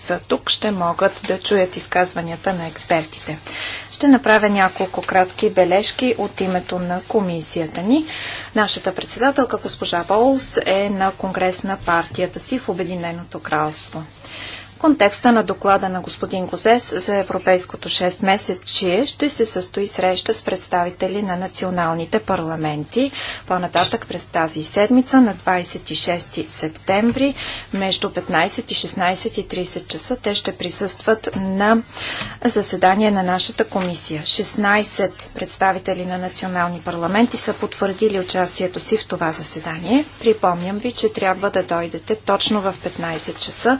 са тук, ще могат да чуят изказванията на експертите. Ще направя няколко кратки бележки от името на комисията ни. Нашата председателка, госпожа Болс, е на конгрес на партията си в Обединеното кралство контекста на доклада на господин Гозес за европейското 6 месечие ще се състои среща с представители на националните парламенти. По-нататък през тази седмица на 26 септември между 15 и 16 и 30 часа те ще присъстват на заседание на нашата комисия. 16 представители на национални парламенти са потвърдили участието си в това заседание. Припомням ви, че трябва да дойдете точно в 15 часа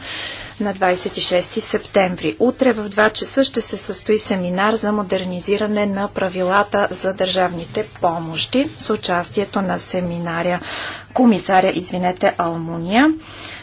на 26 септември. Утре в 2 часа ще се състои семинар за модернизиране на правилата за държавните помощи с участието на семинаря комисаря, извинете, Алмуния.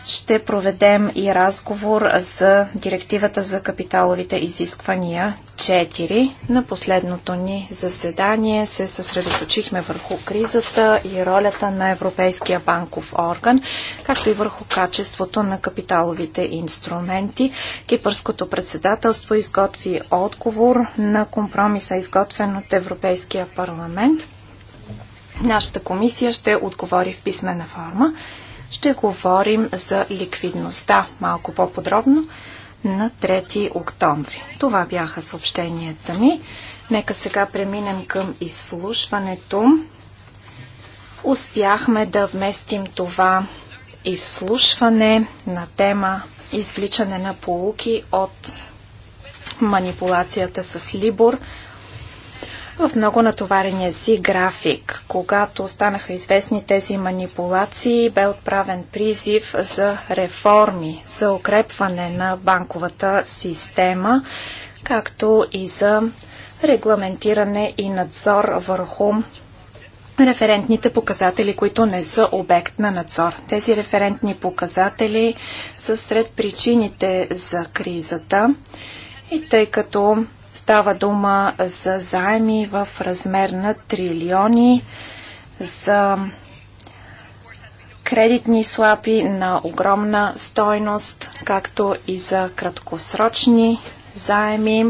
Ще проведем и разговор за директивата за капиталовите изисквания 4. На последното ни заседание се съсредоточихме върху кризата и ролята на Европейския банков орган, както и върху качеството на капиталовите инструменти. Кипърското председателство изготви отговор на компромиса, изготвен от Европейския парламент. Нашата комисия ще отговори в писмена форма. Ще говорим за ликвидността малко по-подробно на 3 октомври. Това бяха съобщенията ми. Нека сега преминем към изслушването. Успяхме да вместим това изслушване на тема извличане на полуки от манипулацията с Либор в много натоварения си график. Когато станаха известни тези манипулации, бе отправен призив за реформи, за укрепване на банковата система, както и за регламентиране и надзор върху референтните показатели, които не са обект на надзор. Тези референтни показатели са сред причините за кризата и тъй като Става дума за заеми в размер на трилиони, за кредитни слапи на огромна стойност, както и за краткосрочни заеми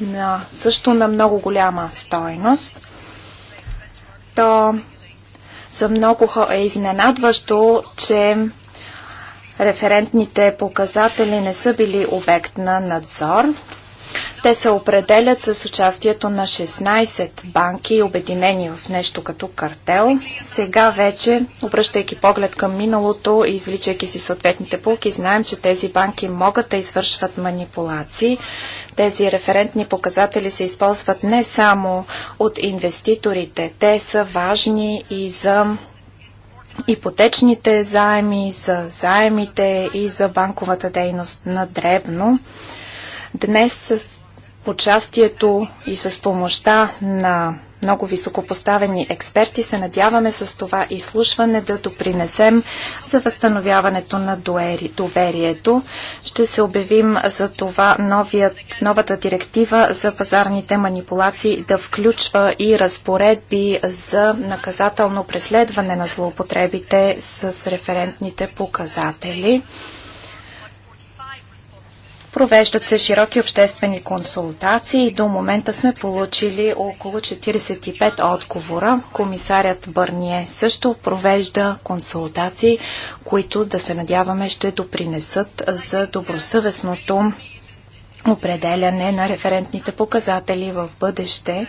на също на много голяма стойност. То за много е изненадващо, че референтните показатели не са били обект на надзор. Те се определят с участието на 16 банки, обединени в нещо като картел. Сега вече, обръщайки поглед към миналото и извличайки си съответните полки, знаем, че тези банки могат да извършват манипулации. Тези референтни показатели се използват не само от инвеститорите, те са важни и за ипотечните заеми, за заемите и за банковата дейност на дребно. Днес с участието и с помощта на много високопоставени експерти се надяваме с това изслушване да допринесем за възстановяването на доверието. Ще се обявим за това новият, новата директива за пазарните манипулации да включва и разпоредби за наказателно преследване на злоупотребите с референтните показатели. Провеждат се широки обществени консултации. До момента сме получили около 45 отговора. Комисарят Бърние също провежда консултации, които да се надяваме ще допринесат за добросъвестното определяне на референтните показатели в бъдеще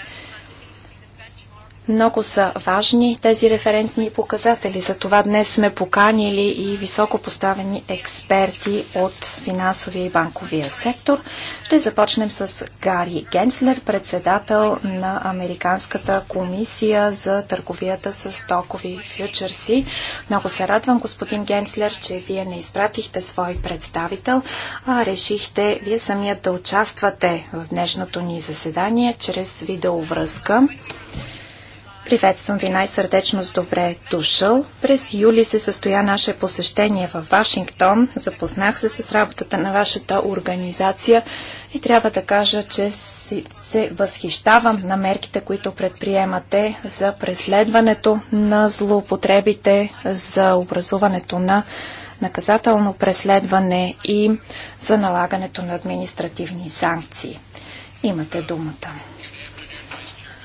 много са важни тези референтни показатели. Затова днес сме поканили и високо поставени експерти от финансовия и банковия сектор. Ще започнем с Гари Генслер, председател на Американската комисия за търговията с токови фьючерси. Много се радвам, господин Генслер, че вие не изпратихте свой представител, а решихте вие самият да участвате в днешното ни заседание чрез видеовръзка. Приветствам ви най-сърдечно с добре дошъл. През юли се състоя наше посещение в Вашингтон. Запознах се с работата на вашата организация и трябва да кажа, че се възхищавам на мерките, които предприемате за преследването на злоупотребите, за образуването на наказателно преследване и за налагането на административни санкции. Имате думата.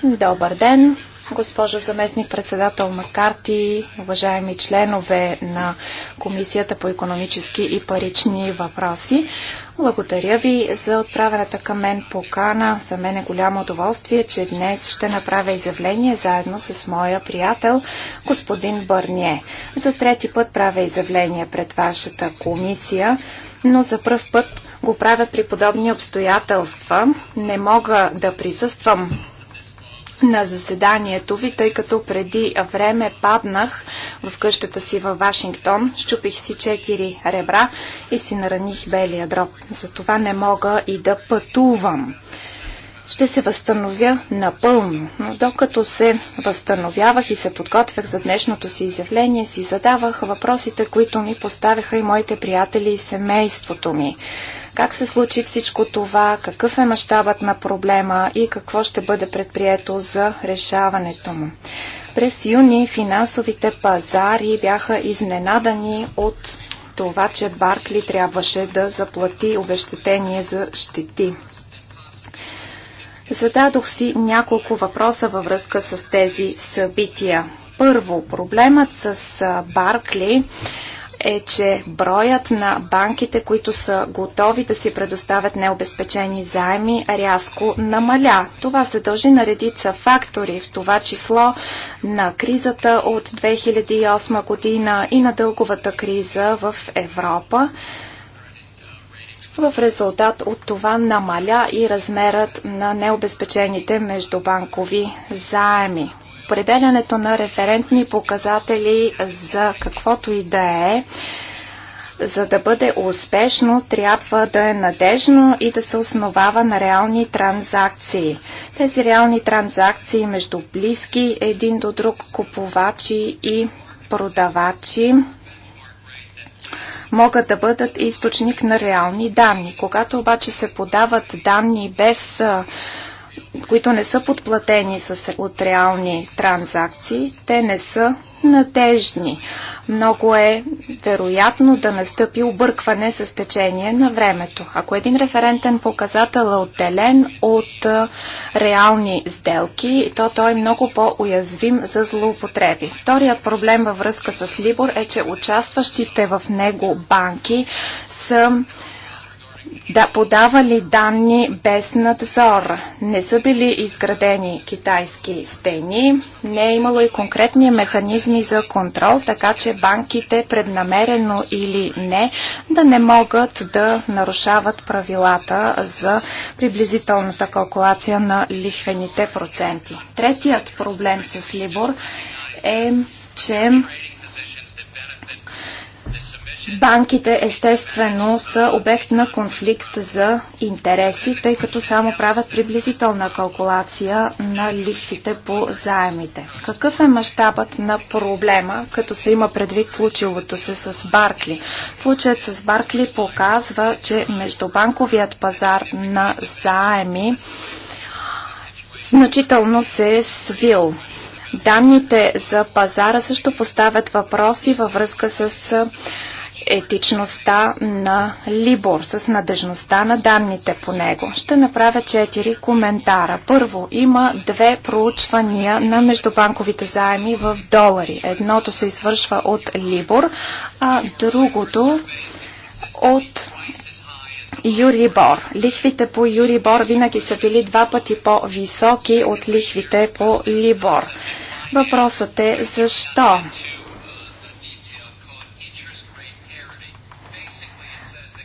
Добър ден! госпожо заместник председател Макарти, уважаеми членове на Комисията по економически и парични въпроси. Благодаря ви за отправената към мен покана. За мен е голямо удоволствие, че днес ще направя изявление заедно с моя приятел господин Бърние. За трети път правя изявление пред вашата комисия, но за пръв път го правя при подобни обстоятелства. Не мога да присъствам на заседанието ви, тъй като преди време паднах в къщата си във Вашингтон, щупих си четири ребра и си нараних белия дроб. Затова не мога и да пътувам ще се възстановя напълно. Но докато се възстановявах и се подготвях за днешното си изявление, си задавах въпросите, които ми поставяха и моите приятели и семейството ми. Как се случи всичко това, какъв е мащабът на проблема и какво ще бъде предприето за решаването му. През юни финансовите пазари бяха изненадани от това, че Баркли трябваше да заплати обещетение за щети. Зададох си няколко въпроса във връзка с тези събития. Първо, проблемът с Баркли е, че броят на банките, които са готови да си предоставят необезпечени заеми, рязко намаля. Това се дължи на редица фактори, в това число на кризата от 2008 година и на дълговата криза в Европа, в резултат от това намаля и размерът на необезпечените междубанкови заеми. Определянето на референтни показатели за каквото и да е за да бъде успешно, трябва да е надежно и да се основава на реални транзакции. Тези реални транзакции между близки един до друг купувачи и продавачи могат да бъдат източник на реални данни. Когато обаче се подават данни без които не са подплатени с, от реални транзакции, те не са надежни. Много е вероятно да настъпи объркване с течение на времето. Ако един референтен показател е отделен от реални сделки, то той е много по-уязвим за злоупотреби. Вторият проблем във връзка с Либор е, че участващите в него банки са да подавали данни без надзор. Не са били изградени китайски стени, не е имало и конкретни механизми за контрол, така че банките преднамерено или не да не могат да нарушават правилата за приблизителната калкулация на лихвените проценти. Третият проблем с Либор е, че Банките естествено са обект на конфликт за интереси, тъй като само правят приблизителна калкулация на лихвите по заемите. Какъв е мащабът на проблема, като се има предвид случилото се с Баркли? Случаят с Баркли показва, че междубанковият пазар на заеми значително се е свил. Данните за пазара също поставят въпроси във връзка с етичността на Либор, с надежността на данните по него. Ще направя четири коментара. Първо, има две проучвания на междубанковите заеми в долари. Едното се извършва от Либор, а другото от Юрибор. Лихвите по Юрибор винаги са били два пъти по-високи от лихвите по Либор. Въпросът е защо?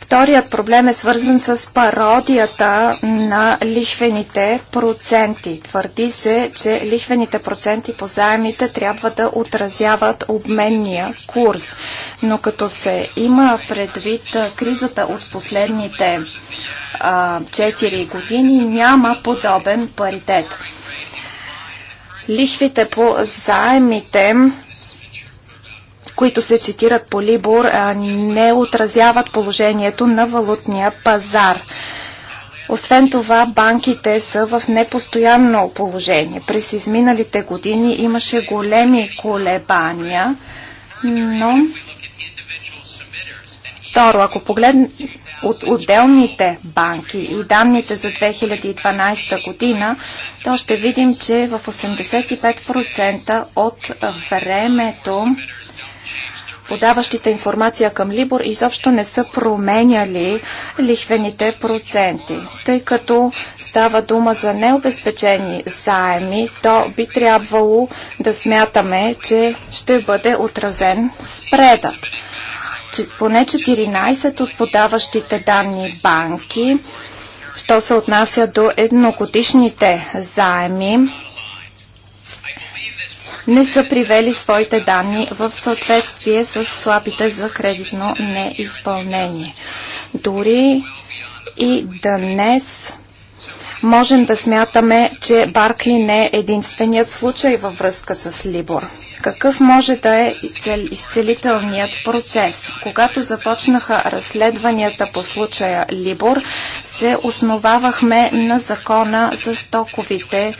Вторият проблем е свързан с пародията на лихвените проценти. Твърди се, че лихвените проценти по заемите трябва да отразяват обменния курс. Но като се има предвид кризата от последните а, 4 години, няма подобен паритет. Лихвите по заемите които се цитират по Либор, не отразяват положението на валутния пазар. Освен това, банките са в непостоянно положение. През изминалите години имаше големи колебания, но... Второ, ако погледнем от отделните банки и данните за 2012 година, то ще видим, че в 85% от времето подаващите информация към Либор изобщо не са променяли лихвените проценти. Тъй като става дума за необезпечени заеми, то би трябвало да смятаме, че ще бъде отразен спредът поне 14 от подаващите данни банки, що се отнася до едногодишните заеми, не са привели своите данни в съответствие с слабите за кредитно неизпълнение. Дори и днес можем да смятаме, че Баркли не е единственият случай във връзка с Либор. Какъв може да е изцелителният процес? Когато започнаха разследванията по случая Либор, се основавахме на закона за стоковите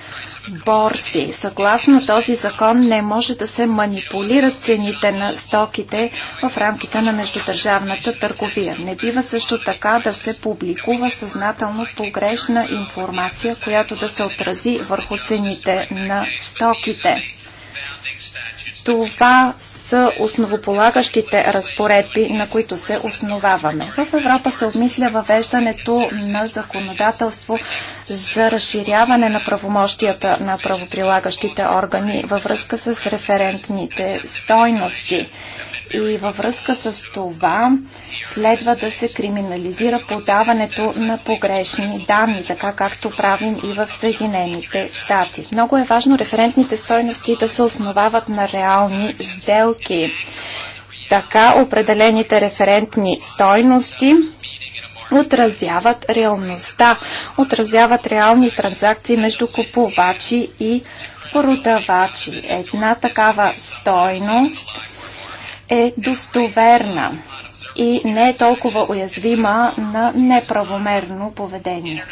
борси. Съгласно този закон не може да се манипулират цените на стоките в рамките на междудържавната търговия. Не бива също така да се публикува съзнателно погрешна информация, която да се отрази върху цените на стоките. Това са основополагащите разпоредби, на които се основаваме. В Европа се обмисля въвеждането на законодателство за разширяване на правомощията на правоприлагащите органи във връзка с референтните стойности и във връзка с това следва да се криминализира подаването на погрешни данни, така както правим и в Съединените щати. Много е важно референтните стойности да се основават на реални сделки. Така определените референтни стойности отразяват реалността, отразяват реални транзакции между купувачи и продавачи. Една такава стойност – е достоверна и не е толкова уязвима на неправомерно поведение.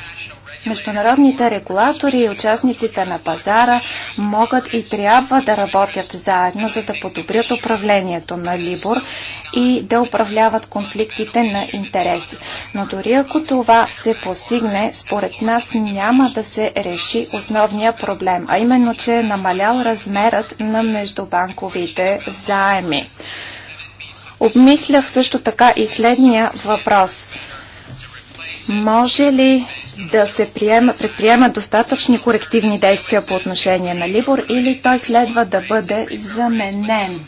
Международните регулатори и участниците на пазара могат и трябва да работят заедно, за да подобрят управлението на Либор и да управляват конфликтите на интереси. Но дори ако това се постигне, според нас няма да се реши основния проблем, а именно, че е намалял размерът на междубанковите заеми. Обмислях също така и следния въпрос – може ли да се приема, предприемат достатъчни корективни действия по отношение на Либор или той следва да бъде заменен?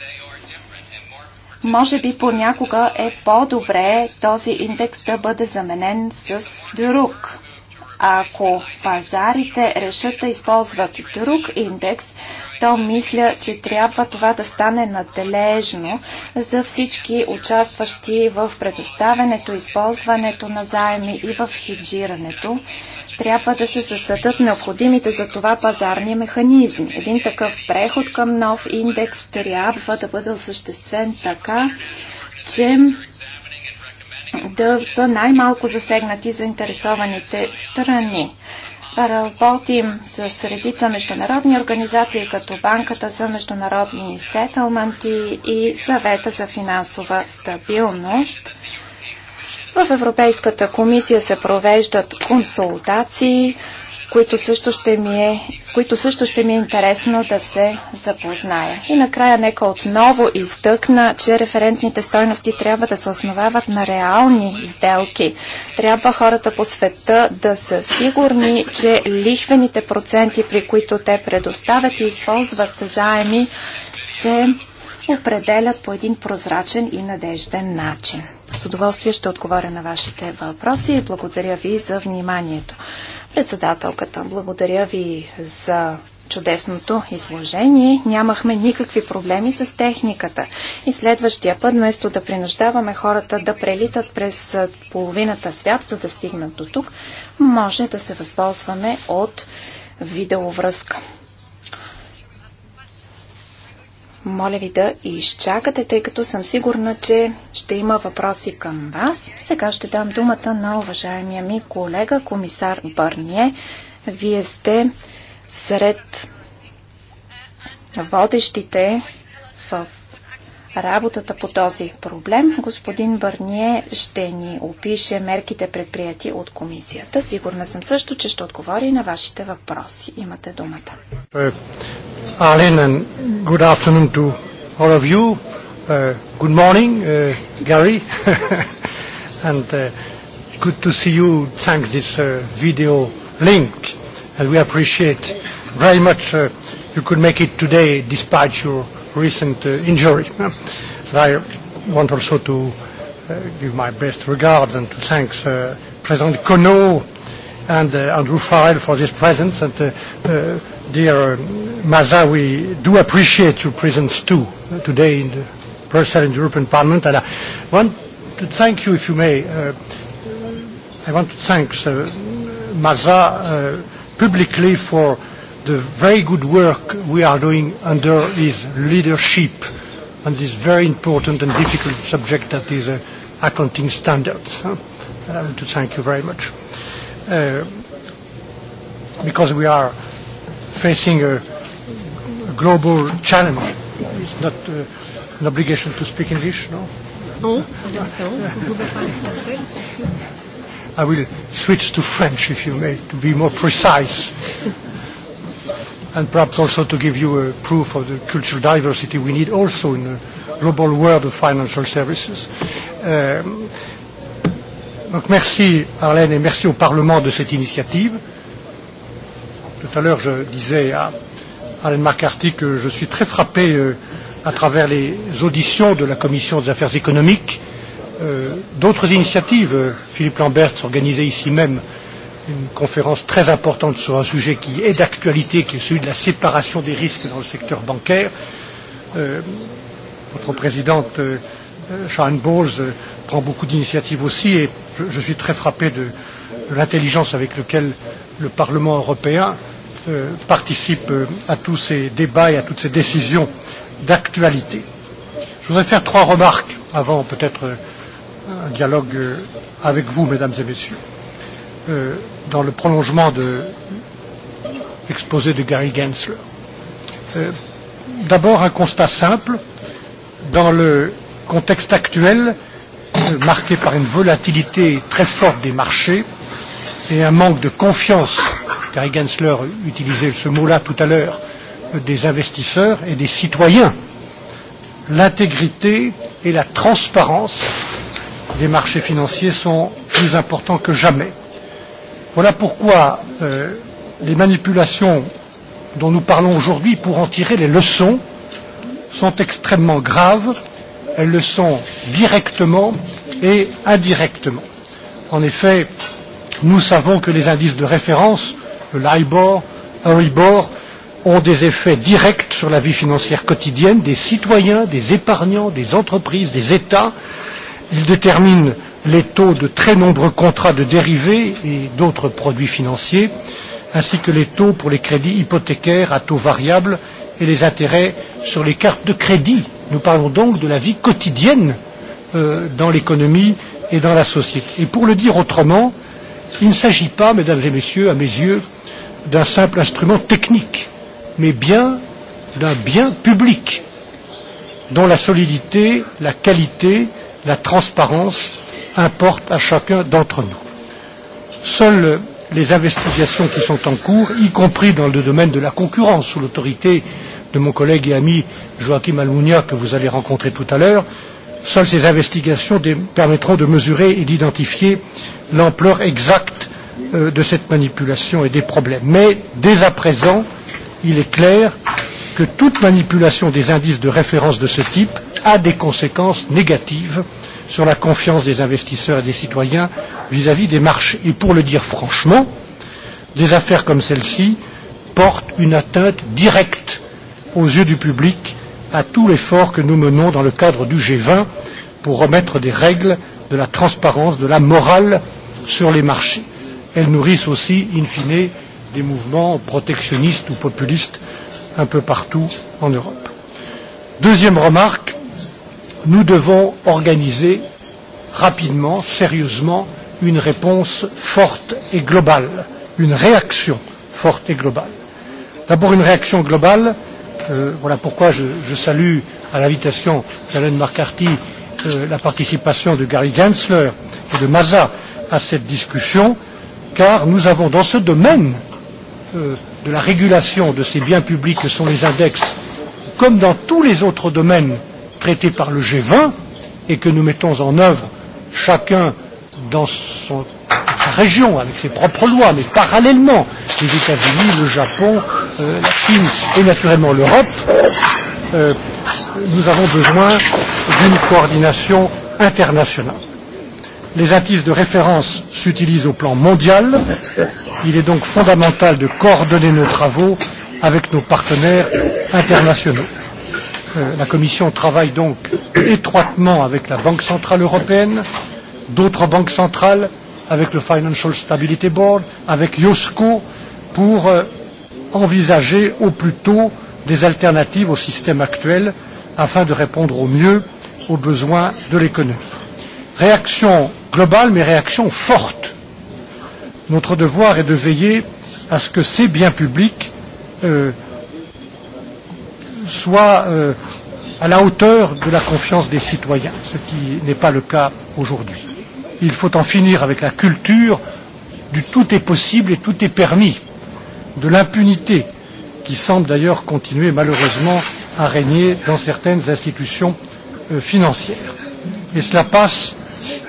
Може би понякога е по-добре този индекс да бъде заменен с друг. Ако пазарите решат да използват друг индекс, то мисля, че трябва това да стане надлежно за всички участващи в предоставянето, използването на заеми и в хиджирането. Трябва да се създадат необходимите за това пазарни механизми. Един такъв преход към нов индекс трябва да бъде осъществен така, че да са най-малко засегнати заинтересованите страни. Работим с редица международни организации, като Банката за международни сетълменти и Съвета за финансова стабилност. В Европейската комисия се провеждат консултации, които също ще ми е, с които също ще ми е интересно да се запозная. И накрая нека отново изтъкна, че референтните стойности трябва да се основават на реални сделки. Трябва хората по света да са сигурни, че лихвените проценти, при които те предоставят и използват заеми, се определят по един прозрачен и надежден начин. С удоволствие ще отговоря на вашите въпроси и благодаря ви за вниманието. Председателката, благодаря ви за чудесното изложение. Нямахме никакви проблеми с техниката. И следващия път, вместо да принуждаваме хората да прелитат през половината свят, за да стигнат до тук, може да се възползваме от видеовръзка. Моля ви да изчакате, тъй като съм сигурна, че ще има въпроси към вас. Сега ще дам думата на уважаемия ми колега, комисар Бърние. Вие сте сред водещите в работата по този проблем. Господин Бърние ще ни опише мерките предприяти от комисията. Сигурна съм също, че ще отговори на вашите въпроси. Имате думата. Ален, and good afternoon to all of you. Uh, good morning, uh, Gary. and uh, good to see you. Thank this uh, video link. And we appreciate very much uh, you could make it today despite your recent uh, injury. I want also to uh, give my best regards and to thank uh, President Kono and uh, Andrew Farrell for this presence. And uh, uh, dear um, Maza, we do appreciate your presence too uh, today in the Brussels and European Parliament. And I want to thank you, if you may. Uh, I want to thank uh, Maza uh, publicly for the very good work we are doing under his leadership on this very important and difficult subject that is uh, accounting standards. Huh? I want to thank you very much. Uh, because we are facing a global challenge. It's not uh, an obligation to speak English, no? No. I will switch to French, if you may, to be more precise and perhaps also to give you a proof of the cultural diversity we need also in the global world of financial services. donc merci Arlène et merci au Parlement de cette initiative. Tout à l'heure, je disais à Arlène McCarthy que je suis très frappé à travers les auditions de la Commission des affaires économiques, d'autres initiatives, Philippe Lambert organisées ici même euh, une conférence très importante sur un sujet qui est d'actualité, qui est celui de la séparation des risques dans le secteur bancaire. Euh, votre présidente euh, Sharon Bowles euh, prend beaucoup d'initiatives aussi et je, je suis très frappé de, de l'intelligence avec laquelle le Parlement européen euh, participe euh, à tous ces débats et à toutes ces décisions d'actualité. Je voudrais faire trois remarques avant peut-être un dialogue avec vous, mesdames et messieurs dans le prolongement de l'exposé de Gary Gensler. Euh, D'abord, un constat simple. Dans le contexte actuel, marqué par une volatilité très forte des marchés et un manque de confiance, Gary Gensler utilisait ce mot-là tout à l'heure, des investisseurs et des citoyens, l'intégrité et la transparence des marchés financiers sont plus importants que jamais voilà pourquoi les manipulations dont nous parlons aujourd'hui pour en tirer les leçons sont extrêmement graves elles le sont directement et indirectement. En effet, nous savons que les indices de référence, le LIBOR, Euribor, ont des effets directs sur la vie financière quotidienne des citoyens, des épargnants, des entreprises, des États. Ils déterminent les taux de très nombreux contrats de dérivés et d'autres produits financiers, ainsi que les taux pour les crédits hypothécaires à taux variable et les intérêts sur les cartes de crédit. Nous parlons donc de la vie quotidienne dans l'économie et dans la société. Et pour le dire autrement, il ne s'agit pas, mesdames et messieurs, à mes yeux, d'un simple instrument technique, mais bien d'un bien public dont la solidité, la qualité, la transparence importe à chacun d'entre nous. Seules les investigations qui sont en cours, y compris dans le domaine de la concurrence, sous l'autorité de mon collègue et ami Joachim Almunia, que vous allez rencontrer tout à l'heure, seules ces investigations permettront de mesurer et d'identifier l'ampleur exacte de cette manipulation et des problèmes. Mais dès à présent, il est clair que toute manipulation des indices de référence de ce type a des conséquences négatives euh, sur la confiance des investisseurs et des citoyens vis-à-vis des marchés. Et pour le dire franchement, des affaires comme celle-ci portent une atteinte directe aux yeux du public à tout l'effort que nous menons dans le cadre du g vingt pour remettre des règles de la transparence, de la morale sur les marchés. Elles nourrissent aussi, in fine, des mouvements protectionnistes ou populistes un peu partout en Europe. Deuxième remarque, nous devons organiser rapidement, sérieusement, une réponse forte et globale, une réaction forte et globale. D'abord une réaction globale, euh, voilà pourquoi je, je salue à l'invitation d'Alain McCarthy euh, la participation de Gary Gensler et de Maza à cette discussion, car nous avons dans ce domaine euh, de la régulation de ces biens publics que sont les index, comme dans tous les autres domaines traité par le g vingt et que nous mettons en œuvre chacun dans sa région avec ses propres lois mais parallèlement les états unis le japon la chine et naturellement l'europe nous avons besoin d'une coordination internationale. les indices de référence s'utilisent au plan mondial il est donc fondamental de coordonner nos travaux avec nos partenaires internationaux la Commission travaille donc étroitement avec la Banque centrale européenne, d'autres banques centrales, avec le Financial Stability Board, avec IOSCO, pour envisager au plus tôt des alternatives au système actuel afin de répondre au mieux aux besoins de l'économie. Réaction globale, mais réaction forte. Notre devoir est de veiller à ce que ces biens publics soit euh, à la hauteur de la confiance des citoyens, ce qui n'est pas le cas aujourd'hui. Il faut en finir avec la culture du tout est possible et tout est permis, de l'impunité qui semble d'ailleurs continuer malheureusement à régner dans certaines institutions euh, financières. Et cela passe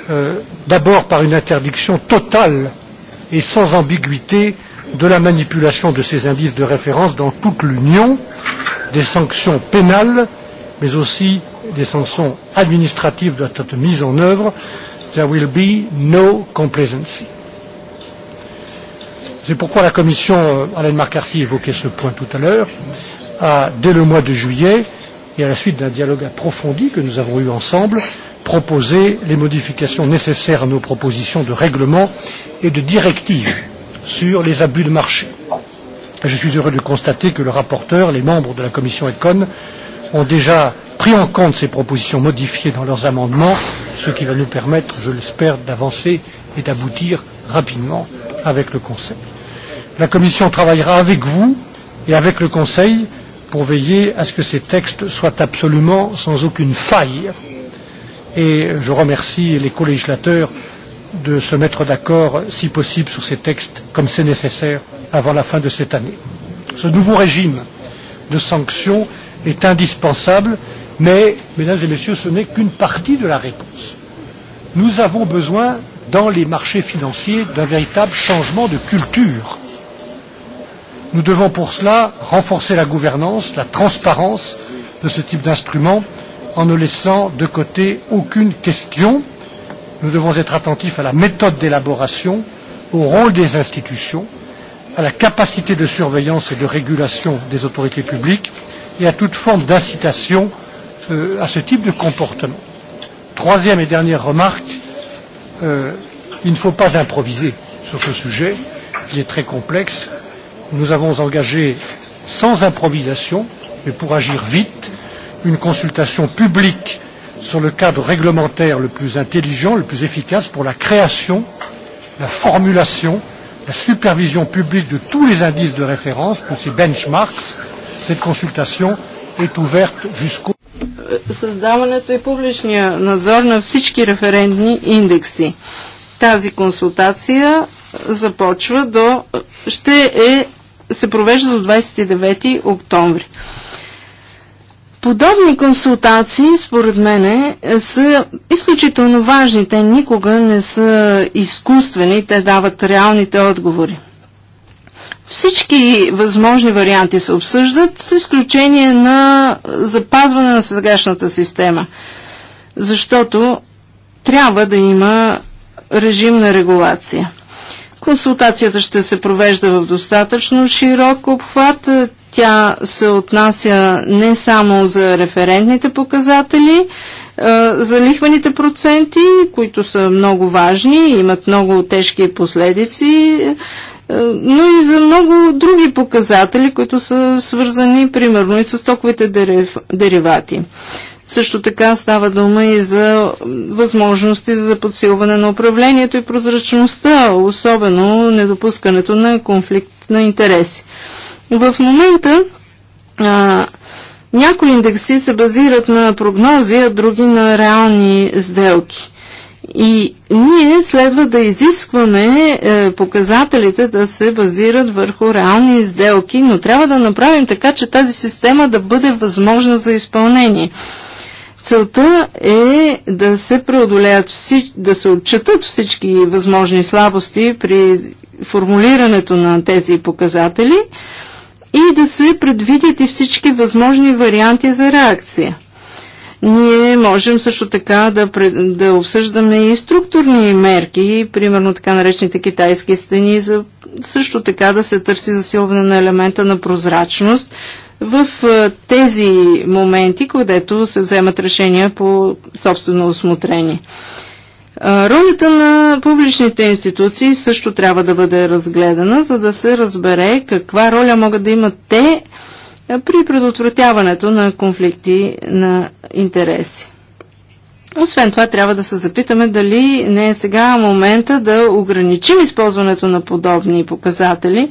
euh, d'abord par une interdiction totale et sans ambiguïté de la manipulation de ces indices de référence dans toute l'Union, des sanctions pénales, mais aussi des sanctions administratives doivent être mises en œuvre. There will be no complacency. C'est pourquoi la Commission, Alain McCarthy évoquait ce point tout à l'heure, a, dès le mois de juillet, et à la suite d'un dialogue approfondi que nous avons eu ensemble, proposé les modifications nécessaires à nos propositions de règlement et de directive sur les abus de marché je suis heureux de constater que le rapporteur, les membres de la commission ECON ont déjà pris en compte ces propositions modifiées dans leurs amendements, ce qui va nous permettre, je l'espère, d'avancer et d'aboutir rapidement avec le Conseil. La Commission travaillera avec vous et avec le Conseil pour veiller à ce que ces textes soient absolument sans aucune faille. Et je remercie les colégislateurs de se mettre d'accord, si possible, sur ces textes, comme c'est nécessaire avant la fin de cette année. Ce nouveau régime de sanctions est indispensable, mais, mesdames et messieurs, ce n'est qu'une partie de la réponse. Nous avons besoin, dans les marchés financiers, d'un véritable changement de culture. Nous devons pour cela renforcer la gouvernance, la transparence de ce type d'instrument en ne laissant de côté aucune question. Nous devons être attentifs à la méthode d'élaboration, au rôle des institutions à la capacité de surveillance et de régulation des autorités publiques et à toute forme d'incitation à ce type de comportement. Troisième et dernière remarque, il ne faut pas improviser sur ce sujet qui est très complexe. Nous avons engagé sans improvisation, mais pour agir vite, une consultation publique sur le cadre réglementaire le plus intelligent, le plus efficace pour la création, la formulation la supervision publique de tous les indices de référence, tous ces benchmarks. Cette consultation est ouverte jusqu'au създаването и публичния надзор на всички референтни индекси. Тази консултация е, започва до... ще е... се провежда до 29 октомври. Подобни консултации, според мен, са изключително важни. Те никога не са изкуствени, те дават реалните отговори. Всички възможни варианти се обсъждат, с изключение на запазване на сегашната система, защото трябва да има режим на регулация. Консултацията ще се провежда в достатъчно широк обхват. Тя се отнася не само за референтните показатели, е, за лихвените проценти, които са много важни, и имат много тежки последици, е, но и за много други показатели, които са свързани примерно и с токовите дерив... деривати. Също така става дума и за възможности за подсилване на управлението и прозрачността, особено недопускането на конфликт на интереси. В момента а, някои индекси се базират на прогнози, а други на реални сделки. И ние следва да изискваме е, показателите да се базират върху реални изделки, но трябва да направим така, че тази система да бъде възможна за изпълнение. Целта е да се преодолеят, всич... да се отчетат всички възможни слабости при формулирането на тези показатели, и да се предвидят и всички възможни варианти за реакция. Ние можем също така да, да обсъждаме и структурни мерки, примерно така наречените китайски стени, за също така да се търси засилване на елемента на прозрачност в е, тези моменти, където се вземат решения по собствено осмотрение. Ролята на публичните институции също трябва да бъде разгледана, за да се разбере каква роля могат да имат те при предотвратяването на конфликти на интереси. Освен това, трябва да се запитаме дали не е сега момента да ограничим използването на подобни показатели,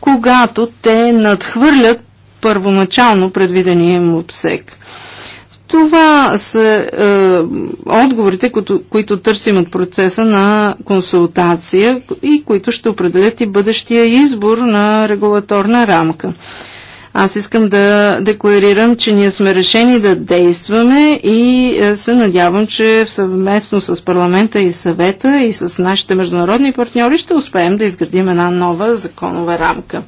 когато те надхвърлят първоначално предвидения им обсек. Това са е, отговорите, които, които търсим от процеса на консултация и които ще определят и бъдещия избор на регулаторна рамка. Аз искам да декларирам, че ние сме решени да действаме и е, се надявам, че съвместно с парламента и съвета и с нашите международни партньори ще успеем да изградим една нова законова рамка.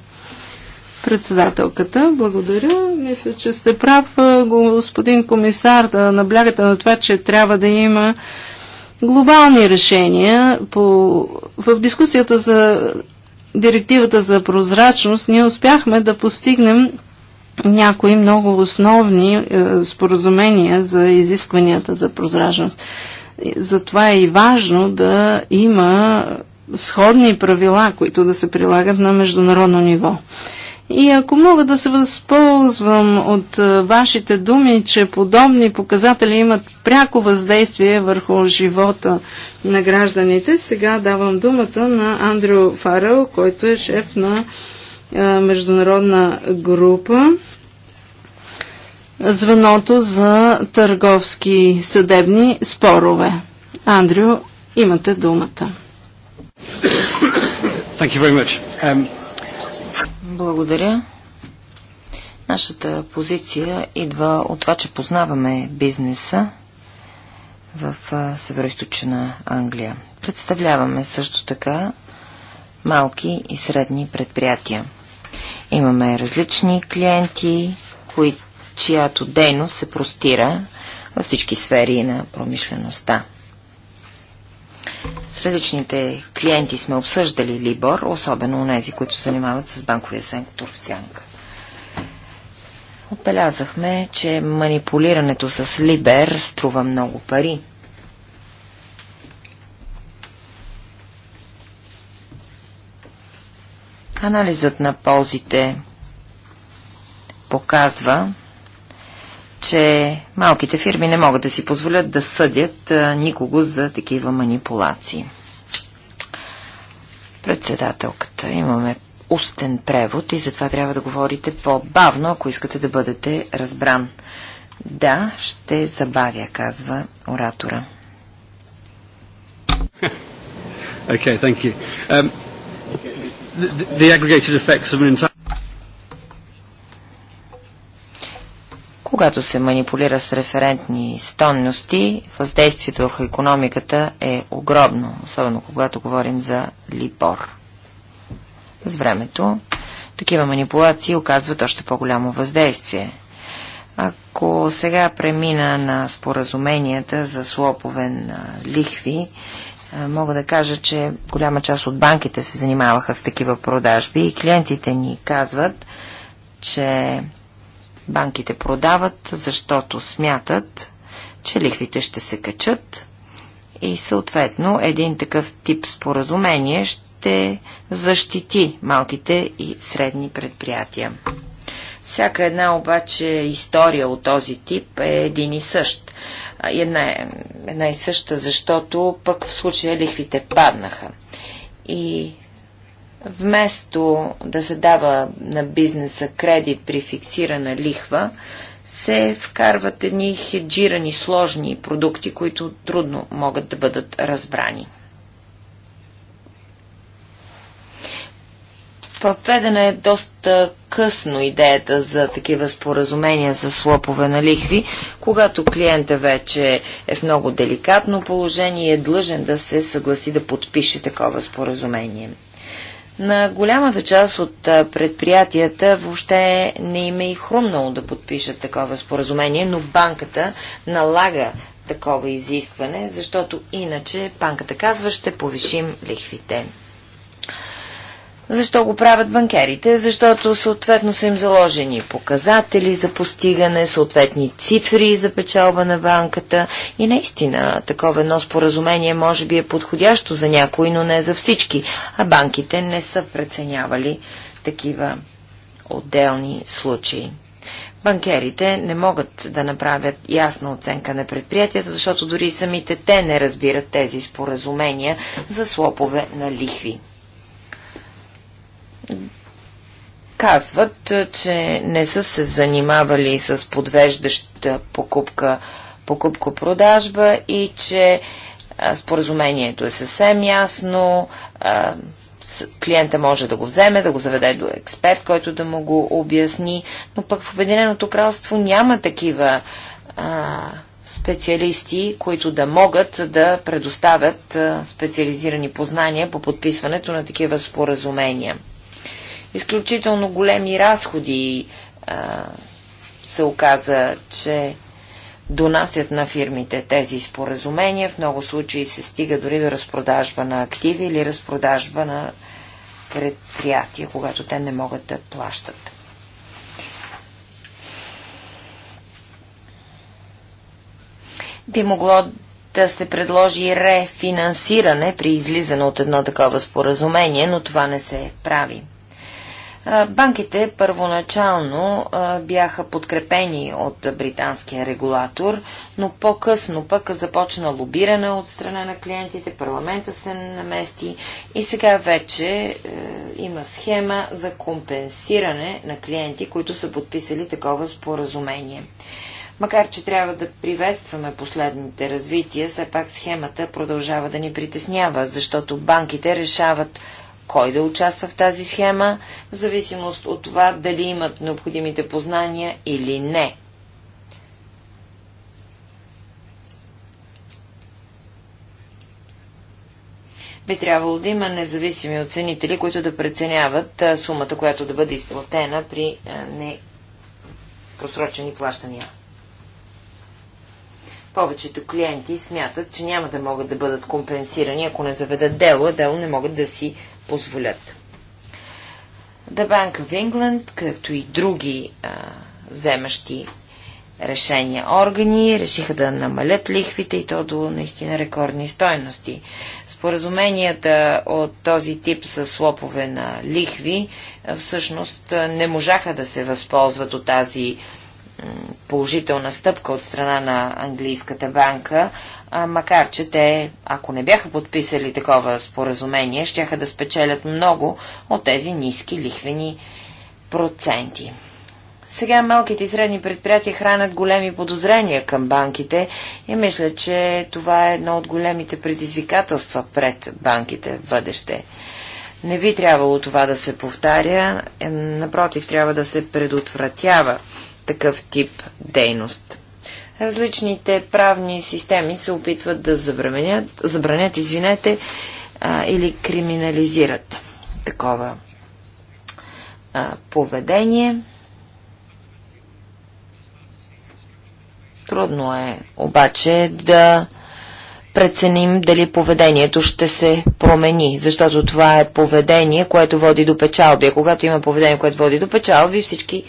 Председателката, благодаря. Мисля, че сте прав, господин комисар, да наблягате на това, че трябва да има глобални решения. По... В дискусията за директивата за прозрачност ние успяхме да постигнем някои много основни е, споразумения за изискванията за прозрачност. Затова е и важно да има сходни правила, които да се прилагат на международно ниво. И ако мога да се възползвам от е, вашите думи, че подобни показатели имат пряко въздействие върху живота на гражданите, сега давам думата на Андрю Фарел, който е шеф на е, международна група звеното за търговски съдебни спорове. Андрю, имате думата. Thank you very much. Um... Благодаря. Нашата позиция идва от това, че познаваме бизнеса в Североизточна Англия. Представляваме също така малки и средни предприятия. Имаме различни клиенти, кои, чиято дейност се простира във всички сфери на промишлеността. С различните клиенти сме обсъждали Либор, особено у нези, които се занимават с банковия сектор в сянка. Отбелязахме, че манипулирането с Либер струва много пари. Анализът на ползите показва, че малките фирми не могат да си позволят да съдят никого за такива манипулации. Председателката, имаме устен превод и затова трябва да говорите по-бавно, ако искате да бъдете разбран. Да, ще забавя, казва оратора. Okay, thank you. Um, the, the aggregated effects of an entire Когато се манипулира с референтни стонности, въздействието върху економиката е огромно, особено когато говорим за либор. С времето такива манипулации оказват още по-голямо въздействие. Ако сега премина на споразуменията за слопове на лихви, мога да кажа, че голяма част от банките се занимаваха с такива продажби и клиентите ни казват, че Банките продават, защото смятат, че лихвите ще се качат и съответно един такъв тип споразумение ще защити малките и средни предприятия. Всяка една обаче история от този тип е един и същ. Една, е, една и съща, защото пък в случая лихвите паднаха. И вместо да се дава на бизнеса кредит при фиксирана лихва, се вкарват едни хеджирани сложни продукти, които трудно могат да бъдат разбрани. Въведена е доста късно идеята за такива споразумения за слопове на лихви, когато клиента вече е в много деликатно положение и е длъжен да се съгласи да подпише такова споразумение. На голямата част от предприятията въобще не им е и хрумнало да подпишат такова споразумение, но банката налага такова изискване, защото иначе банката казва ще повишим лихвите. Защо го правят банкерите? Защото съответно са им заложени показатели за постигане, съответни цифри за печалба на банката и наистина такова едно споразумение може би е подходящо за някои, но не за всички, а банките не са преценявали такива отделни случаи. Банкерите не могат да направят ясна оценка на предприятията, защото дори самите те не разбират тези споразумения за слопове на лихви. казват, че не са се занимавали с подвеждаща покупка, покупко-продажба и че споразумението е съвсем ясно, клиента може да го вземе, да го заведе до експерт, който да му го обясни, но пък в Обединеното кралство няма такива специалисти, които да могат да предоставят специализирани познания по подписването на такива споразумения изключително големи разходи а, се оказа, че донасят на фирмите тези споразумения. В много случаи се стига дори до разпродажба на активи или разпродажба на предприятия, когато те не могат да плащат. Би могло да се предложи рефинансиране при излизане от едно такова споразумение, но това не се прави. Банките първоначално бяха подкрепени от британския регулатор, но по-късно пък започна лобиране от страна на клиентите, парламента се намести и сега вече е, има схема за компенсиране на клиенти, които са подписали такова споразумение. Макар, че трябва да приветстваме последните развития, все пак схемата продължава да ни притеснява, защото банките решават кой да участва в тази схема, в зависимост от това дали имат необходимите познания или не. би трябвало да има независими оценители, които да преценяват сумата, която да бъде изплатена при непросрочени плащания. Повечето клиенти смятат, че няма да могат да бъдат компенсирани, ако не заведат дело, а дело не могат да си позволят. The Bank of England, както и други а, вземащи решения органи, решиха да намалят лихвите и то до наистина рекордни стойности. Споразуменията от този тип с слопове на лихви всъщност не можаха да се възползват от тази положителна стъпка от страна на английската банка, а, макар че те, ако не бяха подписали такова споразумение, щяха да спечелят много от тези ниски лихвени проценти. Сега малките и средни предприятия хранят големи подозрения към банките и мисля, че това е едно от големите предизвикателства пред банките в бъдеще. Не би трябвало това да се повтаря, е, напротив, трябва да се предотвратява такъв тип дейност. Различните правни системи се опитват да забранят, забранят извинете, а, или криминализират такова а, поведение. Трудно е обаче да преценим дали поведението ще се промени, защото това е поведение, което води до печалби. А когато има поведение, което води до печалби, всички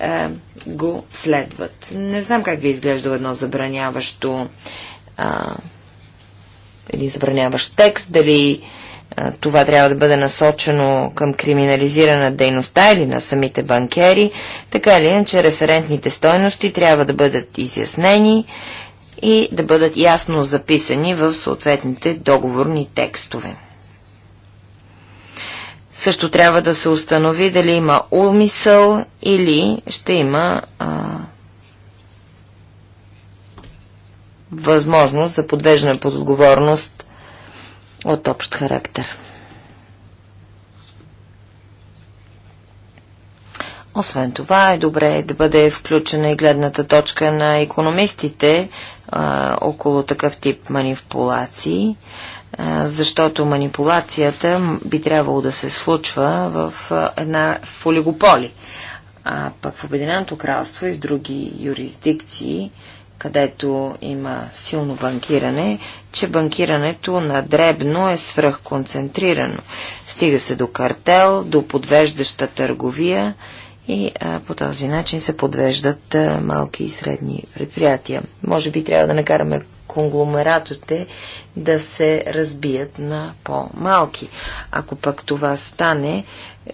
е, го следват. Не знам как ви изглежда едно забраняващо е, или забраняващ текст, дали това трябва да бъде насочено към криминализирана дейността или на самите банкери. Така или иначе, референтните стойности трябва да бъдат изяснени и да бъдат ясно записани в съответните договорни текстове. Също трябва да се установи дали има умисъл или ще има а, възможност за подвеждане под отговорност от общ характер. Освен това е добре да бъде включена и гледната точка на економистите а, около такъв тип манипулации. А, защото манипулацията би трябвало да се случва в една в олигополи. А пък в Обединеното кралство и в други юрисдикции, където има силно банкиране, че банкирането на дребно е свръхконцентрирано. Стига се до картел, до подвеждаща търговия и а, по този начин се подвеждат а, малки и средни предприятия. Може би трябва да накараме конгломератите да се разбият на по-малки. Ако пък това стане,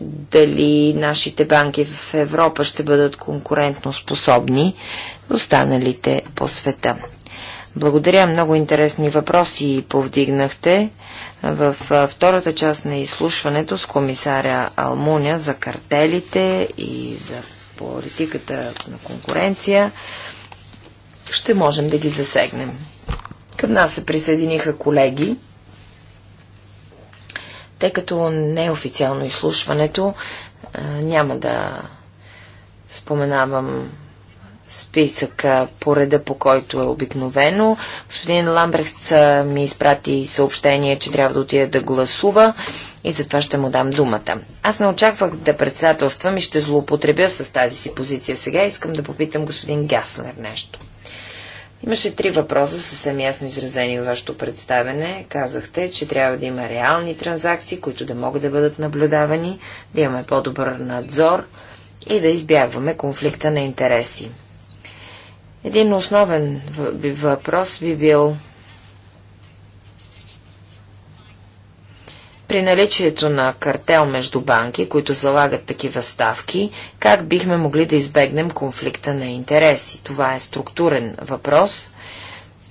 дали нашите банки в Европа ще бъдат конкурентно способни останалите по света. Благодаря, много интересни въпроси повдигнахте в втората част на изслушването с комисаря Алмуня за картелите и за политиката на конкуренция. Ще можем да ги засегнем. Към нас се присъединиха колеги. Тъй като не е официално изслушването, няма да споменавам списъка по реда, по който е обикновено. Господин Ламбрехт ми изпрати съобщение, че трябва да отида да гласува и затова ще му дам думата. Аз не очаквах да председателствам и ще злоупотребя с тази си позиция сега. Искам да попитам господин Гаслер нещо. Имаше три въпроса, съвсем ясно изразени в вашето представене. Казахте, че трябва да има реални транзакции, които да могат да бъдат наблюдавани, да имаме по-добър надзор и да избягваме конфликта на интереси. Един основен въпрос би бил При наличието на картел между банки, които залагат такива ставки, как бихме могли да избегнем конфликта на интереси? Това е структурен въпрос,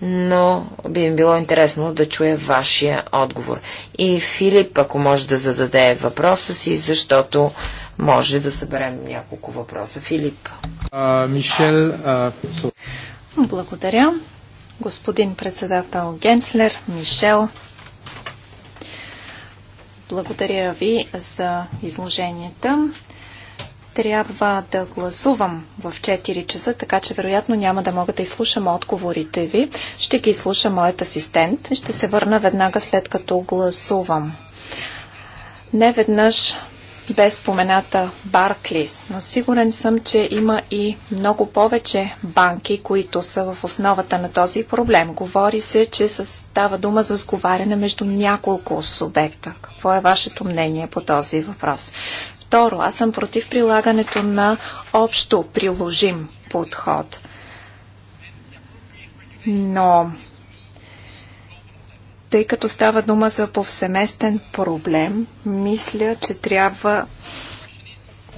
но би им било интересно да чуя вашия отговор. И Филип, ако може да зададе въпроса си, защото може да съберем няколко въпроса. Филип. А, Мишел. А... Благодаря. Господин председател Генслер, Мишел, благодаря ви за изложенията. Трябва да гласувам в 4 часа, така че вероятно няма да мога да изслушам отговорите ви. Ще ги изслуша моят асистент и ще се върна веднага след като гласувам. Не веднъж бе спомената Барклис, но сигурен съм, че има и много повече банки, които са в основата на този проблем. Говори се, че става дума за сговаряне между няколко субекта. Какво е вашето мнение по този въпрос? Второ, аз съм против прилагането на общо приложим подход. Но тъй като става дума за повсеместен проблем, мисля, че трябва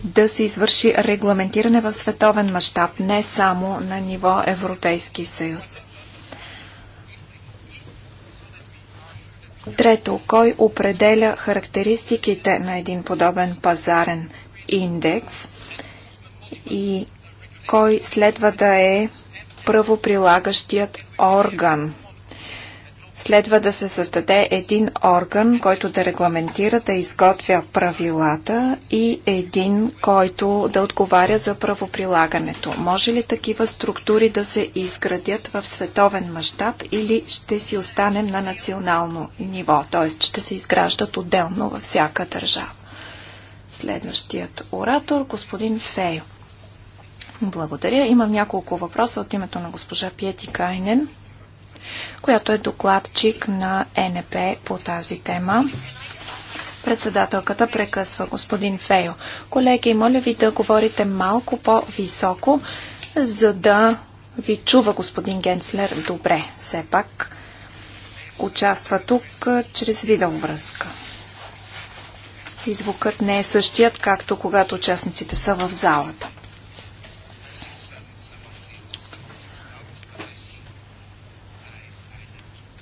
да се извърши регламентиране в световен мащаб, не само на ниво Европейски съюз. Трето, кой определя характеристиките на един подобен пазарен индекс и кой следва да е правоприлагащият орган Следва да се създаде един орган, който да регламентира, да изготвя правилата и един, който да отговаря за правоприлагането. Може ли такива структури да се изградят в световен мащаб или ще си останем на национално ниво, т.е. ще се изграждат отделно във всяка държава? Следващият оратор, господин Фейо. Благодаря. Имам няколко въпроса от името на госпожа Пиети Кайнен която е докладчик на НП по тази тема. Председателката прекъсва господин Фейо. Колеги, моля ви да говорите малко по-високо, за да ви чува господин Генцлер добре. Все пак участва тук чрез видеовръзка. И звукът не е същият, както когато участниците са в залата.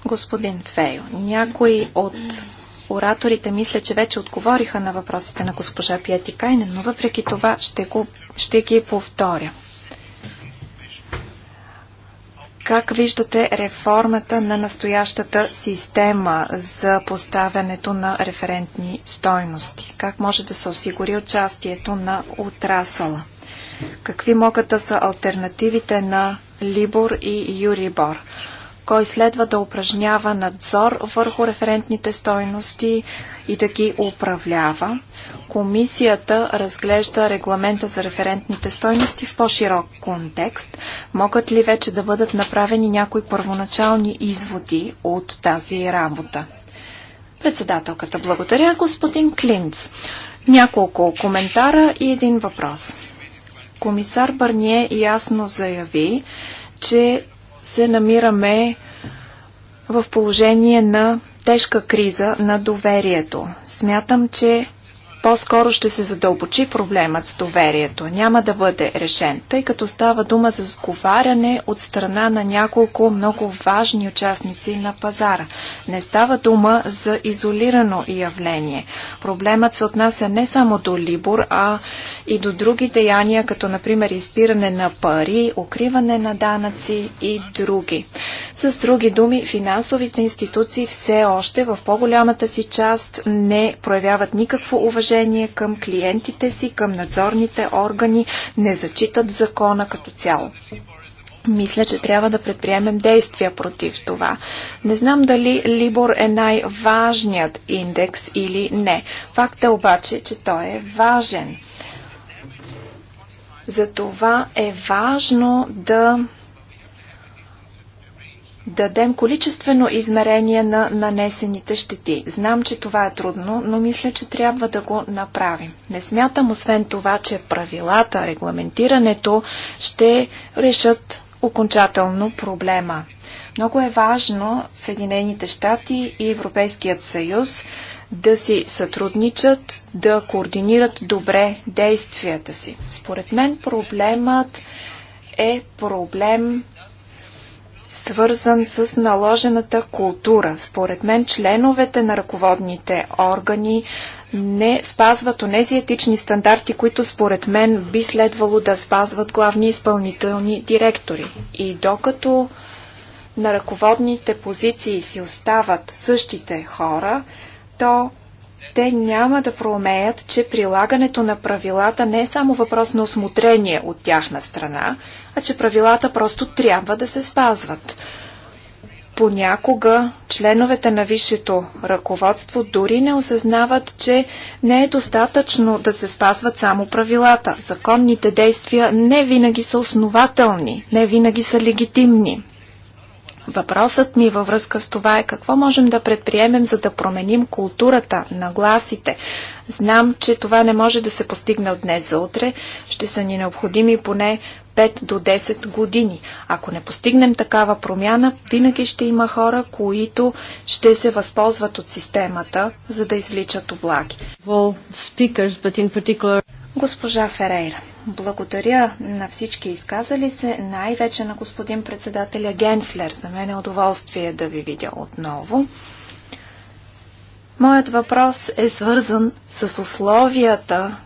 Господин Фейо, някои от ораторите мисля, че вече отговориха на въпросите на госпожа Пиети Кайнен, но въпреки това ще, го, ще ги повторя. Как виждате реформата на настоящата система за поставянето на референтни стойности? Как може да се осигури участието на отрасъла? Какви могат да са альтернативите на Либор и Юрибор? кой следва да упражнява надзор върху референтните стойности и да ги управлява. Комисията разглежда регламента за референтните стойности в по-широк контекст. Могат ли вече да бъдат направени някои първоначални изводи от тази работа? Председателката благодаря, господин Клинц. Няколко коментара и един въпрос. Комисар Барние ясно заяви, че се намираме в положение на тежка криза на доверието. Смятам, че по-скоро ще се задълбочи проблемът с доверието. Няма да бъде решен, тъй като става дума за сговаряне от страна на няколко много важни участници на пазара. Не става дума за изолирано явление. Проблемът се отнася не само до Либор, а и до други деяния, като например избиране на пари, укриване на данъци и други. С други думи, финансовите институции все още в по-голямата си част не проявяват никакво уважение уважение към клиентите си, към надзорните органи, не зачитат закона като цяло. Мисля, че трябва да предприемем действия против това. Не знам дали Либор е най-важният индекс или не. Факт е обаче, че той е важен. Затова е важно да дадем количествено измерение на нанесените щети. Знам, че това е трудно, но мисля, че трябва да го направим. Не смятам, освен това, че правилата, регламентирането ще решат окончателно проблема. Много е важно Съединените щати и Европейският съюз да си сътрудничат, да координират добре действията си. Според мен проблемът е проблем свързан с наложената култура. Според мен членовете на ръководните органи не спазват онези етични стандарти, които според мен би следвало да спазват главни изпълнителни директори. И докато на ръководните позиции си остават същите хора, то те няма да проумеят, че прилагането на правилата не е само въпрос на осмотрение от тяхна страна, а че правилата просто трябва да се спазват. Понякога членовете на висшето ръководство дори не осъзнават, че не е достатъчно да се спазват само правилата. Законните действия не винаги са основателни, не винаги са легитимни. Въпросът ми във връзка с това е какво можем да предприемем, за да променим културата, на гласите. Знам, че това не може да се постигне от днес за утре. Ще са ни необходими поне 5 до 10 години. Ако не постигнем такава промяна, винаги ще има хора, които ще се възползват от системата, за да извличат облаги. Well, speakers, particular... Госпожа Ферейра. Благодаря на всички изказали се, най-вече на господин председателя Генслер. За мен е удоволствие да ви видя отново. Моят въпрос е свързан с условията,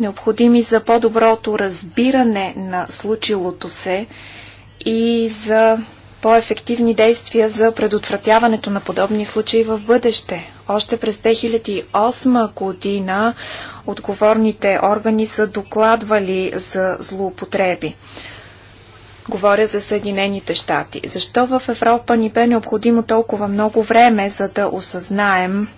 необходими за по-доброто разбиране на случилото се и за по-ефективни действия за предотвратяването на подобни случаи в бъдеще. Още през 2008 година отговорните органи са докладвали за злоупотреби. Говоря за Съединените щати. Защо в Европа ни бе необходимо толкова много време, за да осъзнаем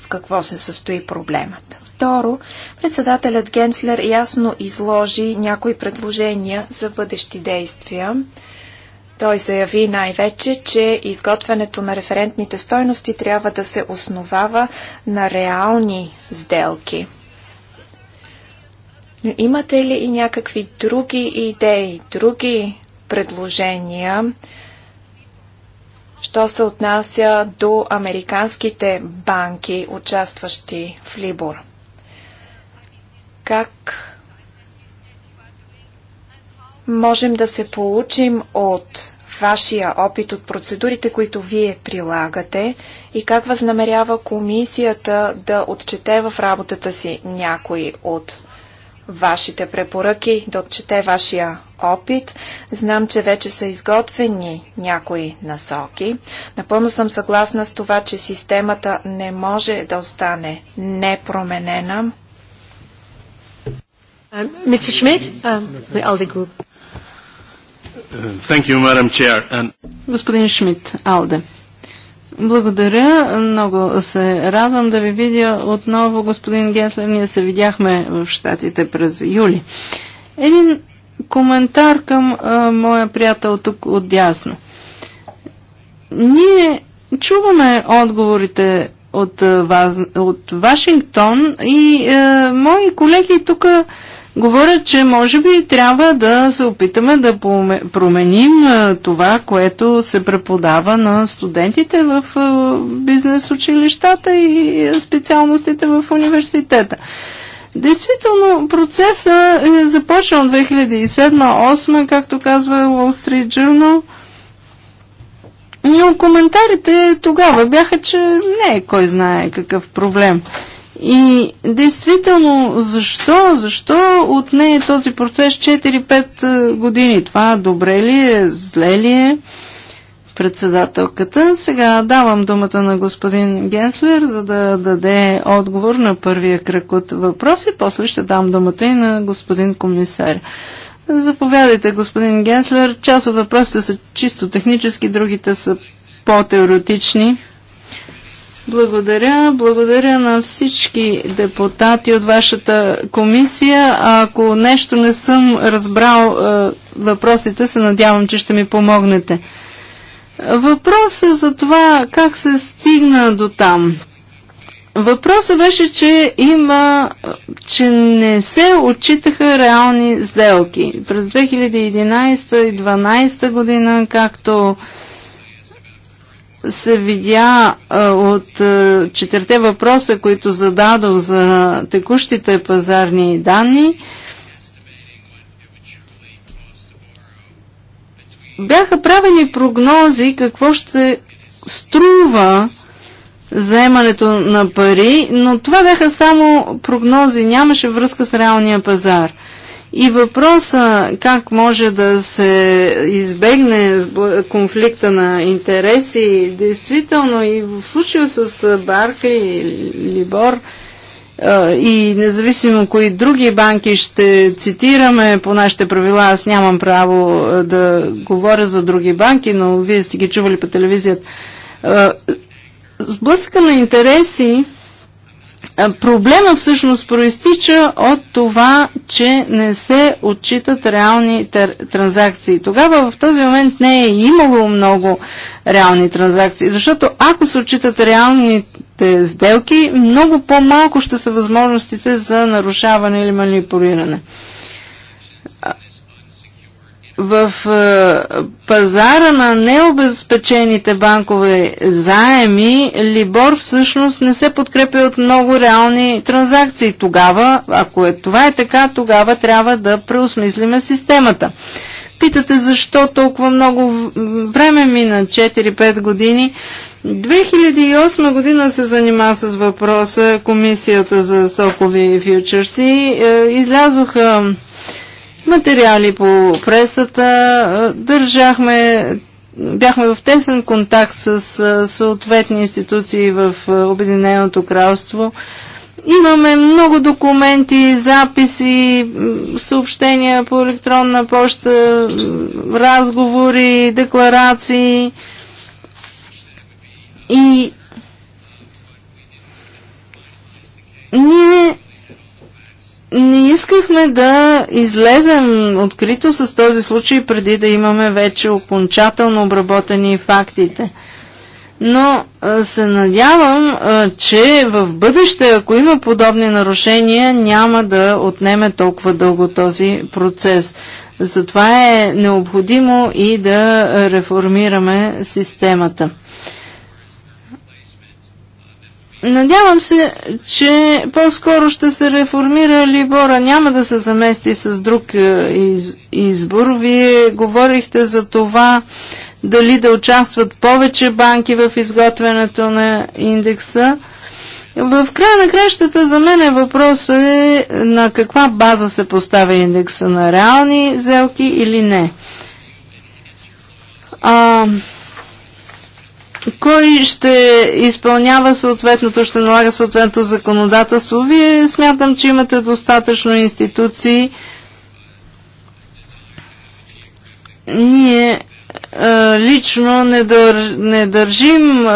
в какво се състои проблемът. Второ, председателят Генслер ясно изложи някои предложения за бъдещи действия. Той заяви най-вече, че изготвянето на референтните стойности трябва да се основава на реални сделки. Но имате ли и някакви други идеи, други предложения Що се отнася до американските банки, участващи в Либор? Как можем да се получим от вашия опит от процедурите, които вие прилагате и как възнамерява комисията да отчете в работата си някои от вашите препоръки, да отчете вашия опит. Знам, че вече са изготвени някои насоки. Напълно съм съгласна с това, че системата не може да остане непроменена. Мистер Шмидт, Груп. Господин Шмидт, Алде. Благодаря. Много се радвам да ви видя отново, господин Геслер. Ние се видяхме в Штатите през юли. Един коментар към а, моя приятел тук отдясно. Ние чуваме отговорите от, от Вашингтон и а, мои колеги тук говорят, че може би трябва да се опитаме да променим това, което се преподава на студентите в бизнес училищата и специалностите в университета. Действително, процесът е започнал 2007-2008, както казва Wall Street Journal. Но коментарите тогава бяха, че не е кой знае какъв проблем. И действително, защо? Защо от нея е този процес 4-5 е, години? Това добре ли е? Зле ли е? Председателката. Сега давам думата на господин Генслер, за да даде отговор на първия кръг от въпроси. После ще дам думата и на господин комисар. Заповядайте, господин Генслер. Част от въпросите са чисто технически, другите са по-теоретични. Благодаря. Благодаря на всички депутати от вашата комисия. А ако нещо не съм разбрал е, въпросите, се надявам, че ще ми помогнете. Въпросът за това как се стигна до там. Въпросът беше, че има, че не се отчитаха реални сделки. През 2011 и 2012 година, както се видя от четирите въпроса, които зададох за текущите пазарни данни, бяха правени прогнози какво ще струва заемането на пари, но това бяха само прогнози, нямаше връзка с реалния пазар. И въпроса как може да се избегне конфликта на интереси, действително и в случая с Баркли или Бор, и независимо кои други банки ще цитираме по нашите правила, аз нямам право да говоря за други банки, но вие сте ги чували по телевизията. Сблъска на интереси е, проблема всъщност проистича от това, че не се отчитат реални транзакции. Тогава в този момент не е имало много реални транзакции, защото ако се отчитат реалните сделки, много по-малко ще са възможностите за нарушаване или манипулиране в е, пазара на необезпечените банкови заеми Либор всъщност не се подкрепя от много реални транзакции. Тогава, ако е, това е така, тогава трябва да преосмислиме системата. Питате защо толкова много време мина, 4-5 години. 2008 година се занима с въпроса Комисията за стокови фьючерси. Е, излязоха материали по пресата. Държахме, бяхме в тесен контакт с съответни институции в Обединеното кралство. Имаме много документи, записи, съобщения по електронна почта, разговори, декларации. И ние не искахме да излезем открито с този случай, преди да имаме вече окончателно обработени фактите. Но се надявам, че в бъдеще, ако има подобни нарушения, няма да отнеме толкова дълго този процес. Затова е необходимо и да реформираме системата. Надявам се, че по-скоро ще се реформира Либора. Няма да се замести с друг е, из, избор. Вие говорихте за това дали да участват повече банки в изготвянето на индекса. В края на кращата за мен е въпрос е на каква база се поставя индекса на реални сделки или не. А, кой ще изпълнява съответното, ще налага съответното законодателство. Вие смятам, че имате достатъчно институции. Ние лично не, дър, не държим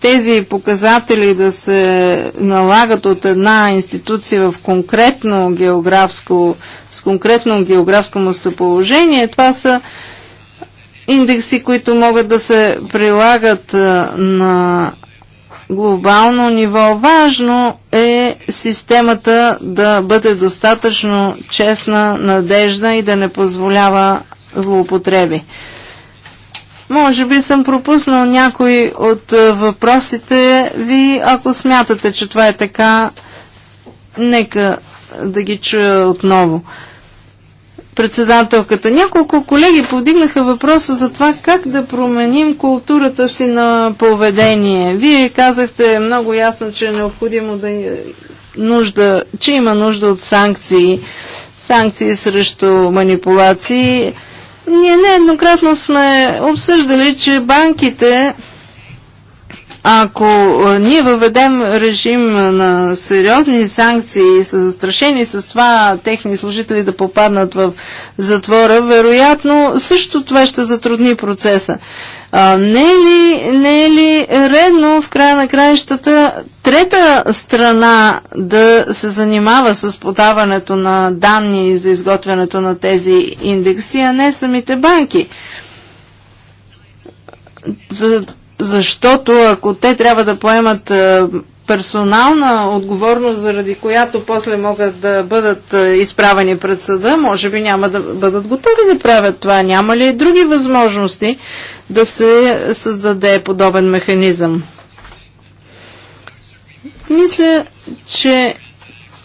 тези показатели да се налагат от една институция в конкретно географско, с конкретно географско местоположение. Това са индекси, които могат да се прилагат на глобално ниво. Важно е системата да бъде достатъчно честна, надежна и да не позволява злоупотреби. Може би съм пропуснал някой от въпросите ви. Ако смятате, че това е така, нека да ги чуя отново председателката. Няколко колеги повдигнаха въпроса за това как да променим културата си на поведение. Вие казахте много ясно, че е необходимо да е нужда, че има нужда от санкции, санкции срещу манипулации. Ние нееднократно сме обсъждали, че банките ако ние въведем режим на сериозни санкции и са застрашени с това техни служители да попаднат в затвора, вероятно също това ще затрудни процеса. А, не, е ли, не е ли редно в края на краищата трета страна да се занимава с подаването на данни за изготвянето на тези индекси, а не самите банки? За защото ако те трябва да поемат е, персонална отговорност, заради която после могат да бъдат е, изправени пред съда, може би няма да бъдат готови да правят това. Няма ли други възможности да се създаде подобен механизъм? Мисля, че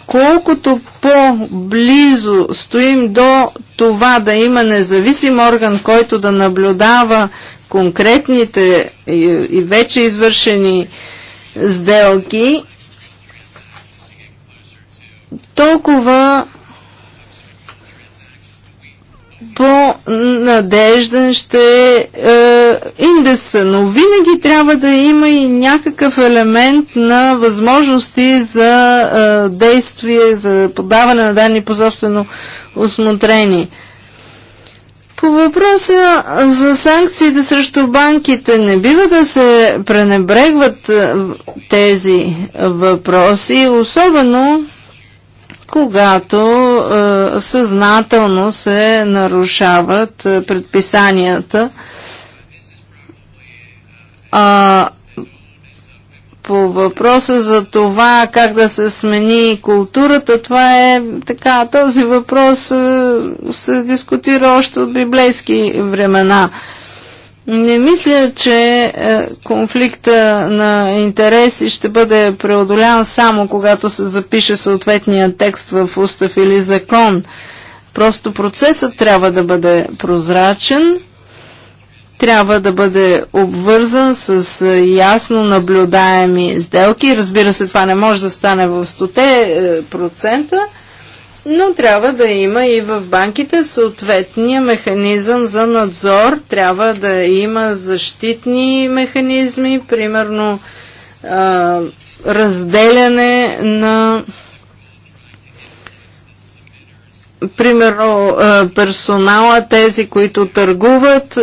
колкото по-близо стоим до това да има независим орган, който да наблюдава конкретните и вече извършени сделки, толкова по-надежден ще е индекса, но винаги трябва да има и някакъв елемент на възможности за е, действие, за подаване на данни по собствено осмотрение. По въпроса за санкциите срещу банките не бива да се пренебрегват е, тези въпроси, особено когато е, съзнателно се нарушават е, предписанията. А, по въпроса за това как да се смени културата, това е така, този въпрос е, се дискутира още от библейски времена. Не мисля, че е, конфликта на интереси ще бъде преодолян само когато се запише съответния текст в устав или закон. Просто процесът трябва да бъде прозрачен трябва да бъде обвързан с е, ясно наблюдаеми сделки. Разбира се, това не може да стане в 100%, е, но трябва да има и в банките съответния механизъм за надзор. Трябва да има защитни механизми, примерно е, разделяне на примерно персонала, тези, които търгуват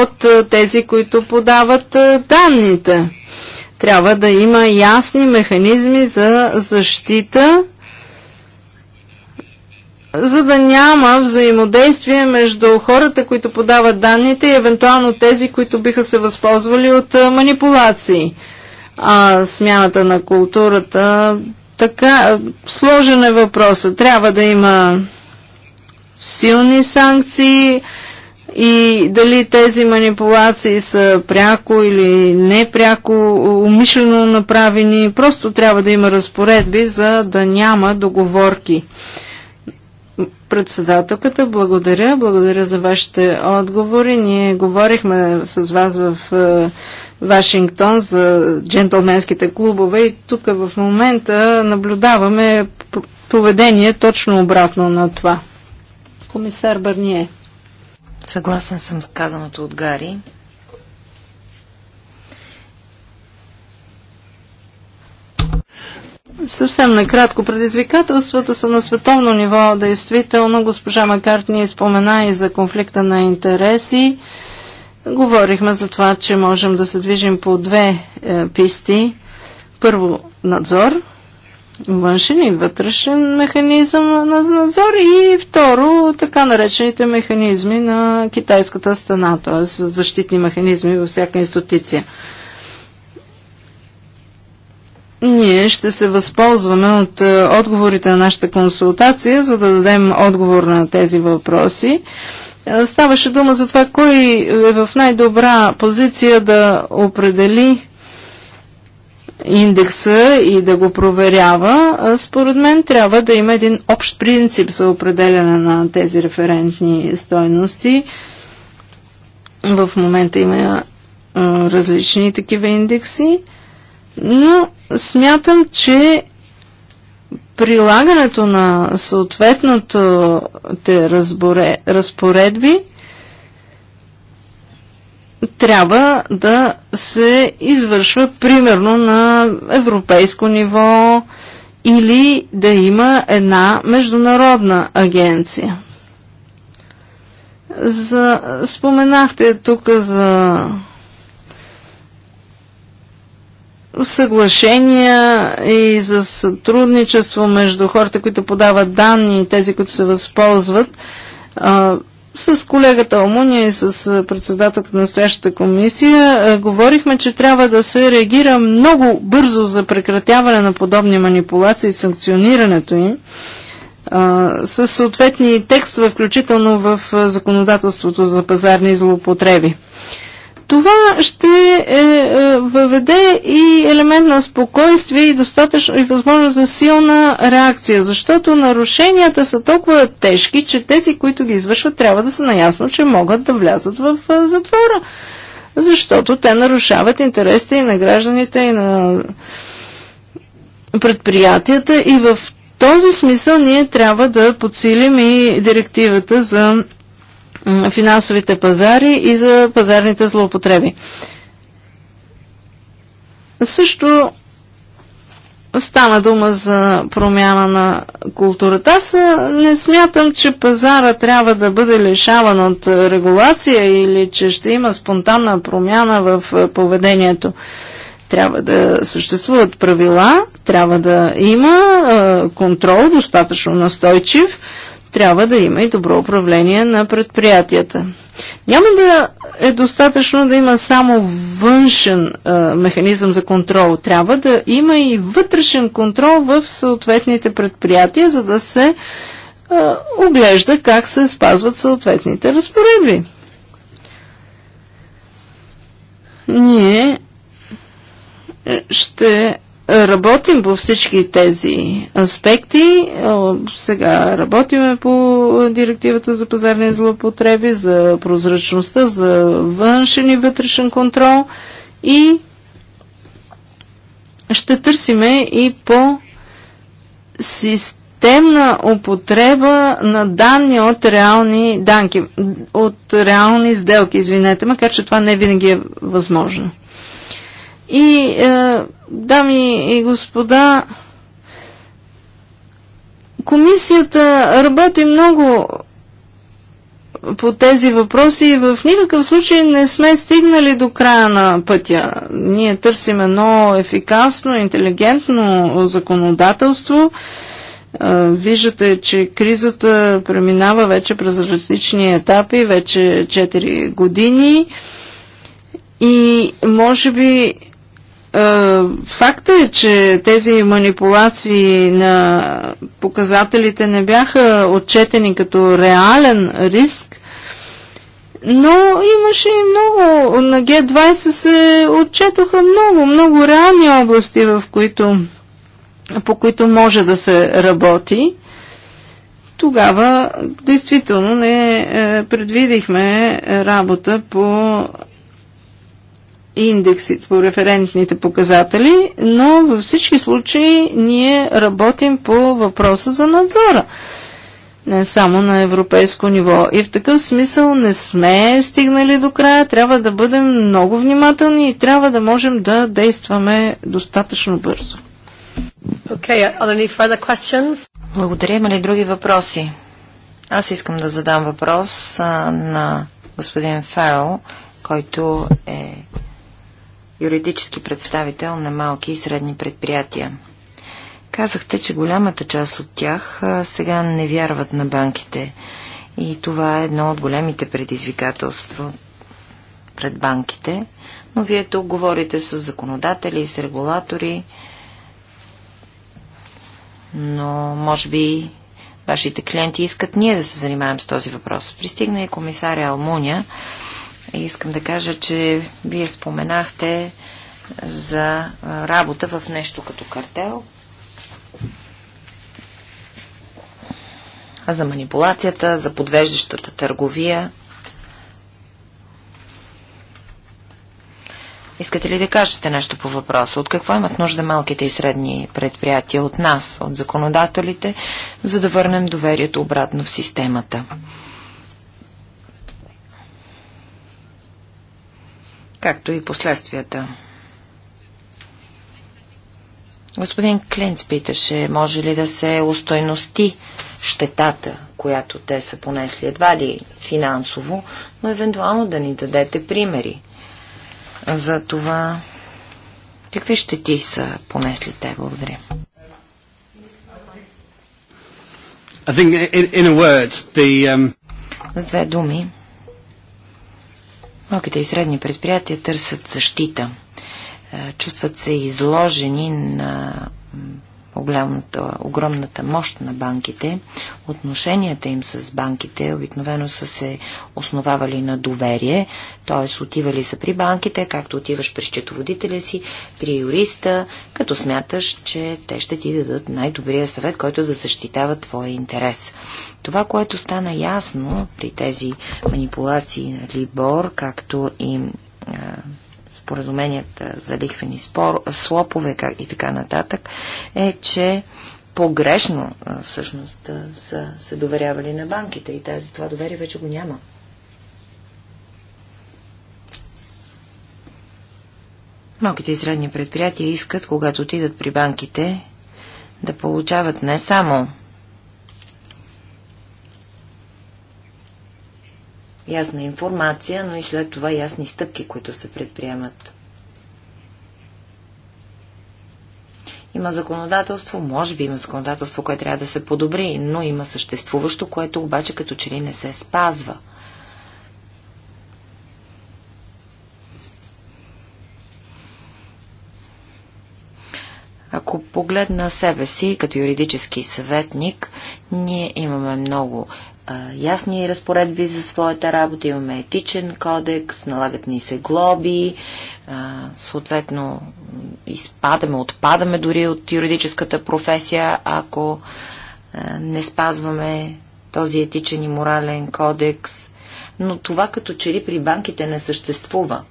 от е, тези, които подават е, данните. Трябва да има ясни механизми за защита, за да няма взаимодействие между хората, които подават данните и евентуално тези, които биха се възползвали от е, манипулации. А смяната на културата така, сложен е въпроса. Трябва да има силни санкции, и дали тези манипулации са пряко или непряко, умишлено направени. Просто трябва да има разпоредби, за да няма договорки. Председателката, благодаря. Благодаря за вашите отговори. Ние говорихме с вас в е, Вашингтон за джентлменските клубове и тук в момента наблюдаваме поведение точно обратно на това. Комисар Барние. Съгласен съм с казаното от Гари. Съвсем накратко, предизвикателствата са на световно ниво. Действително, госпожа Макарт ни спомена и за конфликта на интереси. Говорихме за това, че можем да се движим по две е, писти. Първо, надзор, външен и вътрешен механизъм на надзор и второ, така наречените механизми на китайската страна, т.е. защитни механизми във всяка институция. Ние ще се възползваме от е, отговорите на нашата консултация, за да дадем отговор на тези въпроси. Е, ставаше дума за това, кой е в най-добра позиция да определи индекса и да го проверява, според мен трябва да има един общ принцип за определяне на тези референтни стойности. В момента има различни такива индекси, но смятам, че прилагането на съответното те разборе, разпоредби трябва да се извършва примерно на европейско ниво или да има една международна агенция. За, споменахте тук за съглашения и за сътрудничество между хората, които подават данни и тези, които се възползват. С колегата Алмуния и с е, председателът на настоящата комисия е, говорихме, че трябва да се реагира много бързо за прекратяване на подобни манипулации и санкционирането им е, с съответни текстове, включително в законодателството за пазарни злоупотреби. Това ще е, е, въведе и елемент на спокойствие и достатъчно и възможност за силна реакция, защото нарушенията са толкова тежки, че тези, които ги извършват, трябва да са наясно, че могат да влязат в е, затвора, защото те нарушават интересите и на гражданите, и на предприятията и в този смисъл ние трябва да подсилим и директивата за финансовите пазари и за пазарните злоупотреби. Също стана дума за промяна на културата. Аз не смятам, че пазара трябва да бъде лишаван от регулация или че ще има спонтанна промяна в поведението. Трябва да съществуват правила, трябва да има контрол, достатъчно настойчив, трябва да има и добро управление на предприятията. Няма да е достатъчно да има само външен а, механизъм за контрол. Трябва да има и вътрешен контрол в съответните предприятия, за да се а, оглежда как се спазват съответните разпоредби. Ние е, ще Работим по всички тези аспекти. Сега работиме по директивата за пазарни злоупотреби, за прозрачността, за външен и вътрешен контрол и ще търсиме и по системна употреба на данни от реални данки, от реални сделки, извинете, макар че това не винаги е възможно. И, е, дами и господа, комисията работи много по тези въпроси и в никакъв случай не сме стигнали до края на пътя. Ние търсим едно ефикасно, интелигентно законодателство. Е, виждате, че кризата преминава вече през различни етапи, вече 4 години. И може би е, Факта е, че тези манипулации на показателите не бяха отчетени като реален риск, но имаше и много. На Г20 се отчетоха много, много реални области, в които, по които може да се работи. Тогава действително не е, предвидихме работа по Индекси по референтните показатели, но във всички случаи ние работим по въпроса за надзора. Не само на европейско ниво. И в такъв смисъл не сме стигнали до края. Трябва да бъдем много внимателни и трябва да можем да действаме достатъчно бързо. Okay, are there any further questions? Благодаря. Има ли други въпроси? Аз искам да задам въпрос а, на господин Ферл, който е юридически представител на малки и средни предприятия. Казахте, че голямата част от тях сега не вярват на банките. И това е едно от големите предизвикателства пред банките. Но вие тук говорите с законодатели и с регулатори. Но, може би, вашите клиенти искат ние да се занимаем с този въпрос. Пристигна и комисаря Алмуня Искам да кажа, че вие споменахте за работа в нещо като картел, за манипулацията, за подвеждащата търговия. Искате ли да кажете нещо по въпроса? От какво имат нужда малките и средни предприятия от нас, от законодателите, за да върнем доверието обратно в системата? както и последствията. Господин Клинц питаше, може ли да се устойности щетата, която те са понесли едва ли финансово, но евентуално да ни дадете примери за това какви щети са понесли те. Благодаря. I think in, in a word, the, um... С две думи, Малките и средни предприятия търсят защита. Е, чувстват се изложени на огромната, огромната мощ на банките, отношенията им с банките обикновено са се основавали на доверие, т.е. отивали са при банките, както отиваш при счетоводителя си, при юриста, като смяташ, че те ще ти дадат най-добрия съвет, който да защитава твоя интерес. Това, което стана ясно при тези манипулации на Либор, както и споразуменията за лихвени спор, слопове и така нататък, е, че погрешно всъщност са се доверявали на банките и тази, това доверие вече го няма. Малките и средни предприятия искат, когато отидат при банките, да получават не само ясна информация, но и след това ясни стъпки, които се предприемат. Има законодателство, може би има законодателство, което трябва да се подобри, но има съществуващо, което обаче като че ли не се спазва. Ако погледна себе си като юридически съветник, ние имаме много а, ясни разпоредби за своята работа, имаме етичен кодекс, налагат ни се глоби, а, съответно изпадаме, отпадаме дори от юридическата професия, ако а, не спазваме този етичен и морален кодекс. Но това като че ли при банките не съществува.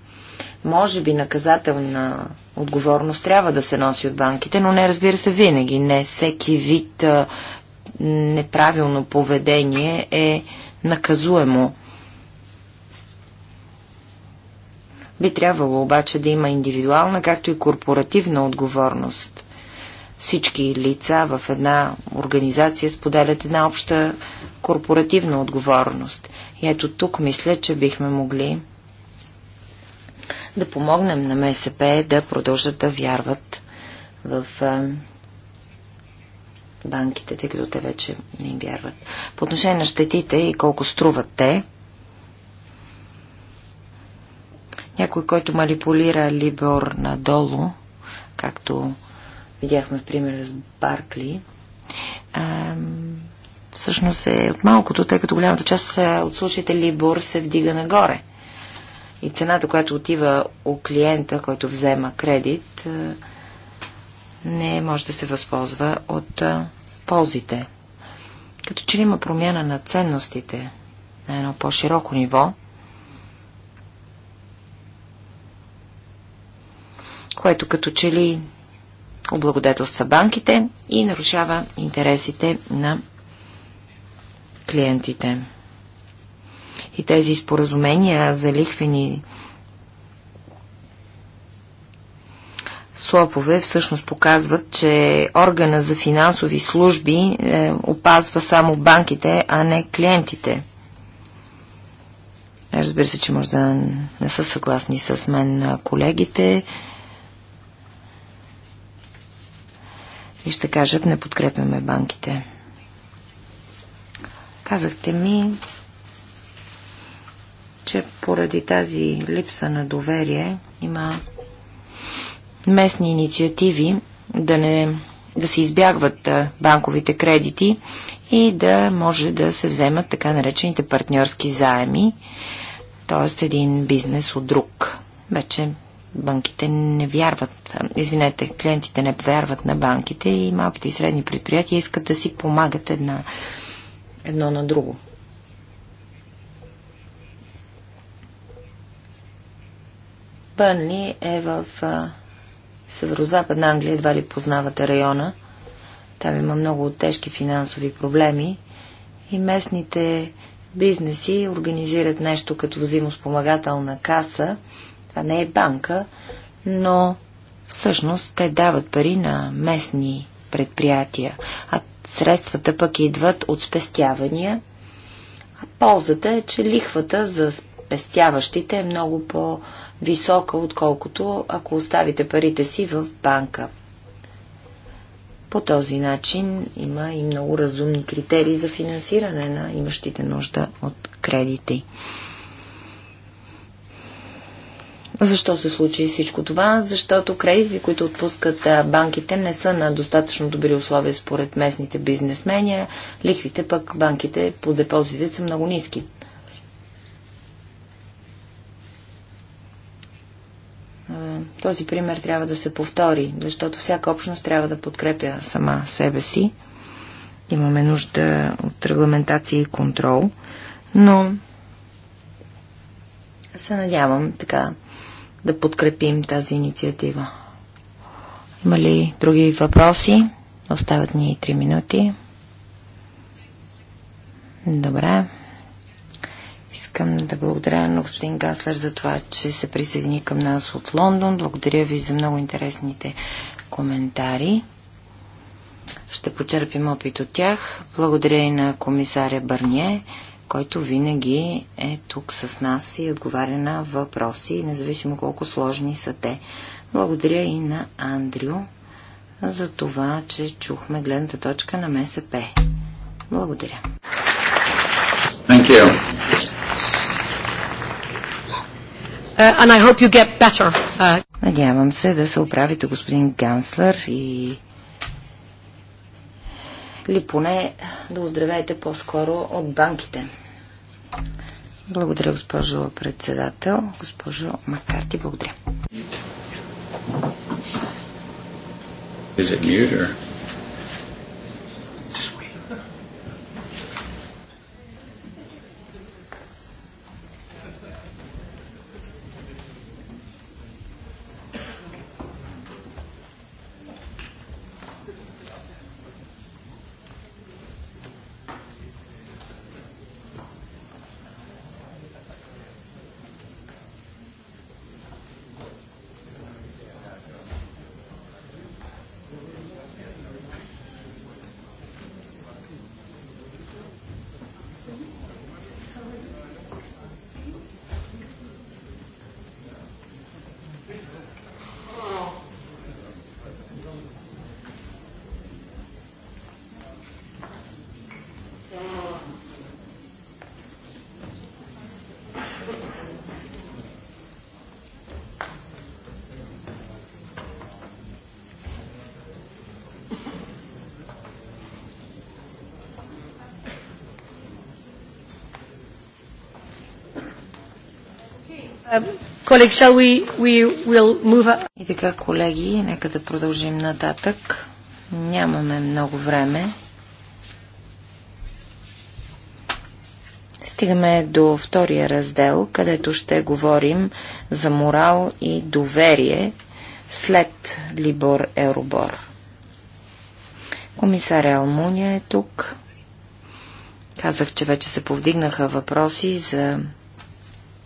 Може би наказателна отговорност трябва да се носи от банките, но не разбира се винаги, не всеки вид. А, неправилно поведение е наказуемо. Би трябвало обаче да има индивидуална, както и корпоративна отговорност. Всички лица в една организация споделят една обща корпоративна отговорност. И ето тук мисля, че бихме могли да помогнем на МСП да продължат да вярват в банките, тъй като те вече не им вярват. По отношение на щетите и колко струват те, някой, който манипулира Либор надолу, както видяхме в примера с Баркли, ам, всъщност е от малкото, тъй като голямата част от случаите Либор се вдига нагоре. И цената, която отива у клиента, който взема кредит, не може да се възползва от а, ползите. Като че ли има промяна на ценностите на едно по-широко ниво, което като че ли облагодетелства банките и нарушава интересите на клиентите. И тези споразумения за лихвени слопове всъщност показват, че органа за финансови служби е, опазва само банките, а не клиентите. Разбира се, че може да не са съгласни с мен колегите. И ще кажат, не подкрепяме банките. Казахте ми, че поради тази липса на доверие има местни инициативи да, не, да се избягват банковите кредити и да може да се вземат така наречените партньорски заеми, т.е. един бизнес от друг. Вече банките не вярват, извинете, клиентите не вярват на банките и малките и средни предприятия искат да си помагат една, едно на друго. Бърнли е в в северо-западна Англия едва ли познавате района. Там има много тежки финансови проблеми и местните бизнеси организират нещо като взаимоспомагателна каса. Това не е банка, но всъщност те дават пари на местни предприятия, а средствата пък идват от спестявания. А ползата е, че лихвата за спестяващите е много по- висока, отколкото ако оставите парите си в банка. По този начин има и много разумни критерии за финансиране на имащите нужда от кредити. Защо се случи всичко това? Защото кредити, които отпускат банките, не са на достатъчно добри условия според местните бизнесмени. Лихвите пък банките по депозите са много ниски. Този пример трябва да се повтори, защото всяка общност трябва да подкрепя сама себе си. Имаме нужда от регламентация и контрол, но се надявам така да подкрепим тази инициатива. Има ли други въпроси? Остават ни 3 минути. Добре. Искам да благодаря на господин Гаслер за това, че се присъедини към нас от Лондон. Благодаря ви за много интересните коментари. Ще почерпим опит от тях. Благодаря и на комисаря Бърние, който винаги е тук с нас и отговаря на въпроси, независимо колко сложни са те. Благодаря и на Андрю за това, че чухме гледната точка на МСП. Благодаря. Thank you. Uh, and I hope you get better. Uh, Надявам се да се оправите, господин Ганслер, и или поне да оздравеете по-скоро от банките. Благодаря, госпожо председател. Госпожо Маккарти, благодаря. Is it mute or... И така, колеги, нека да продължим нататък. Нямаме много време. Стигаме до втория раздел, където ще говорим за морал и доверие след Либор Еробор. Комисаря Алмуния е тук. Казах, че вече се повдигнаха въпроси за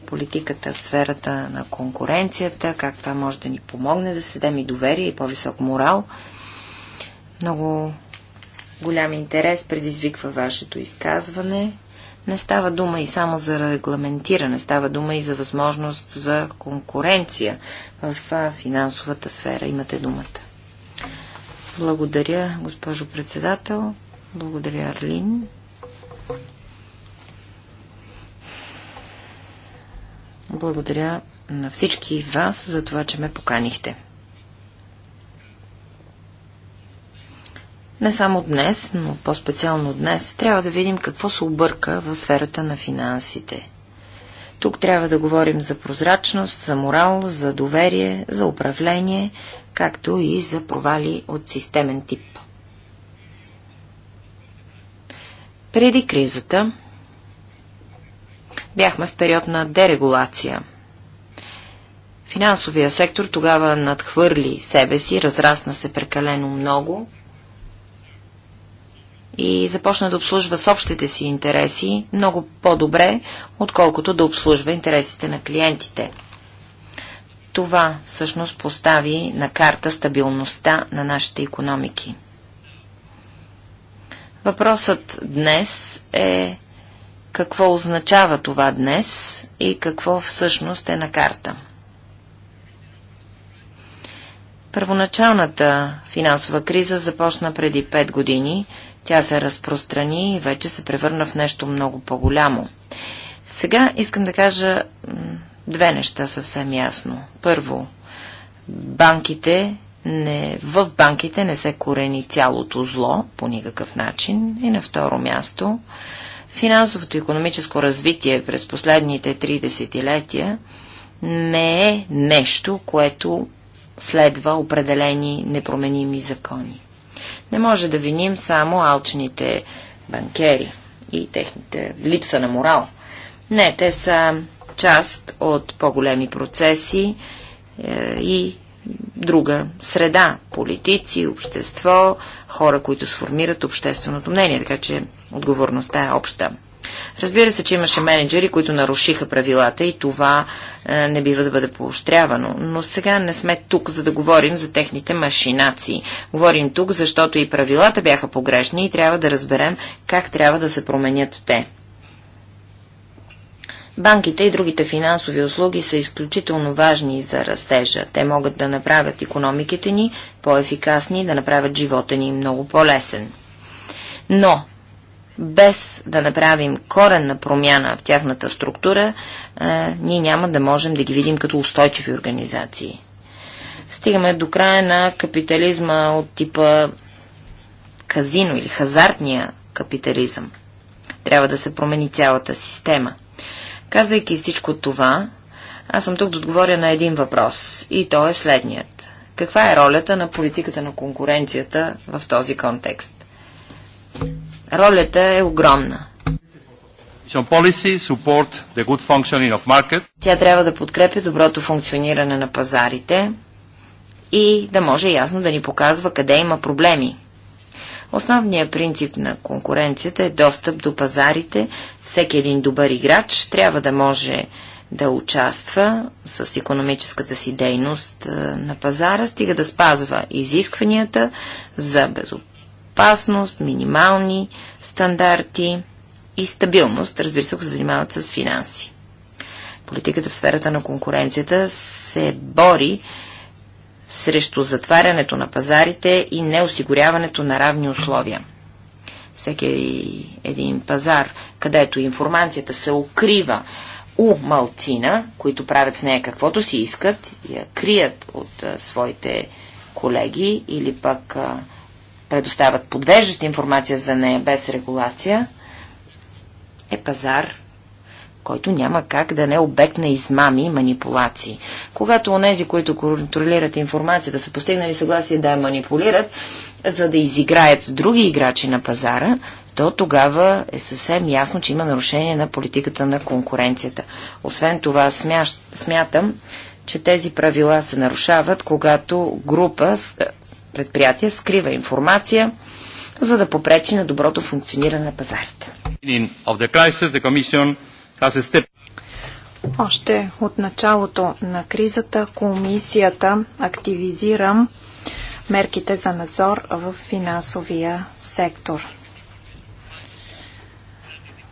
политиката в сферата на конкуренцията, как това може да ни помогне да седем и доверие и по-висок морал. Много голям интерес предизвиква вашето изказване. Не става дума и само за регламентиране, става дума и за възможност за конкуренция в финансовата сфера. Имате думата. Благодаря, госпожо председател. Благодаря, Арлин. Благодаря на всички вас за това, че ме поканихте. Не само днес, но по-специално днес, трябва да видим какво се обърка в сферата на финансите. Тук трябва да говорим за прозрачност, за морал, за доверие, за управление, както и за провали от системен тип. Преди кризата Бяхме в период на дерегулация. Финансовия сектор тогава надхвърли себе си, разрасна се прекалено много и започна да обслужва с общите си интереси много по-добре, отколкото да обслужва интересите на клиентите. Това всъщност постави на карта стабилността на нашите економики. Въпросът днес е какво означава това днес и какво всъщност е на карта. Първоначалната финансова криза започна преди 5 години. Тя се разпространи и вече се превърна в нещо много по-голямо. Сега искам да кажа две неща съвсем ясно. Първо, банките не, в банките не се корени цялото зло по никакъв начин. И на второ място, Финансовото и економическо развитие през последните три десетилетия не е нещо, което следва определени непроменими закони. Не може да виним само алчните банкери и техните липса на морал. Не, те са част от по-големи процеси е, и друга среда. Политици, общество, хора, които сформират общественото мнение. Така че Отговорността е обща. Разбира се, че имаше менеджери, които нарушиха правилата и това е, не бива да бъде поощрявано. Но сега не сме тук, за да говорим за техните машинации. Говорим тук, защото и правилата бяха погрешни и трябва да разберем как трябва да се променят те. Банките и другите финансови услуги са изключително важни за растежа. Те могат да направят економиките ни по-ефикасни, да направят живота ни много по-лесен. Но без да направим коренна промяна в тяхната структура, е, ние няма да можем да ги видим като устойчиви организации. Стигаме до края на капитализма от типа казино или хазартния капитализъм. Трябва да се промени цялата система. Казвайки всичко това, аз съм тук да отговоря на един въпрос и то е следният. Каква е ролята на политиката на конкуренцията в този контекст? Ролята е огромна. Тя трябва да подкрепи доброто функциониране на пазарите и да може ясно да ни показва къде има проблеми. Основният принцип на конкуренцията е достъп до пазарите. Всеки един добър играч трябва да може да участва с економическата си дейност е, на пазара, стига да спазва изискванията за безопасност безопасност, минимални стандарти и стабилност, разбира се, ако се занимават с финанси. Политиката в сферата на конкуренцията се бори срещу затварянето на пазарите и неосигуряването на равни условия. Всеки един пазар, където информацията се укрива у малцина, които правят с нея каквото си искат, я крият от а, своите колеги или пък а, предоставят подвеждаща информация за нея без регулация, е пазар, който няма как да не е обект на измами и манипулации. Когато онези, които контролират информацията, са постигнали съгласие да я манипулират, за да изиграят други играчи на пазара, то тогава е съвсем ясно, че има нарушение на политиката на конкуренцията. Освен това, смятам, че тези правила се нарушават, когато група Предприятия скрива информация, за да попречи на доброто функциониране на пазарите. Още от началото на кризата комисията активизира мерките за надзор в финансовия сектор.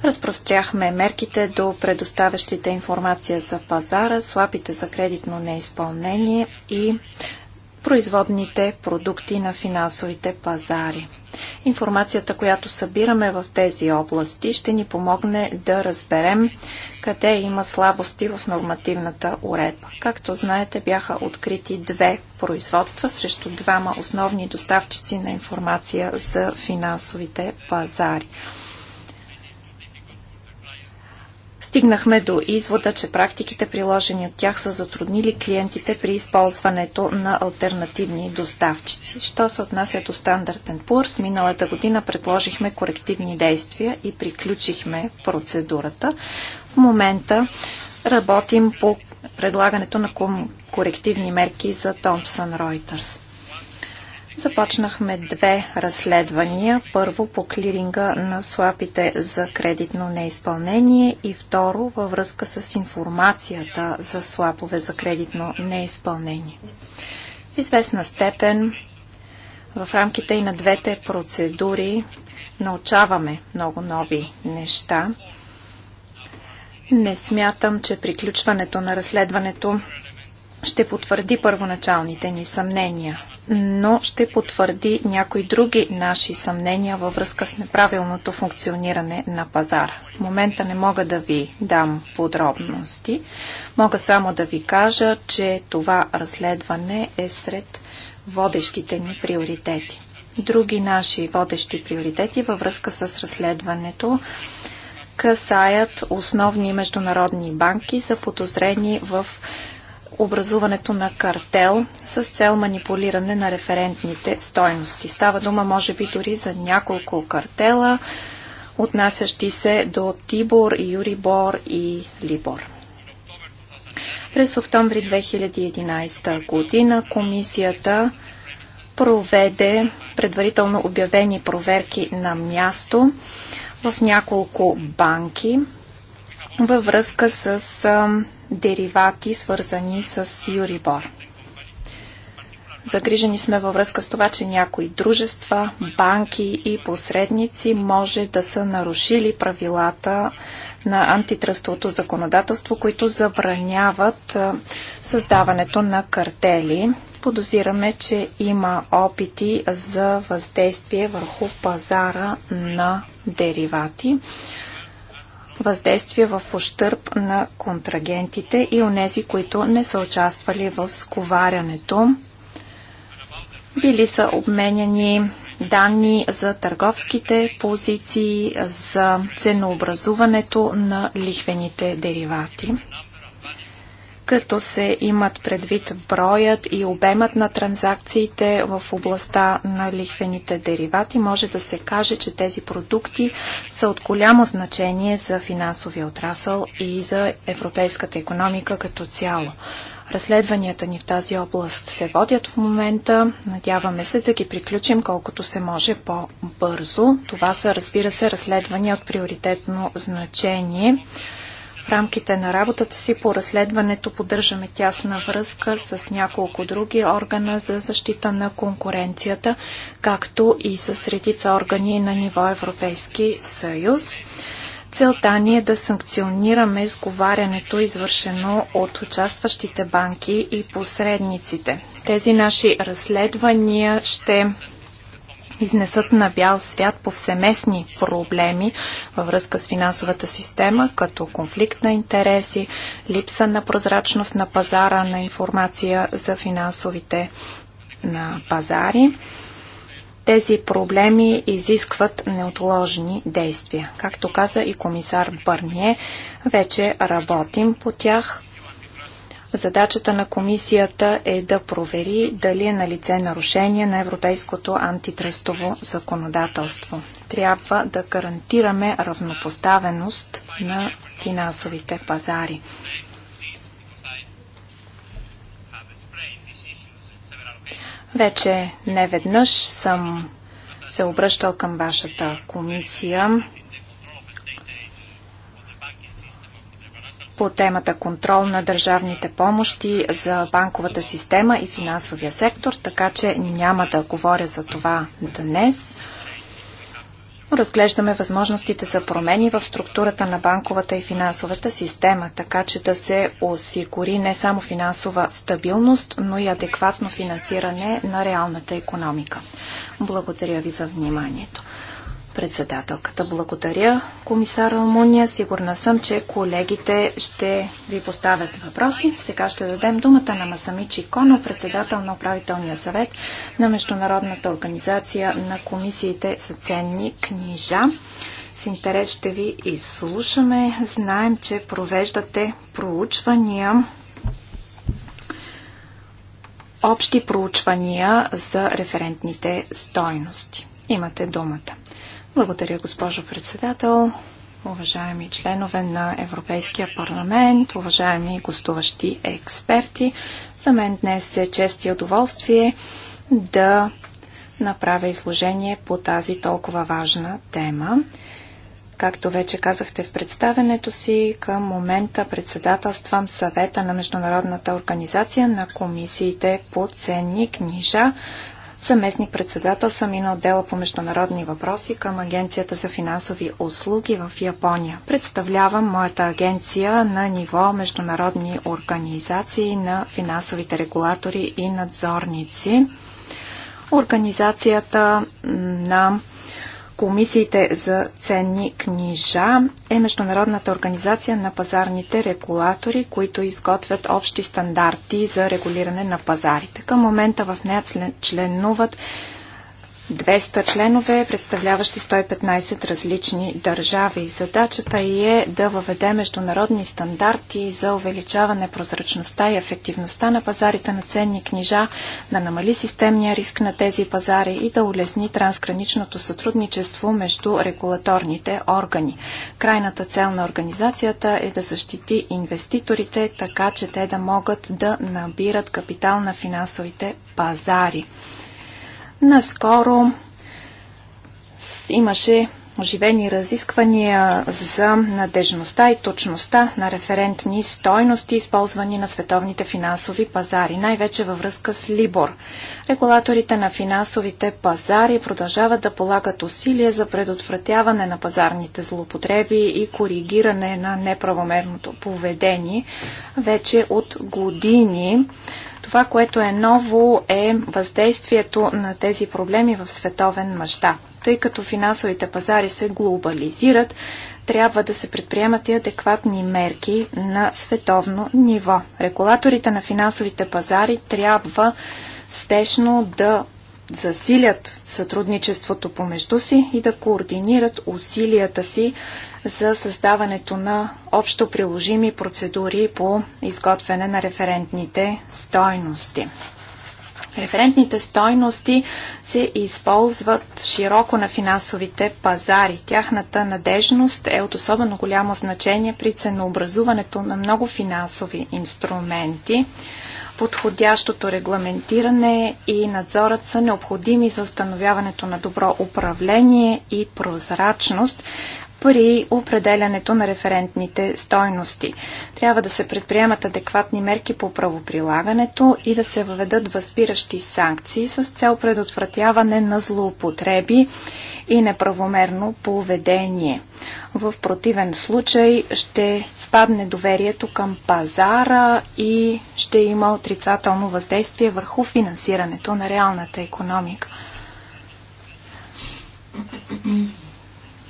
Разпростряхме мерките до предоставящите информация за пазара, слабите за кредитно неизпълнение и производните продукти на финансовите пазари. Информацията, която събираме в тези области, ще ни помогне да разберем къде има слабости в нормативната уредба. Както знаете, бяха открити две производства срещу двама основни доставчици на информация за финансовите пазари. стигнахме до извода, че практиките приложени от тях са затруднили клиентите при използването на альтернативни доставчици. Що се отнася до стандартен Poor's, миналата година предложихме корективни действия и приключихме процедурата. В момента работим по предлагането на корективни мерки за Thomson Reuters. Започнахме две разследвания. Първо по клиринга на слапите за кредитно неизпълнение и второ във връзка с информацията за слапове за кредитно неизпълнение. В известна степен в рамките и на двете процедури научаваме много нови неща. Не смятам, че приключването на разследването ще потвърди първоначалните ни съмнения, но ще потвърди някои други наши съмнения във връзка с неправилното функциониране на пазара. В момента не мога да ви дам подробности. Мога само да ви кажа, че това разследване е сред водещите ни приоритети. Други наши водещи приоритети във връзка с разследването касаят основни международни банки за подозрени в образуването на картел с цел манипулиране на референтните стойности. Става дума, може би, дори за няколко картела, отнасящи се до Тибор, Юрибор и Либор. През октомври 2011 година комисията проведе предварително обявени проверки на място в няколко банки във връзка с деривати, свързани с Юрибор. Загрижени сме във връзка с това, че някои дружества, банки и посредници може да са нарушили правилата на антитръстовото законодателство, които забраняват създаването на картели. Подозираме, че има опити за въздействие върху пазара на деривати въздействие в ощърп на контрагентите и онези, които не са участвали в сковарянето. Били са обменяни данни за търговските позиции, за ценообразуването на лихвените деривати като се имат предвид броят и обемът на транзакциите в областта на лихвените деривати, може да се каже, че тези продукти са от голямо значение за финансовия отрасъл и за европейската економика като цяло. Разследванията ни в тази област се водят в момента. Надяваме се да ги приключим колкото се може по-бързо. Това са, разбира се, разследвания от приоритетно значение. В рамките на работата си по разследването поддържаме тясна връзка с няколко други органа за защита на конкуренцията, както и с редица органи на ниво Европейски съюз. Целта ни е да санкционираме изговарянето, извършено от участващите банки и посредниците. Тези наши разследвания ще изнесат на бял свят повсеместни проблеми във връзка с финансовата система, като конфликт на интереси, липса на прозрачност на пазара на информация за финансовите на пазари. Тези проблеми изискват неотложни действия. Както каза и комисар Бърние, вече работим по тях. Задачата на комисията е да провери дали е на лице нарушение на европейското антитръстово законодателство. Трябва да гарантираме равнопоставеност на финансовите пазари. Вече неведнъж съм се обръщал към вашата комисия по темата контрол на държавните помощи за банковата система и финансовия сектор, така че няма да говоря за това днес. Разглеждаме възможностите за промени в структурата на банковата и финансовата система, така че да се осигури не само финансова стабилност, но и адекватно финансиране на реалната економика. Благодаря ви за вниманието. Председателката, благодаря. Комисар Алмуния, сигурна съм, че колегите ще ви поставят въпроси. Сега ще дадем думата на Масамичи Коно, председател на управителния съвет на Международната организация на комисиите за ценни книжа. С интерес ще ви изслушаме. Знаем, че провеждате проучвания общи проучвания за референтните стойности. Имате думата. Благодаря, госпожо председател, уважаеми членове на Европейския парламент, уважаеми гостуващи експерти. За мен днес е чест и удоволствие да направя изложение по тази толкова важна тема. Както вече казахте в представенето си, към момента председателствам съвета на Международната организация на комисиите по ценни книжа. Съместник председател съм и на отдела по международни въпроси към Агенцията за финансови услуги в Япония. Представлявам моята агенция на ниво международни организации на финансовите регулатори и надзорници. Организацията на комисиите за ценни книжа е Международната организация на пазарните регулатори, които изготвят общи стандарти за регулиране на пазарите. Към момента в нея членуват 200 членове, представляващи 115 различни държави. Задачата й е да въведе международни стандарти за увеличаване прозрачността и ефективността на пазарите на ценни книжа, да намали системния риск на тези пазари и да улесни трансграничното сътрудничество между регулаторните органи. Крайната цел на организацията е да защити инвеститорите, така че те да могат да набират капитал на финансовите пазари. Наскоро имаше оживени разисквания за надежността и точността на референтни стойности, използвани на световните финансови пазари, най-вече във връзка с Либор. Регулаторите на финансовите пазари продължават да полагат усилия за предотвратяване на пазарните злоупотреби и коригиране на неправомерното поведение вече от години. Това, което е ново, е въздействието на тези проблеми в световен мащаб. Тъй като финансовите пазари се глобализират, трябва да се предприемат и адекватни мерки на световно ниво. Регулаторите на финансовите пазари трябва спешно да засилят сътрудничеството помежду си и да координират усилията си за създаването на общо приложими процедури по изготвяне на референтните стойности. Референтните стойности се използват широко на финансовите пазари. Тяхната надежност е от особено голямо значение при ценообразуването на много финансови инструменти подходящото регламентиране и надзорът са необходими за установяването на добро управление и прозрачност, при определянето на референтните стойности. Трябва да се предприемат адекватни мерки по правоприлагането и да се въведат възпиращи санкции с цел предотвратяване на злоупотреби и неправомерно поведение. В противен случай ще спадне доверието към пазара и ще има отрицателно въздействие върху финансирането на реалната економика.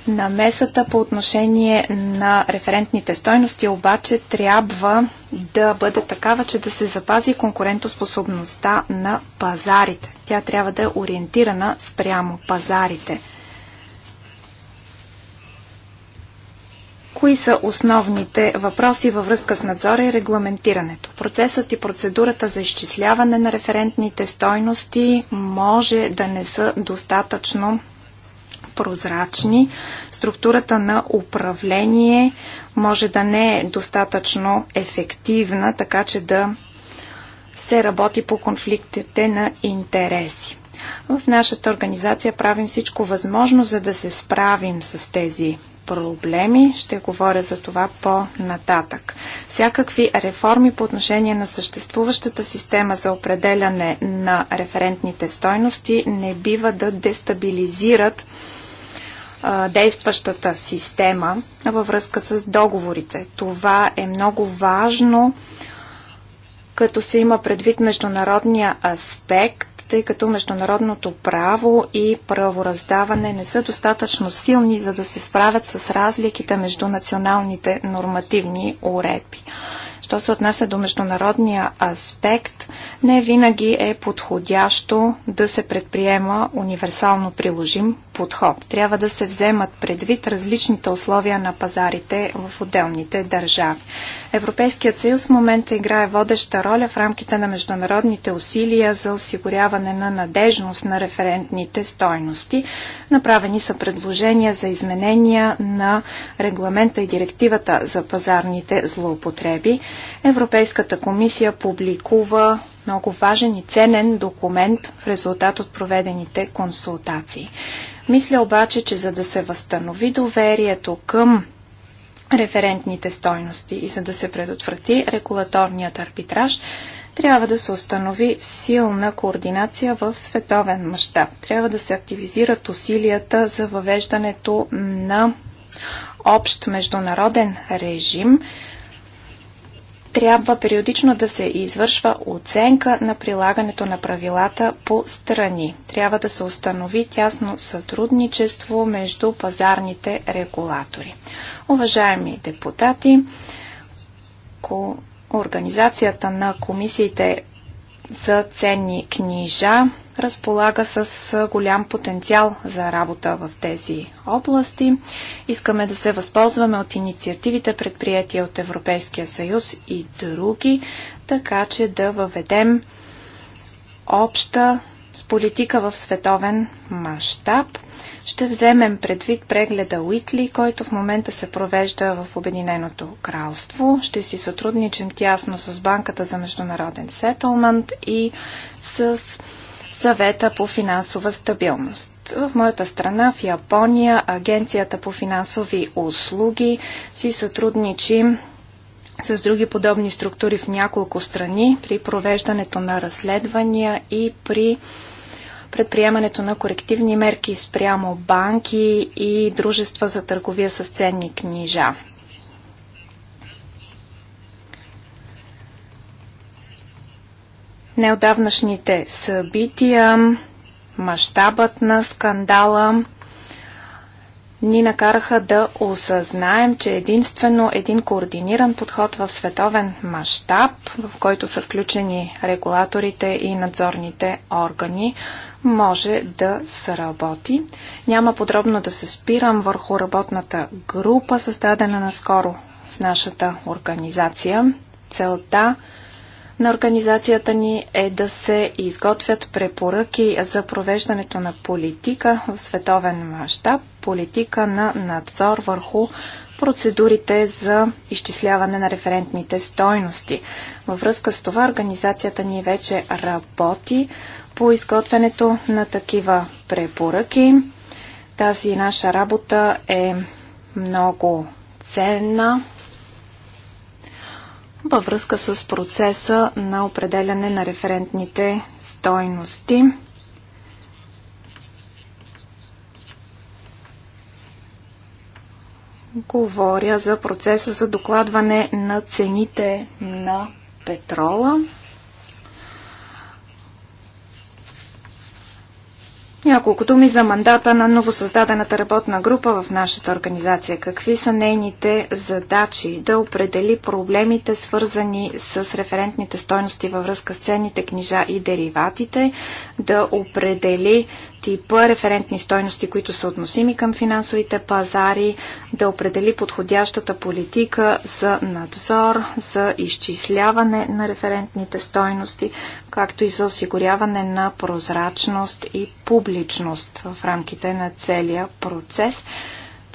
Намесата по отношение на референтните стойности обаче трябва да бъде такава, че да се запази конкурентоспособността на пазарите. Тя трябва да е ориентирана спрямо пазарите. Кои са основните въпроси във връзка с надзора и регламентирането? Процесът и процедурата за изчисляване на референтните стойности може да не са достатъчно прозрачни. Структурата на управление може да не е достатъчно ефективна, така че да се работи по конфликтите на интереси. В нашата организация правим всичко възможно, за да се справим с тези проблеми. Ще говоря за това по-нататък. Всякакви реформи по отношение на съществуващата система за определяне на референтните стойности не бива да дестабилизират а, действащата система във връзка с договорите. Това е много важно, като се има предвид международния аспект, тъй като международното право и правораздаване не са достатъчно силни, за да се справят с разликите между националните нормативни уредби. Що се отнася до международния аспект, не винаги е подходящо да се предприема универсално приложим подход. Трябва да се вземат предвид различните условия на пазарите в отделните държави. Европейският съюз в момента играе водеща роля в рамките на международните усилия за осигуряване на надежност на референтните стойности. Направени са предложения за изменения на регламента и директивата за пазарните злоупотреби. Европейската комисия публикува много важен и ценен документ в резултат от проведените консултации. Мисля обаче, че за да се възстанови доверието към референтните стойности и за да се предотврати регулаторният арбитраж, трябва да се установи силна координация в световен мащаб. Трябва да се активизират усилията за въвеждането на общ международен режим. Трябва периодично да се извършва оценка на прилагането на правилата по страни. Трябва да се установи тясно сътрудничество между пазарните регулатори. Уважаеми депутати, организацията на комисиите за ценни книжа разполага с голям потенциал за работа в тези области. Искаме да се възползваме от инициативите, предприятия от Европейския съюз и други, така че да въведем обща с политика в световен мащаб ще вземем предвид прегледа Уитли, който в момента се провежда в Обединеното кралство. Ще си сътрудничим тясно с Банката за международен сетълмент и с съвета по финансова стабилност. В моята страна, в Япония, Агенцията по финансови услуги си сътрудничи с други подобни структури в няколко страни при провеждането на разследвания и при предприемането на корективни мерки спрямо банки и дружества за търговия с ценни книжа. Неодавнашните събития, мащабът на скандала ни накараха да осъзнаем, че единствено един координиран подход в световен мащаб, в който са включени регулаторите и надзорните органи, може да сработи. Няма подробно да се спирам върху работната група, създадена наскоро в нашата организация. Целта на организацията ни е да се изготвят препоръки за провеждането на политика в световен мащаб, политика на надзор върху процедурите за изчисляване на референтните стойности. Във връзка с това организацията ни вече работи по изготвянето на такива препоръки. Тази наша работа е много ценна, във връзка с процеса на определяне на референтните стойности. Говоря за процеса за докладване на цените на петрола. Няколко думи за мандата на новосъздадената работна група в нашата организация. Какви са нейните задачи да определи проблемите, свързани с референтните стойности във връзка с ценните книжа и дериватите, да определи типа референтни стойности, които са относими към финансовите пазари, да определи подходящата политика за надзор, за изчисляване на референтните стойности, както и за осигуряване на прозрачност и публичност в рамките на целия процес.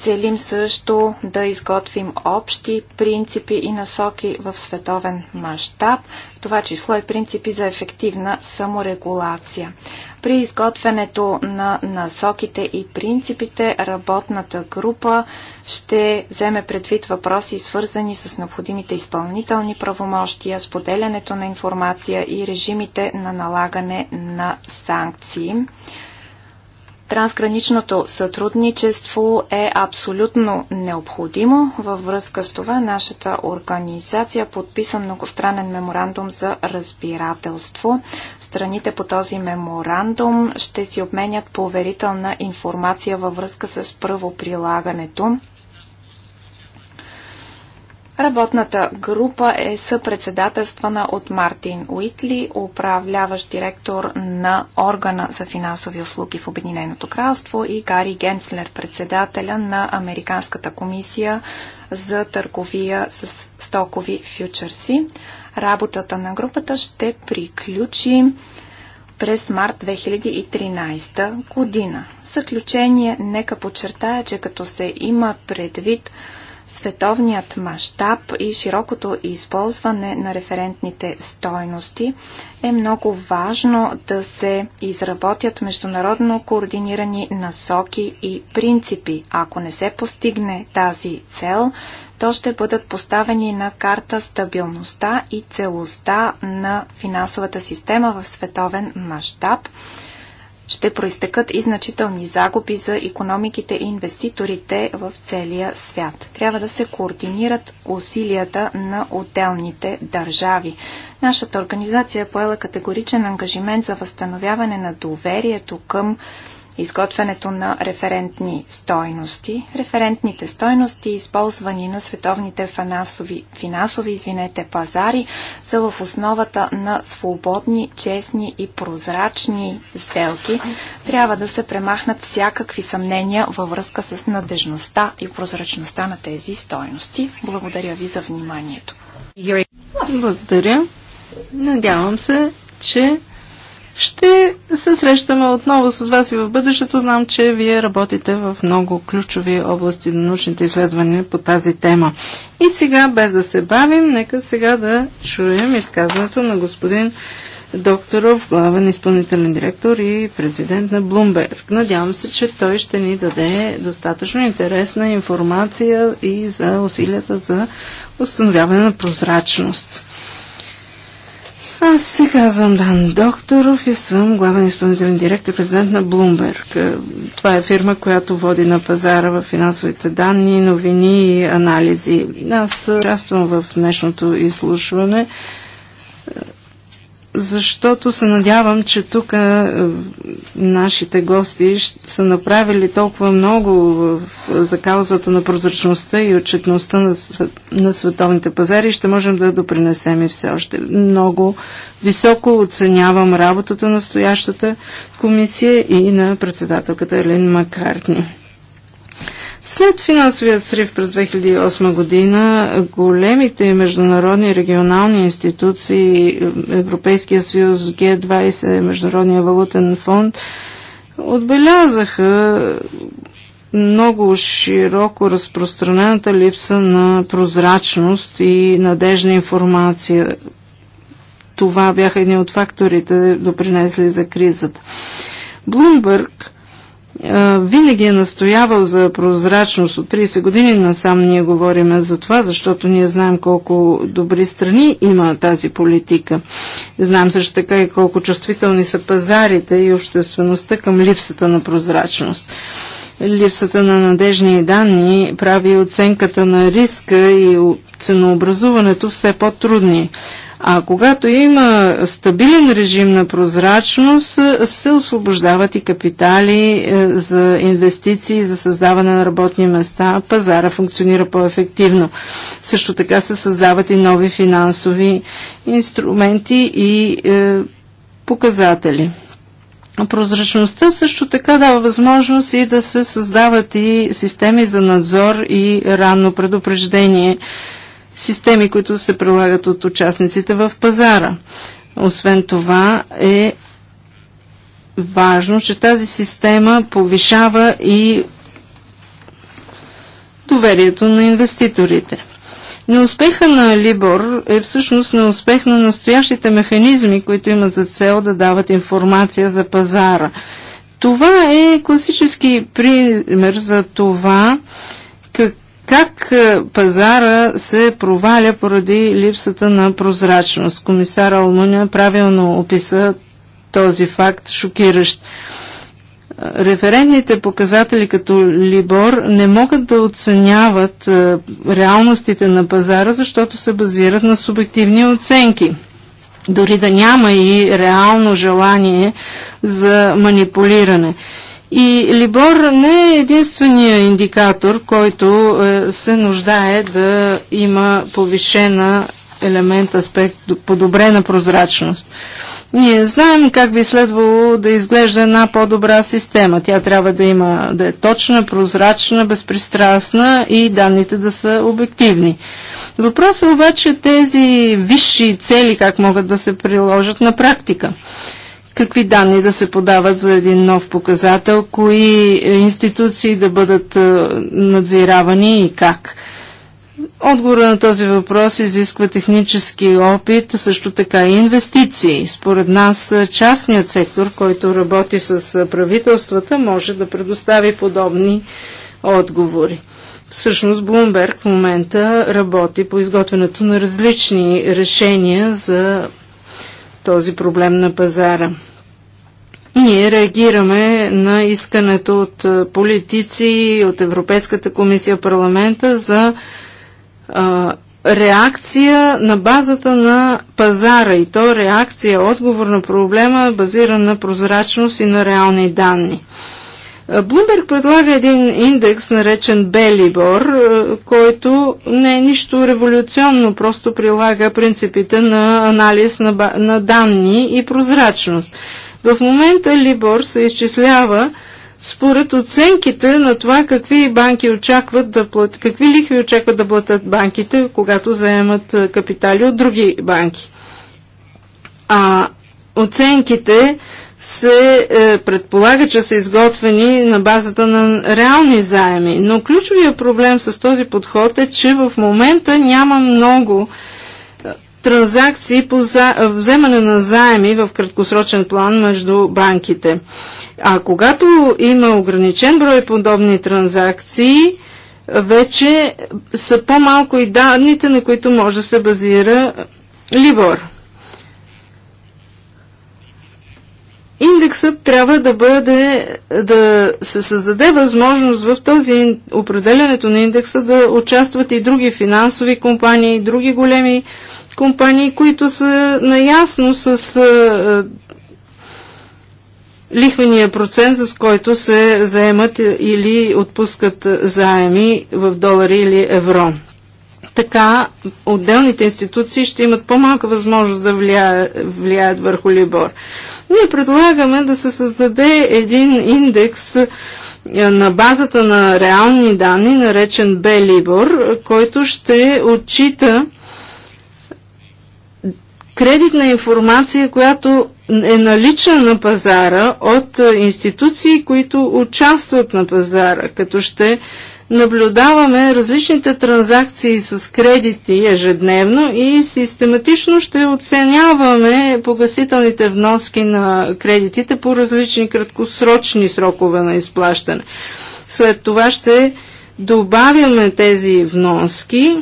Целим също да изготвим общи принципи и насоки в световен мащаб, в това число и принципи за ефективна саморегулация. При изготвянето на насоките и принципите работната група ще вземе предвид въпроси, свързани с необходимите изпълнителни правомощия, споделянето на информация и режимите на налагане на санкции. Трансграничното сътрудничество е абсолютно необходимо. Във връзка с това нашата организация подписа многостранен меморандум за разбирателство. Страните по този меморандум ще си обменят поверителна информация във връзка с правоприлагането. Работната група е съпредседателствана от Мартин Уитли, управляващ директор на органа за финансови услуги в Обединеното кралство и Гари Генслер, председателя на Американската комисия за търговия с стокови фьючерси. Работата на групата ще приключи през март 2013 година. В заключение, нека подчертая, че като се има предвид Световният мащаб и широкото използване на референтните стойности е много важно да се изработят международно координирани насоки и принципи. Ако не се постигне тази цел, то ще бъдат поставени на карта стабилността и целостта на финансовата система в световен мащаб ще проистекат и значителни загуби за економиките и инвеститорите в целия свят. Трябва да се координират усилията на отделните държави. Нашата организация е поела категоричен ангажимент за възстановяване на доверието към изготвянето на референтни стойности. Референтните стойности, използвани на световните финансови, финансови извинете, пазари, са в основата на свободни, честни и прозрачни сделки. Трябва да се премахнат всякакви съмнения във връзка с надежността и прозрачността на тези стойности. Благодаря ви за вниманието. Благодаря. Надявам се, че ще се срещаме отново с вас и в бъдещето. Знам, че вие работите в много ключови области на научните изследвания по тази тема. И сега, без да се бавим, нека сега да чуем изказването на господин Докторов, главен изпълнителен директор и президент на Блумберг. Надявам се, че той ще ни даде достатъчно интересна информация и за усилията за установяване на прозрачност. Аз се казвам Дан Докторов и съм главен изпълнителен директор, президент на Bloomberg. Е, това е фирма, която води на пазара в финансовите данни, новини и анализи. Аз участвам в днешното изслушване защото се надявам, че тук е, нашите гости са направили толкова много за каузата на прозрачността и отчетността на, на световните пазари и ще можем да допринесем и все още. Много високо оценявам работата на стоящата комисия и на председателката Елин Маккартни. След финансовия срив през 2008 година, големите международни регионални институции, Европейския съюз, Г20, Международния валутен фонд, отбелязаха много широко разпространената липса на прозрачност и надежна информация. Това бяха едни от факторите, допринесли за кризата. Блумбърг винаги е настоявал за прозрачност от 30 години насам ние говориме за това, защото ние знаем колко добри страни има тази политика. Знаем също така и колко чувствителни са пазарите и обществеността към липсата на прозрачност. Липсата на надежни данни прави оценката на риска и ценообразуването все по-трудни. А когато има стабилен режим на прозрачност, се освобождават и капитали е, за инвестиции, за създаване на работни места, пазара функционира по-ефективно. Също така се създават и нови финансови инструменти и е, показатели. Прозрачността също така дава възможност и да се създават и системи за надзор и ранно предупреждение системи, които се прилагат от участниците в пазара. Освен това е важно, че тази система повишава и доверието на инвеститорите. Неуспеха на Либор е всъщност неуспех на настоящите механизми, които имат за цел да дават информация за пазара. Това е класически пример за това как как е, пазара се проваля поради липсата на прозрачност? Комисар Алмуня правилно описа този факт шокиращ. Е, референтните показатели като Либор не могат да оценяват е, реалностите на пазара, защото се базират на субективни оценки дори да няма и реално желание за манипулиране. И Либор не е единствения индикатор, който е, се нуждае да има повишена елемент, аспект, подобрена прозрачност. Ние знаем как би следвало да изглежда една по-добра система. Тя трябва да има да е точна, прозрачна, безпристрастна и данните да са обективни. Въпросът е обаче тези висши цели как могат да се приложат на практика какви данни да се подават за един нов показател, кои институции да бъдат е, надзиравани и как. Отговора на този въпрос изисква технически опит, също така и инвестиции. Според нас е, частният сектор, който работи с е, правителствата, може да предостави подобни отговори. Всъщност Блумберг в момента работи по изготвянето на различни решения за този проблем на пазара. Ние реагираме на искането от политици, от Европейската комисия, парламента за а, реакция на базата на пазара и то реакция, отговор на проблема, базиран на прозрачност и на реални данни. Блумберг предлага един индекс, наречен Белибор, който не е нищо революционно, просто прилага принципите на анализ на, на данни и прозрачност. В момента Либор се изчислява според оценките на това какви банки очакват да платят, какви лихви очакват да платят банките, когато заемат е, капитали от други банки. А оценките се е, предполага, че са изготвени на базата на реални заеми. Но ключовия проблем с този подход е, че в момента няма много транзакции по за... вземане на заеми в краткосрочен план между банките. А когато има ограничен брой подобни транзакции, вече са по-малко и данните, на които може да се базира Либор. Индексът трябва да бъде, да се създаде възможност в този определенето на индекса да участват и други финансови компании, и други големи компании, които са наясно с а, е, е, лихвения процент, с който се заемат или отпускат заеми в долари или евро. Така отделните институции ще имат по-малка възможност да влияят, влияят върху Либор. Ние предлагаме да се създаде един индекс е, на базата на реални данни, наречен B-Libor, който ще отчита кредитна информация, която е налична на пазара от институции, които участват на пазара, като ще наблюдаваме различните транзакции с кредити ежедневно и систематично ще оценяваме погасителните вноски на кредитите по различни краткосрочни срокове на изплащане. След това ще добавяме тези вноски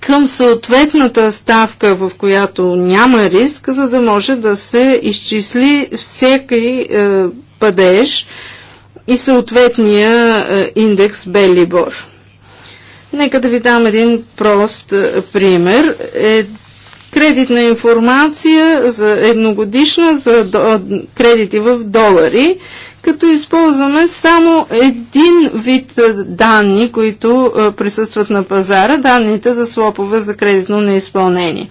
към съответната ставка, в която няма риск, за да може да се изчисли всеки е, падеж и съответния е, индекс Белибор. Нека да ви дам един прост е, пример. Е, кредитна информация за едногодишна за до, кредити в долари, като използваме само един вид данни, които присъстват на пазара, данните за слопове за кредитно неизпълнение.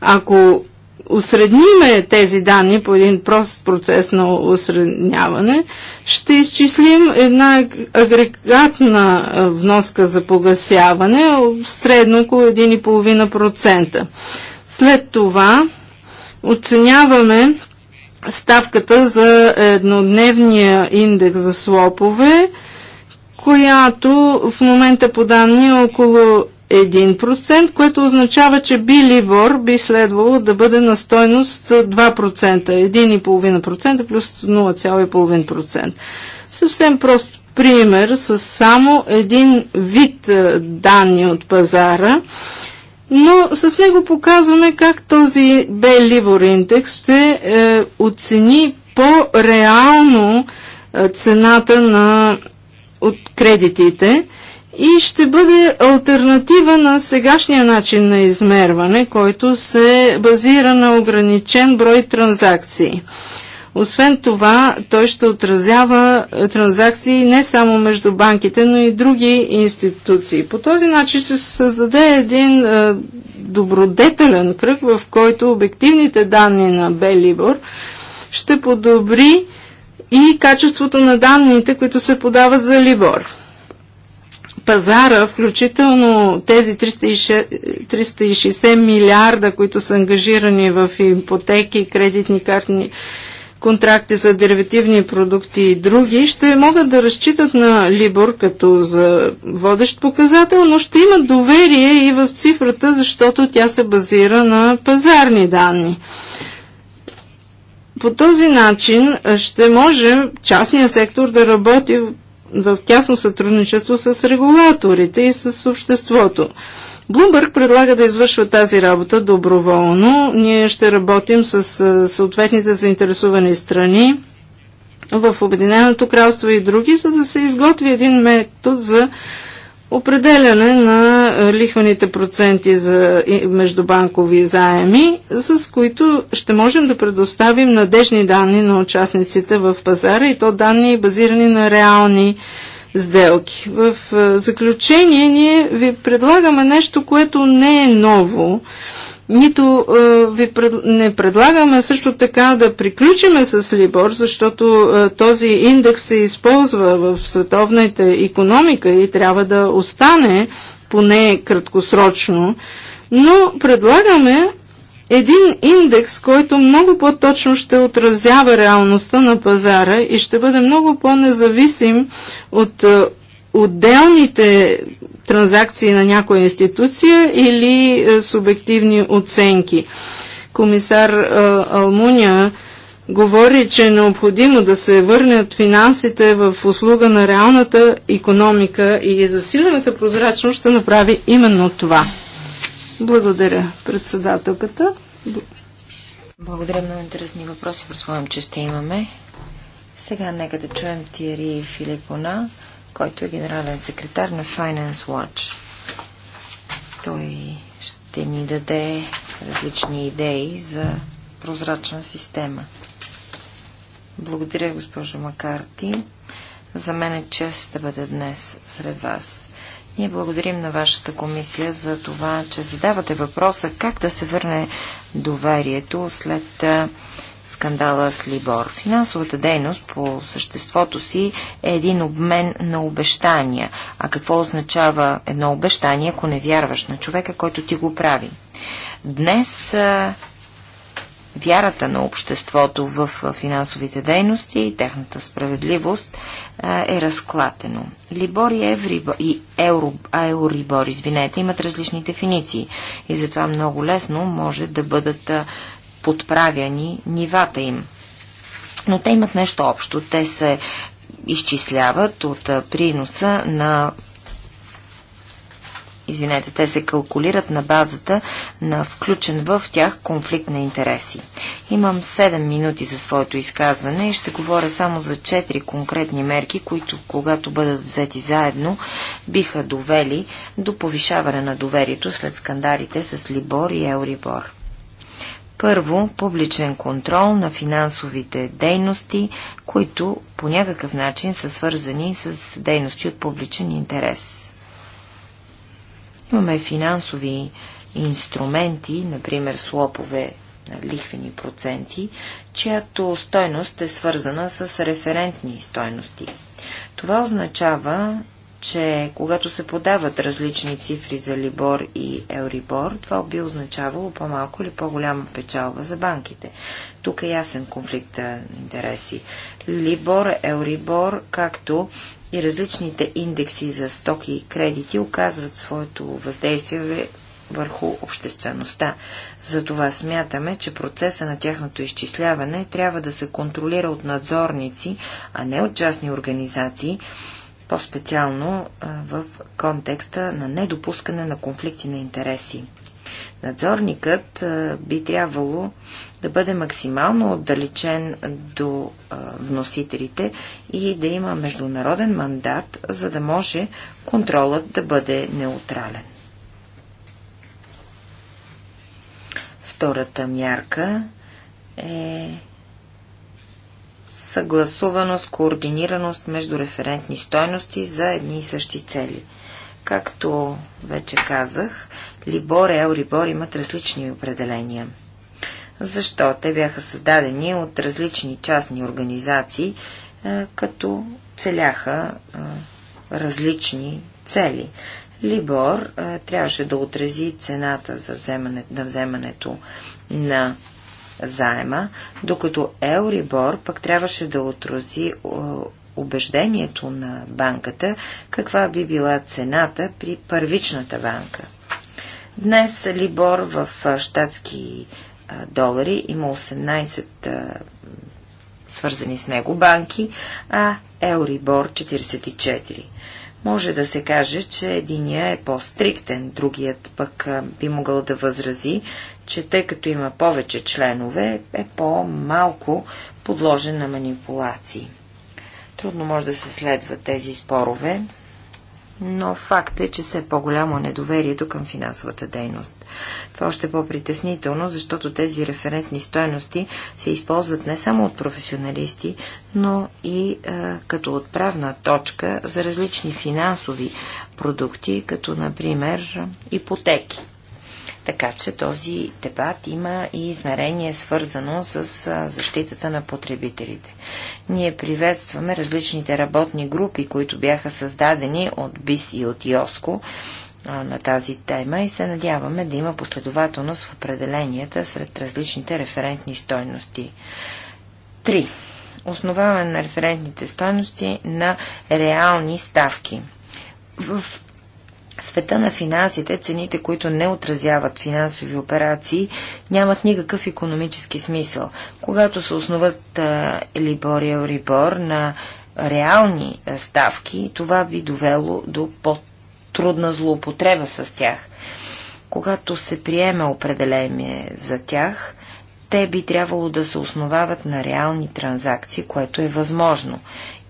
Ако осредниме тези данни по един прост процес на осредняване, ще изчислим една агрегатна вноска за погасяване, средно около 1,5%. След това оценяваме ставката за еднодневния индекс за слопове, която в момента по данни е около 1%, което означава, че билибор би следвало да бъде на стойност 2%, 1,5% плюс 0,5%. Съвсем прост пример с само един вид данни от пазара но с него показваме как този B-Libor индекс ще е, оцени по-реално е, цената на, от кредитите и ще бъде альтернатива на сегашния начин на измерване, който се базира на ограничен брой транзакции. Освен това, той ще отразява е, транзакции не само между банките, но и други институции. По този начин ще се създаде един е, добродетелен кръг, в който обективните данни на Белибор ще подобри и качеството на данните, които се подават за Либор. Пазара, включително тези 360, 360 милиарда, които са ангажирани в ипотеки, кредитни карти, контракти за деривативни продукти и други, ще могат да разчитат на Либор като за водещ показател, но ще имат доверие и в цифрата, защото тя се базира на пазарни данни. По този начин ще може частния сектор да работи в тясно сътрудничество с регулаторите и с обществото. Блумбърг предлага да извършва тази работа доброволно. Ние ще работим с съответните заинтересувани страни в Обединеното кралство и други, за да се изготви един метод за определяне на лихваните проценти за междубанкови заеми, с които ще можем да предоставим надежни данни на участниците в пазара и то данни базирани на реални сделки. В е, заключение ние ви предлагаме нещо, което не е ново. Нито е, ви не предлагаме също така да приключиме с Либор, защото е, този индекс се използва в световната економика и трябва да остане поне краткосрочно, но предлагаме един индекс, който много по-точно ще отразява реалността на пазара и ще бъде много по-независим от е, отделните транзакции на някоя институция или е, субективни оценки. Комисар е, Алмуния говори, че е необходимо да се върнат финансите в услуга на реалната економика и засилената прозрачност ще направи именно това. Благодаря, председателката. Благодаря, много интересни въпроси. Предполагам, че ще имаме. Сега нека да чуем Тиери Филипона, който е генерален секретар на Finance Watch. Той ще ни даде различни идеи за прозрачна система. Благодаря, госпожо Макарти. За мен е чест да бъда днес сред вас. Ние благодарим на вашата комисия за това, че задавате въпроса как да се върне доверието след скандала с Либор. Финансовата дейност по съществото си е един обмен на обещания. А какво означава едно обещание, ако не вярваш на човека, който ти го прави? Днес вярата на обществото в финансовите дейности и техната справедливост е разклатено. Либор и, и евро, Еурибор, извинете, имат различни дефиниции и затова много лесно може да бъдат подправяни нивата им. Но те имат нещо общо. Те се изчисляват от приноса на извинете, те се калкулират на базата на включен в тях конфликт на интереси. Имам 7 минути за своето изказване и ще говоря само за 4 конкретни мерки, които, когато бъдат взети заедно, биха довели до повишаване на доверието след скандалите с Либор и Еурибор. Първо, публичен контрол на финансовите дейности, които по някакъв начин са свързани с дейности от публичен интерес. Имаме финансови инструменти, например слопове на лихвени проценти, чиято стойност е свързана с референтни стойности. Това означава, че когато се подават различни цифри за Либор и Еурибор, това би означавало по-малко или по-голяма печалба за банките. Тук е ясен конфликт на интереси. Либор, Еурибор, както и различните индекси за стоки и кредити оказват своето въздействие върху обществеността. Затова смятаме, че процеса на тяхното изчисляване трябва да се контролира от надзорници, а не от частни организации, по-специално в контекста на недопускане на конфликти на интереси. Надзорникът би трябвало да бъде максимално отдалечен до а, вносителите и да има международен мандат, за да може контролът да бъде неутрален. Втората мярка е съгласуваност, координираност между референтни стойности за едни и същи цели. Както вече казах, Либор и Еурибор имат различни определения – защо? Те бяха създадени от различни частни организации, е, като целяха е, различни цели. Либор е, трябваше да отрази цената за вземане, на вземането на заема, докато Еорибор пък трябваше да отрази убеждението на банката, каква би била цената при първичната банка. Днес Либор в щатски долари. Има 18 свързани с него банки, а Еурибор 44. Може да се каже, че единия е по-стриктен, другият пък би могъл да възрази, че тъй като има повече членове, е по-малко подложен на манипулации. Трудно може да се следват тези спорове, но факт е, че все по-голямо е недоверието към финансовата дейност. Това е още е по-притеснително, защото тези референтни стоености се използват не само от професионалисти, но и е, като отправна точка за различни финансови продукти, като например ипотеки. Така че този дебат има и измерение свързано с защитата на потребителите. Ние приветстваме различните работни групи, които бяха създадени от БИС и от ЙОСКО на тази тема и се надяваме да има последователност в определенията сред различните референтни стойности. 3. Основаване на референтните стойности на реални ставки. В света на финансите цените, които не отразяват финансови операции, нямат никакъв економически смисъл. Когато се основат Елибор и Еурибор на реални ставки, това би довело до по-трудна злоупотреба с тях. Когато се приеме определение за тях, те би трябвало да се основават на реални транзакции, което е възможно.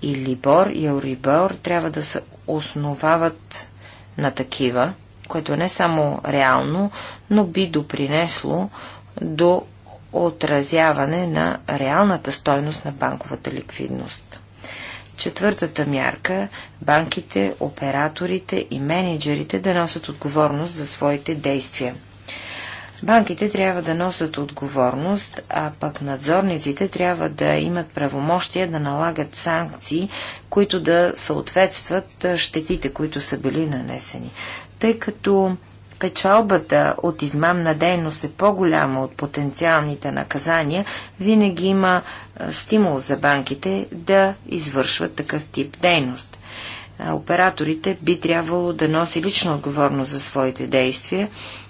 И Либор и Орибор трябва да се основават на такива, което е не само реално, но би допринесло до отразяване на реалната стойност на банковата ликвидност. Четвъртата мярка – банките, операторите и менеджерите да носят отговорност за своите действия – Банките трябва да носят отговорност, а пък надзорниците трябва да имат правомощия да налагат санкции, които да съответстват щетите, които са били нанесени. Тъй като печалбата от измамна дейност е по-голяма от потенциалните наказания, винаги има стимул за банките да извършват такъв тип дейност. Операторите би трябвало да носи лична отговорност за своите действия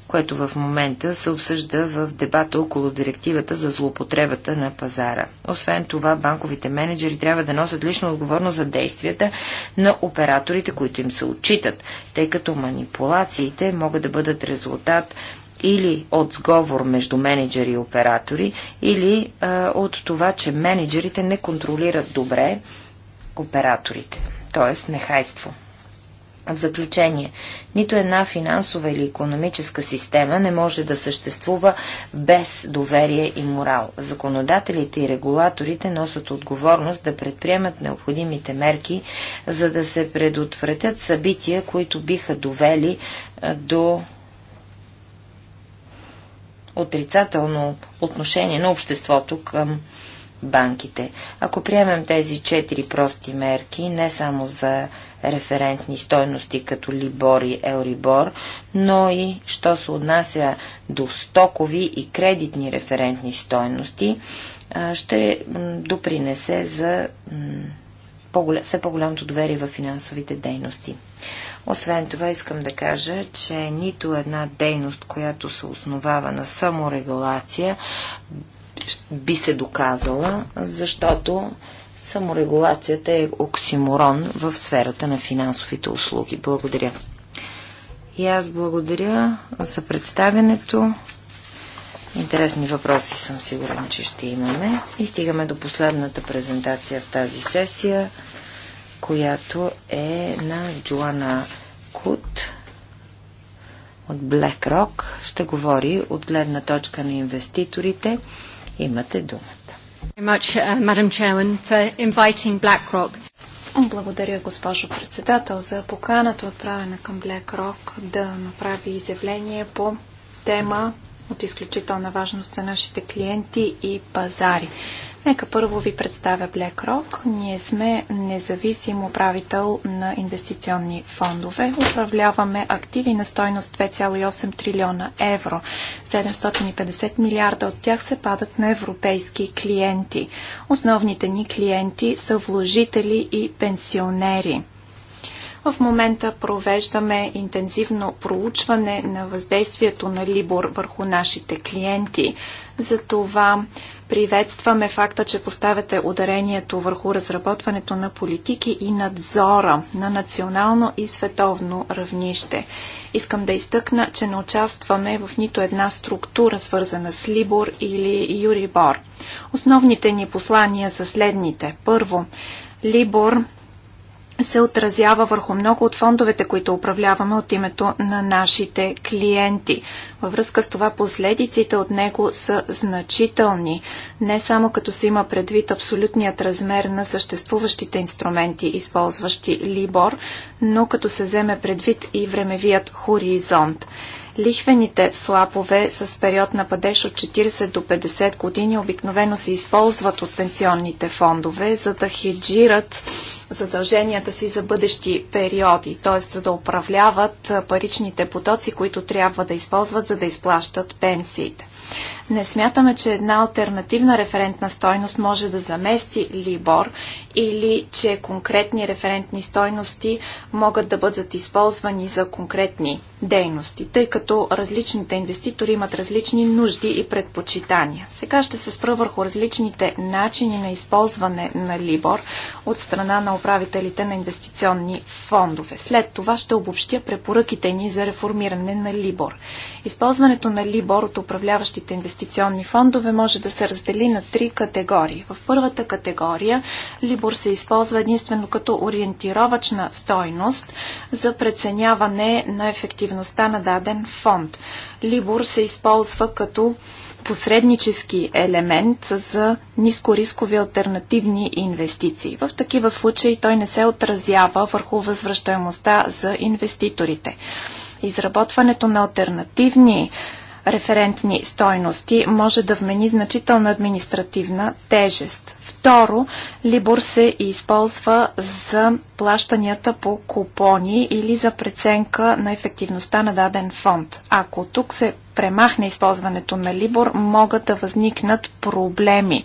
което в момента се обсъжда в дебата около директивата за злоупотребата на пазара. Освен това, банковите менеджери трябва да носят лично отговорност за действията на операторите, които им се отчитат, тъй като манипулациите могат да бъдат резултат или от сговор между менеджери и оператори, или а, от това, че менеджерите не контролират добре операторите, т.е. нехайство. В заключение, нито една финансова или економическа система не може да съществува без доверие и морал. Законодателите и регулаторите носят отговорност да предприемат необходимите мерки, за да се предотвратят събития, които биха довели до отрицателно отношение на обществото към банките. Ако приемем тези четири прости мерки, не само за референтни стойности като Либор и Еорибор, но и, що се отнася до стокови и кредитни референтни стойности, ще допринесе за все по-голямото доверие в финансовите дейности. Освен това искам да кажа, че нито една дейност, която се основава на саморегулация, би се доказала, защото саморегулацията е оксиморон в сферата на финансовите услуги. Благодаря. И аз благодаря за представенето. Интересни въпроси съм сигурен, че ще имаме. И стигаме до последната презентация в тази сесия, която е на Джоана Кут от BlackRock. Ще говори от гледна точка на инвеститорите Имате думата. Uh, Благодаря, госпожо председател, за поканата отправена към BlackRock да направи изявление по тема от изключителна важност за нашите клиенти и пазари. Нека първо ви представя BlackRock. Ние сме независим управител на инвестиционни фондове. Управляваме активи на стойност 2,8 трилиона евро. 750 милиарда от тях се падат на европейски клиенти. Основните ни клиенти са вложители и пенсионери. В момента провеждаме интензивно проучване на въздействието на Либор върху нашите клиенти. Затова приветстваме факта, че поставяте ударението върху разработването на политики и надзора на национално и световно равнище. Искам да изтъкна, че не участваме в нито една структура, свързана с Либор или Юрибор. Основните ни послания са следните. Първо, Либор се отразява върху много от фондовете, които управляваме от името на нашите клиенти. Във връзка с това последиците от него са значителни, не само като се има предвид абсолютният размер на съществуващите инструменти, използващи Либор, но като се вземе предвид и времевият хоризонт. Лихвените слапове с период на падеж от 40 до 50 години обикновено се използват от пенсионните фондове, за да хеджират задълженията си за бъдещи периоди, т.е. за да управляват паричните потоци, които трябва да използват, за да изплащат пенсиите. Не смятаме, че една альтернативна референтна стойност може да замести Либор или че конкретни референтни стойности могат да бъдат използвани за конкретни дейности, тъй като различните инвеститори имат различни нужди и предпочитания. Сега ще се спра върху различните начини на използване на Либор от страна на управителите на инвестиционни фондове. След това ще обобщя препоръките ни за реформиране на Либор. Използването на Либор от управляващите инвестиционни фондове може да се раздели на три категории. В първата категория Либор сектор се използва единствено като ориентировачна стойност за преценяване на ефективността на даден фонд. Либор се използва като посреднически елемент за нискорискови альтернативни инвестиции. В такива случаи той не се отразява върху възвръщаемостта за инвеститорите. Изработването на альтернативни референтни стойности може да вмени значителна административна тежест. Второ, Либор се използва за плащанията по купони или за преценка на ефективността на даден фонд. Ако тук се премахне използването на Либор, могат да възникнат проблеми.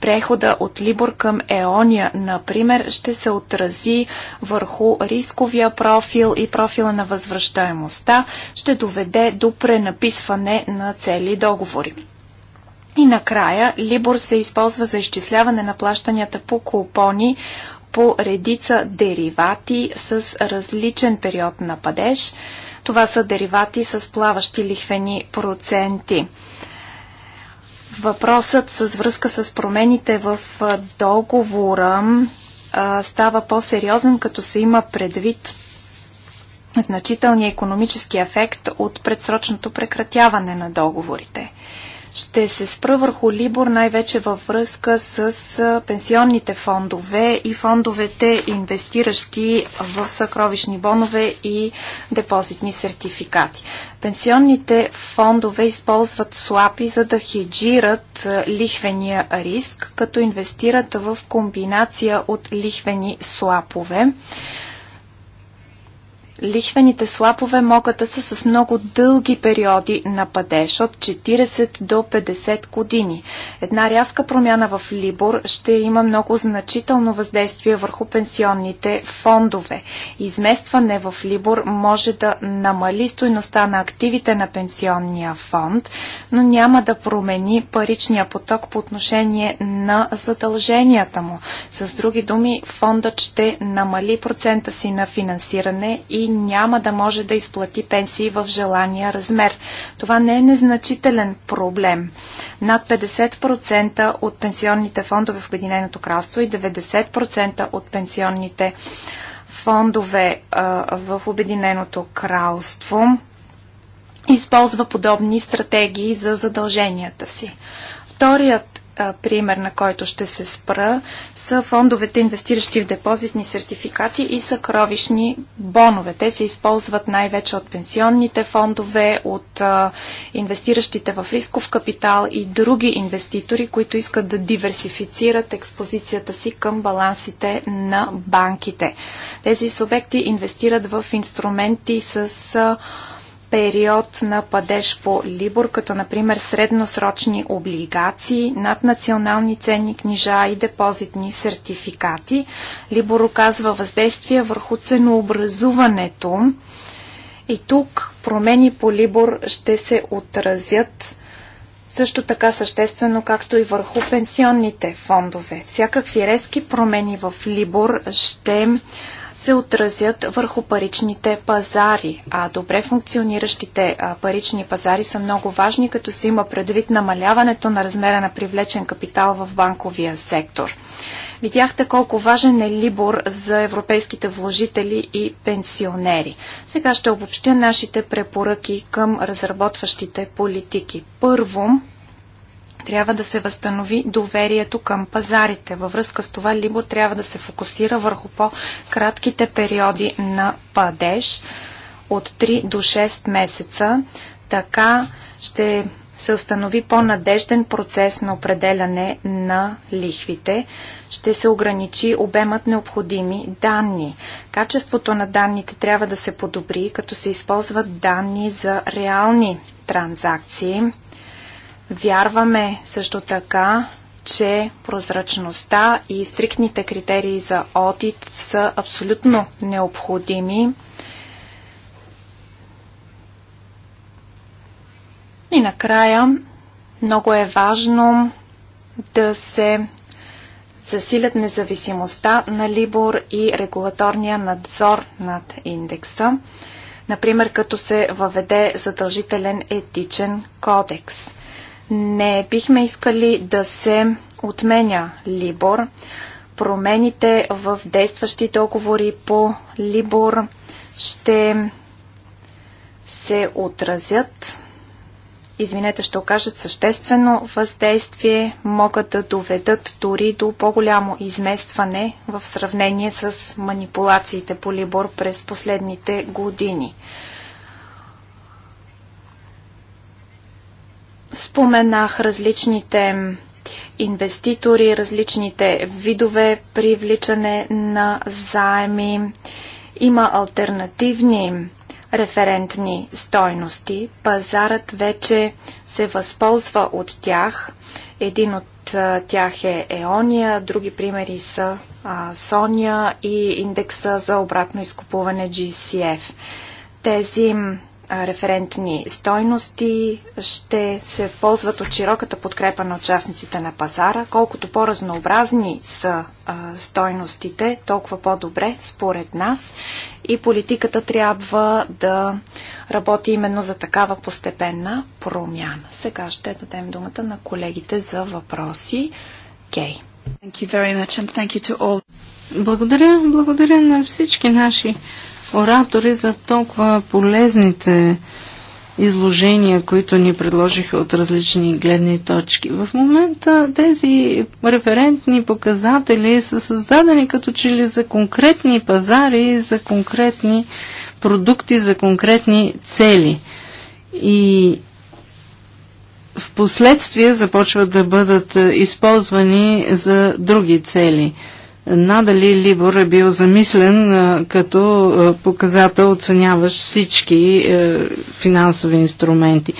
Прехода от Либор към Еония, например, ще се отрази върху рисковия профил и профила на възвръщаемостта, ще доведе до пренаписване на цели договори. И накрая, Либор се използва за изчисляване на плащанията по купони по редица деривати с различен период на падеж, това са деривати с плаващи лихвени проценти. Въпросът с връзка с промените в договора става по-сериозен, като се има предвид значителния економически ефект от предсрочното прекратяване на договорите. Ще се спра върху Либор най-вече във връзка с пенсионните фондове и фондовете инвестиращи в съкровищни бонове и депозитни сертификати. Пенсионните фондове използват слапи, за да хеджират лихвения риск, като инвестират в комбинация от лихвени слапове. Лихвените слапове могат да са с много дълги периоди на падеж от 40 до 50 години. Една рязка промяна в Либор ще има много значително въздействие върху пенсионните фондове. Изместване в Либор може да намали стойността на активите на пенсионния фонд, но няма да промени паричния поток по отношение на задълженията му. С други думи, фондът ще намали процента си на финансиране и няма да може да изплати пенсии в желания размер. Това не е незначителен проблем. Над 50% от пенсионните фондове в Обединеното кралство и 90% от пенсионните фондове в Обединеното кралство използва подобни стратегии за задълженията си. Вторият пример, на който ще се спра, са фондовете, инвестиращи в депозитни сертификати и съкровищни бонове. Те се използват най-вече от пенсионните фондове, от а, инвестиращите в рисков капитал и други инвеститори, които искат да диверсифицират експозицията си към балансите на банките. Тези субекти инвестират в инструменти с а, период на падеж по Либор, като например средносрочни облигации, наднационални ценни книжа и депозитни сертификати. Либор оказва въздействие върху ценообразуването и тук промени по Либор ще се отразят също така съществено, както и върху пенсионните фондове. Всякакви резки промени в Либор ще се отразят върху паричните пазари. А добре функциониращите парични пазари са много важни, като се има предвид намаляването на размера на привлечен капитал в банковия сектор. Видяхте колко важен е Либор за европейските вложители и пенсионери. Сега ще обобщя нашите препоръки към разработващите политики. Първо, трябва да се възстанови доверието към пазарите. Във връзка с това Либор трябва да се фокусира върху по-кратките периоди на падеж от 3 до 6 месеца. Така ще се установи по-надежден процес на определяне на лихвите, ще се ограничи обемът необходими данни. Качеството на данните трябва да се подобри, като се използват данни за реални транзакции. Вярваме също така, че прозрачността и стриктните критерии за одит са абсолютно необходими. И накрая, много е важно да се засилят независимостта на Либор и регулаторния надзор над индекса, например като се въведе задължителен етичен кодекс – не бихме искали да се отменя Либор. Промените в действащи договори по Либор ще се отразят извинете, ще окажат съществено въздействие, могат да доведат дори до по-голямо изместване в сравнение с манипулациите по Либор през последните години. Споменах различните инвеститори, различните видове привличане на заеми. Има альтернативни референтни стойности. Пазарът вече се възползва от тях. Един от тях е Еония, други примери са Соня и индекса за обратно изкупуване GCF. Тези референтни стойности ще се ползват от широката подкрепа на участниците на пазара. Колкото по-разнообразни са стойностите, толкова по-добре според нас и политиката трябва да работи именно за такава постепенна промяна. Сега ще дадем думата на колегите за въпроси. Кей. Okay. Благодаря, благодаря на всички наши оратори за толкова полезните изложения, които ни предложиха от различни гледни точки. В момента тези референтни показатели са създадени като че ли за конкретни пазари, за конкретни продукти, за конкретни цели. И в последствие започват да бъдат е, използвани за други цели – надали Либор е бил замислен като показател оценяваш всички е, финансови инструменти.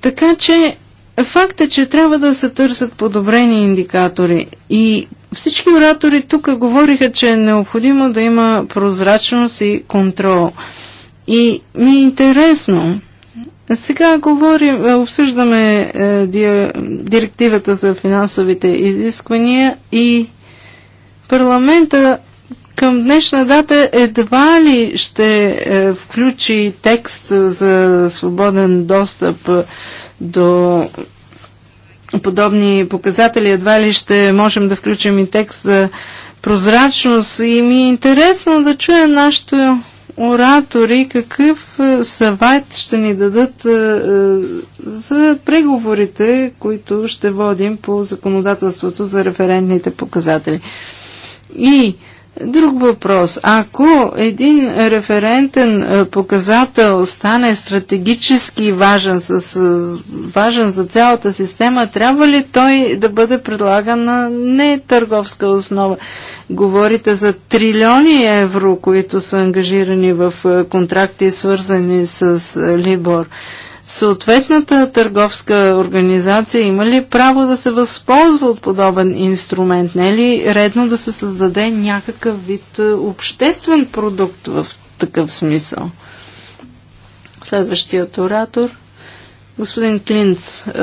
Така че факт е, че трябва да се търсят подобрени индикатори и всички оратори тук говориха, че е необходимо да има прозрачност и контрол. И ми е интересно, сега говорим, е, обсъждаме е, директивата за финансовите изисквания и парламента към днешна дата едва ли ще е, включи текст за свободен достъп до подобни показатели. Едва ли ще можем да включим и текст за прозрачност. И ми е интересно да чуя нашето оратори какъв е, съвет ще ни дадат е, е, за преговорите, които ще водим по законодателството за референтните показатели. И Друг въпрос. Ако един референтен е, показател стане стратегически важен, с, важен за цялата система, трябва ли той да бъде предлаган на не търговска основа? Говорите за трилиони евро, които са ангажирани в е, контракти, свързани с е, Либор. Uh, съответната търговска организация има ли право да се възползва от подобен инструмент? Не е ли редно да се създаде някакъв вид е, обществен продукт в такъв смисъл? Следващият оратор. Господин Клинц, е,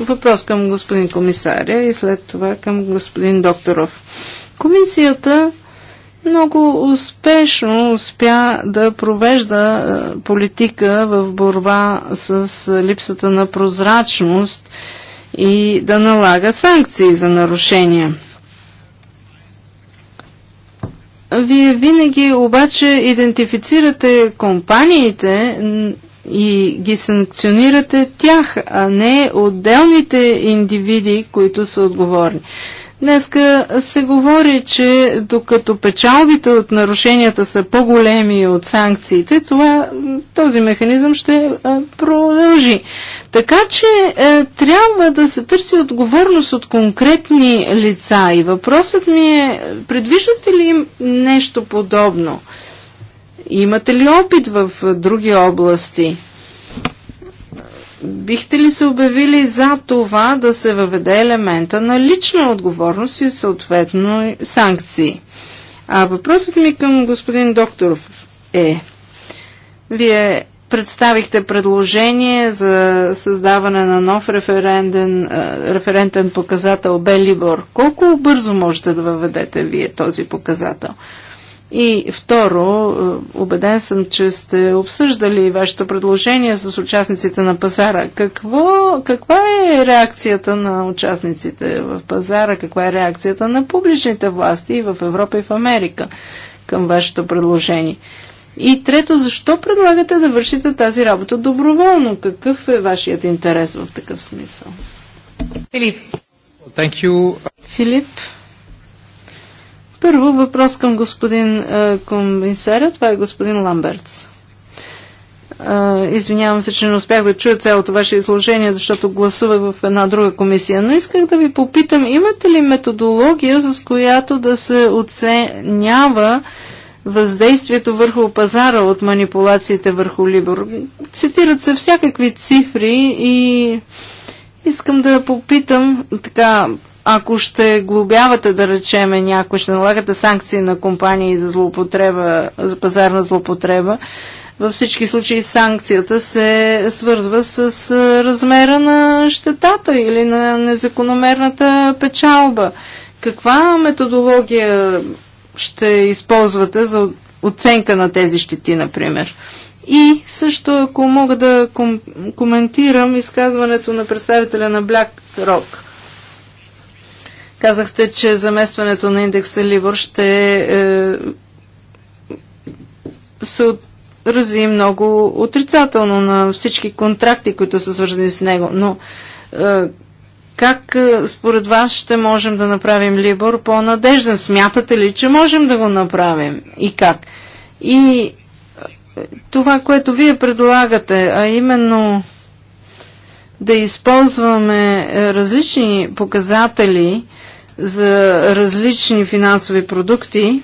въпрос към господин комисаря и след това към господин докторов. Комисията много успешно успя да провежда е, политика в борба с е, липсата на прозрачност и да налага санкции за нарушения. Вие винаги обаче идентифицирате компаниите и ги санкционирате тях, а не отделните индивиди, които са отговорни. Днеска се говори, че докато печалбите от нарушенията са по-големи от санкциите, това, този механизъм ще е, продължи. Така че е, трябва да се търси отговорност от конкретни лица и въпросът ми е, предвиждате ли нещо подобно? Имате ли опит в други области? бихте ли се обявили за това да се въведе елемента на лична отговорност и съответно санкции? А въпросът ми към господин докторов е, вие представихте предложение за създаване на нов референден, референтен показател Белибор. Колко бързо можете да въведете вие този показател? И второ, е, убеден съм, че сте обсъждали вашето предложение с участниците на пазара. Какво, каква е реакцията на участниците в пазара? Каква е реакцията на публичните власти в Европа и в Америка към вашето предложение? И трето, защо предлагате да вършите тази работа доброволно? Какъв е вашият интерес в такъв смисъл? Филип. Филип. Първо въпрос към господин е, комисаря, това е господин Ламбертс. Е, извинявам се, че не успях да чуя цялото ваше изложение, защото гласувах в една друга комисия, но исках да ви попитам, имате ли методология, с която да се оценява въздействието върху пазара от манипулациите върху Либор? Цитират се всякакви цифри и искам да попитам така ако ще глобявате, да речеме, някой, ще налагате санкции на компании за злоупотреба, за пазарна злоупотреба, във всички случаи санкцията се свързва с размера на щетата или на незакономерната печалба. Каква методология ще използвате за оценка на тези щети, например? И също, ако мога да ком- коментирам изказването на представителя на BlackRock – Казахте, че заместването на индекса Либор ще е, се отрази много отрицателно на всички контракти, които са свързани с него. Но е, как е, според вас ще можем да направим Либор по-надежден? Смятате ли, че можем да го направим? И как? И е, това, което вие предлагате, а именно да използваме е, различни показатели, за различни финансови продукти,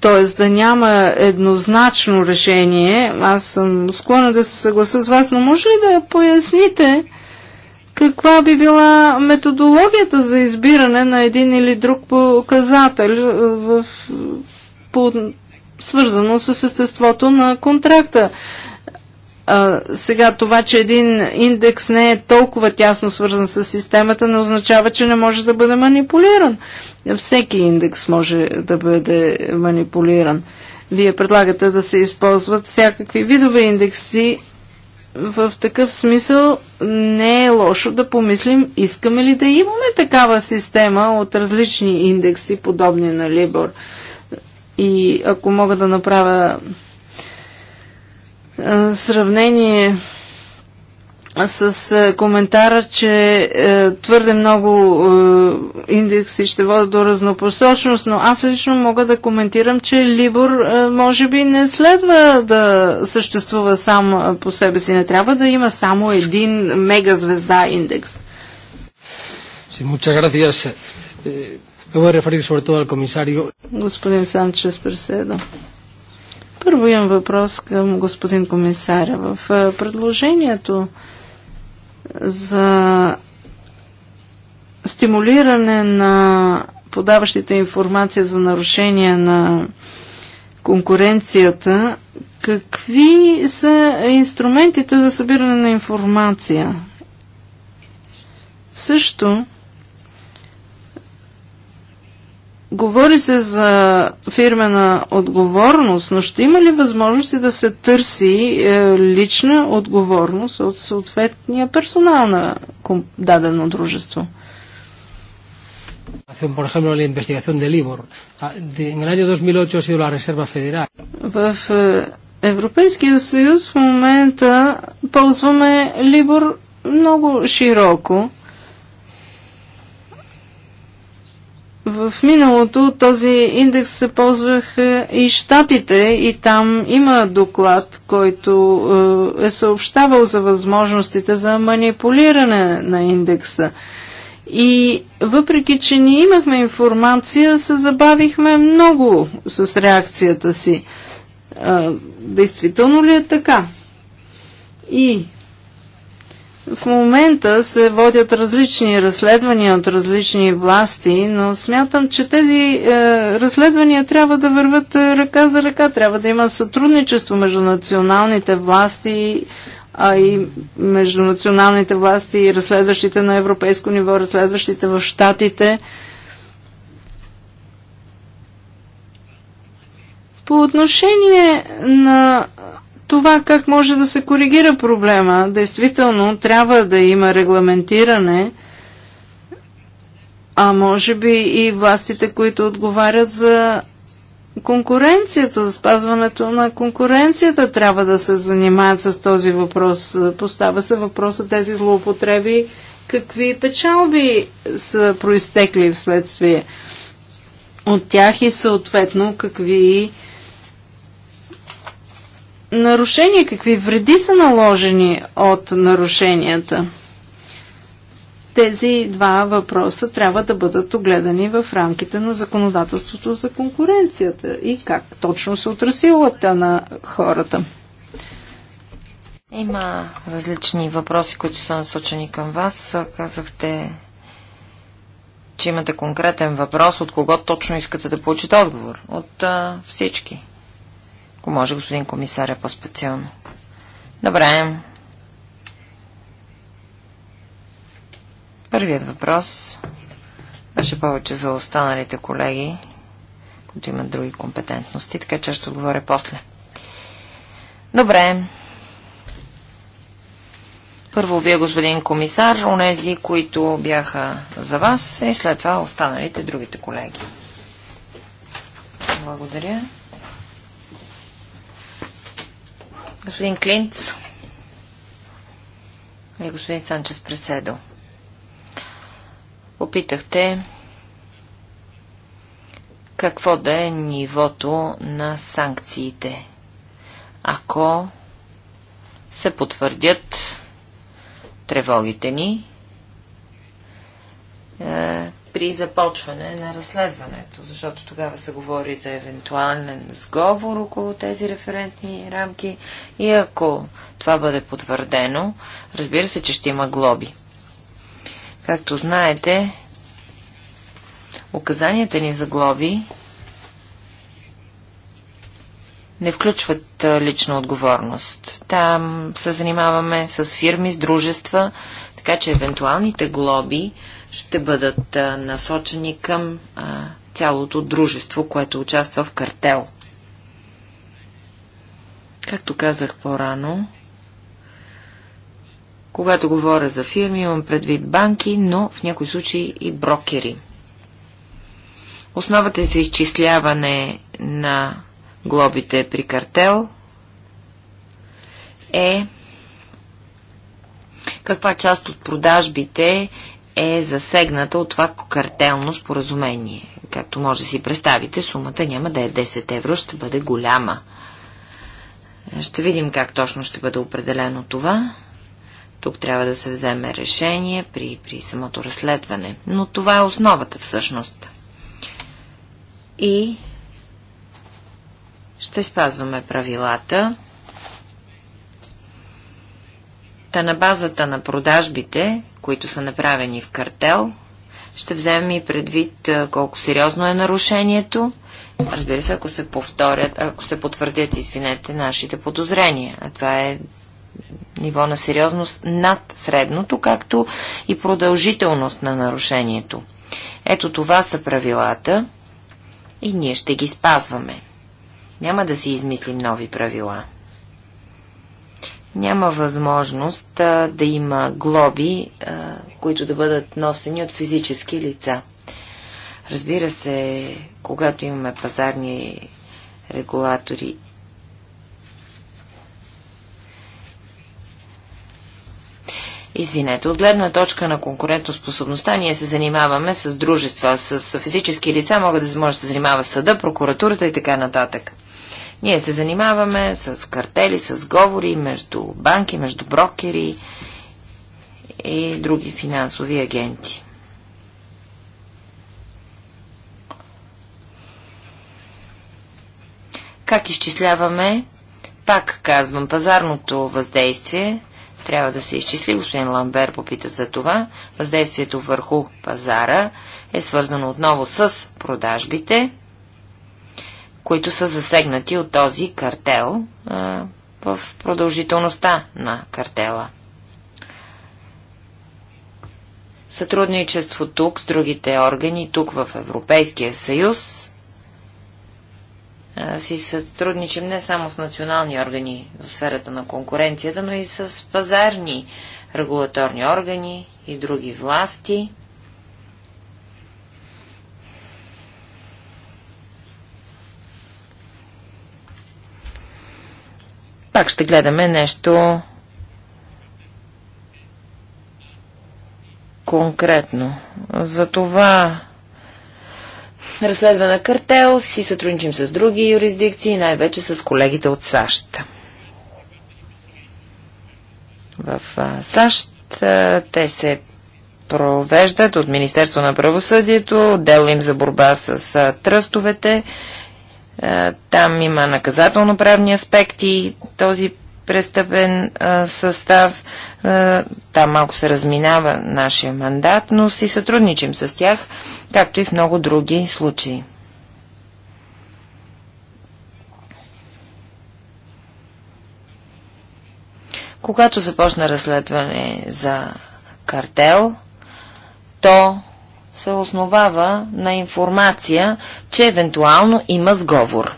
т.е. да няма еднозначно решение. Аз съм склонен да се съгласа с вас, но може ли да поясните каква би била методологията за избиране на един или друг показател в, по, свързано с естеството на контракта? А, сега това, че един индекс не е толкова тясно свързан с системата, не означава, че не може да бъде манипулиран. Всеки индекс може да бъде манипулиран. Вие предлагате да се използват всякакви видове индекси. В такъв смисъл не е лошо да помислим, искаме ли да имаме такава система от различни индекси, подобни на Либор. И ако мога да направя сравнение с коментара, че е, твърде много е, индекси ще водят до разнопосочност, но аз лично мога да коментирам, че Либор е, може би не следва да съществува сам по себе си. Не трябва да има само един мегазвезда индекс. Sí, muchas gracias. Eh, me voy a referir sobre todo al comisario. Господин Санчес преседа. Първо имам въпрос към господин комисаря. В е, предложението за стимулиране на подаващите информация за нарушение на конкуренцията, какви са инструментите за събиране на информация? Също Говори се за фирмена отговорност, но ще има ли възможности да се търси е, лична отговорност от съответния персонал на дадено дружество? Ah, в е, Европейския съюз в момента ползваме Либор много широко. В миналото този индекс се ползваха и щатите и там има доклад, който е, е съобщавал за възможностите за манипулиране на индекса. И въпреки, че ние имахме информация, се забавихме много с реакцията си. Е, действително ли е така? И в момента се водят различни разследвания от различни власти, но смятам, че тези е, разследвания трябва да върват е, ръка за ръка. Трябва да има сътрудничество между националните власти, а и между националните власти и разследващите на европейско ниво, разследващите в Штатите. По отношение на това как може да се коригира проблема. Действително трябва да има регламентиране, а може би и властите, които отговарят за конкуренцията, за спазването на конкуренцията трябва да се занимаят с този въпрос. Поставя се въпроса тези злоупотреби, какви печалби са проистекли вследствие от тях и съответно какви нарушения, какви вреди са наложени от нарушенията. Тези два въпроса трябва да бъдат огледани в рамките на законодателството за конкуренцията и как точно се тя на хората. Има различни въпроси, които са насочени към вас. Казахте, че имате конкретен въпрос, от кого точно искате да получите отговор? От а, всички. Ако може, господин комисаря, по-специално. Добре. Първият въпрос беше повече за останалите колеги, които имат други компетентности, така че ще отговоря после. Добре. Първо вие, господин комисар, онези, които бяха за вас и след това останалите другите колеги. Благодаря. Господин Клинц и господин Санчес Преседо. Опитахте какво да е нивото на санкциите, ако се потвърдят тревогите ни, е, при започване на разследването, защото тогава се говори за евентуален сговор около тези референтни рамки и ако това бъде потвърдено, разбира се, че ще има глоби. Както знаете, указанията ни за глоби не включват лична отговорност. Там се занимаваме с фирми, с дружества, така че евентуалните глоби ще бъдат насочени към цялото дружество, което участва в картел. Както казах по-рано, когато говоря за фирми, имам предвид банки, но в някои случаи и брокери. Основата за изчисляване на глобите при картел е каква част от продажбите е засегната от това картелно споразумение. Както може да си представите, сумата няма да е 10 евро, ще бъде голяма. Ще видим как точно ще бъде определено това. Тук трябва да се вземе решение при, при самото разследване. Но това е основата всъщност. И ще спазваме правилата. Та на базата на продажбите, които са направени в картел, ще вземем и предвид колко сериозно е нарушението. Разбира се, ако се повторят, ако се потвърдят, извинете, нашите подозрения. А това е ниво на сериозност над средното, както и продължителност на нарушението. Ето това са правилата и ние ще ги спазваме. Няма да си измислим нови правила няма възможност а, да има глоби, а, които да бъдат носени от физически лица. Разбира се, когато имаме пазарни регулатори Извинете, от гледна точка на конкурентоспособността ние се занимаваме с дружества, с физически лица, могат да може да се занимава съда, прокуратурата и така нататък. Ние се занимаваме с картели, с говори между банки, между брокери и други финансови агенти. Как изчисляваме? Пак казвам, пазарното въздействие трябва да се изчисли. Господин Ламбер попита за това. Въздействието върху пазара е свързано отново с продажбите които са засегнати от този картел а, в продължителността на картела. Сътрудничество тук с другите органи, тук в Европейския съюз, а, си сътрудничим не само с национални органи в сферата на конкуренцията, но и с пазарни регулаторни органи и други власти – Пак ще гледаме нещо конкретно. За това разследва на картел си сътрудничим с други юрисдикции, най-вече с колегите от САЩ. В САЩ те се провеждат от Министерство на правосъдието, дело им за борба с тръстовете е, там има наказателно-правни аспекти, този престъпен е, състав. Е, там малко се разминава нашия мандат, но си сътрудничим с тях, както и в много други случаи. Когато започна разследване за картел, то се основава на информация, че евентуално има сговор.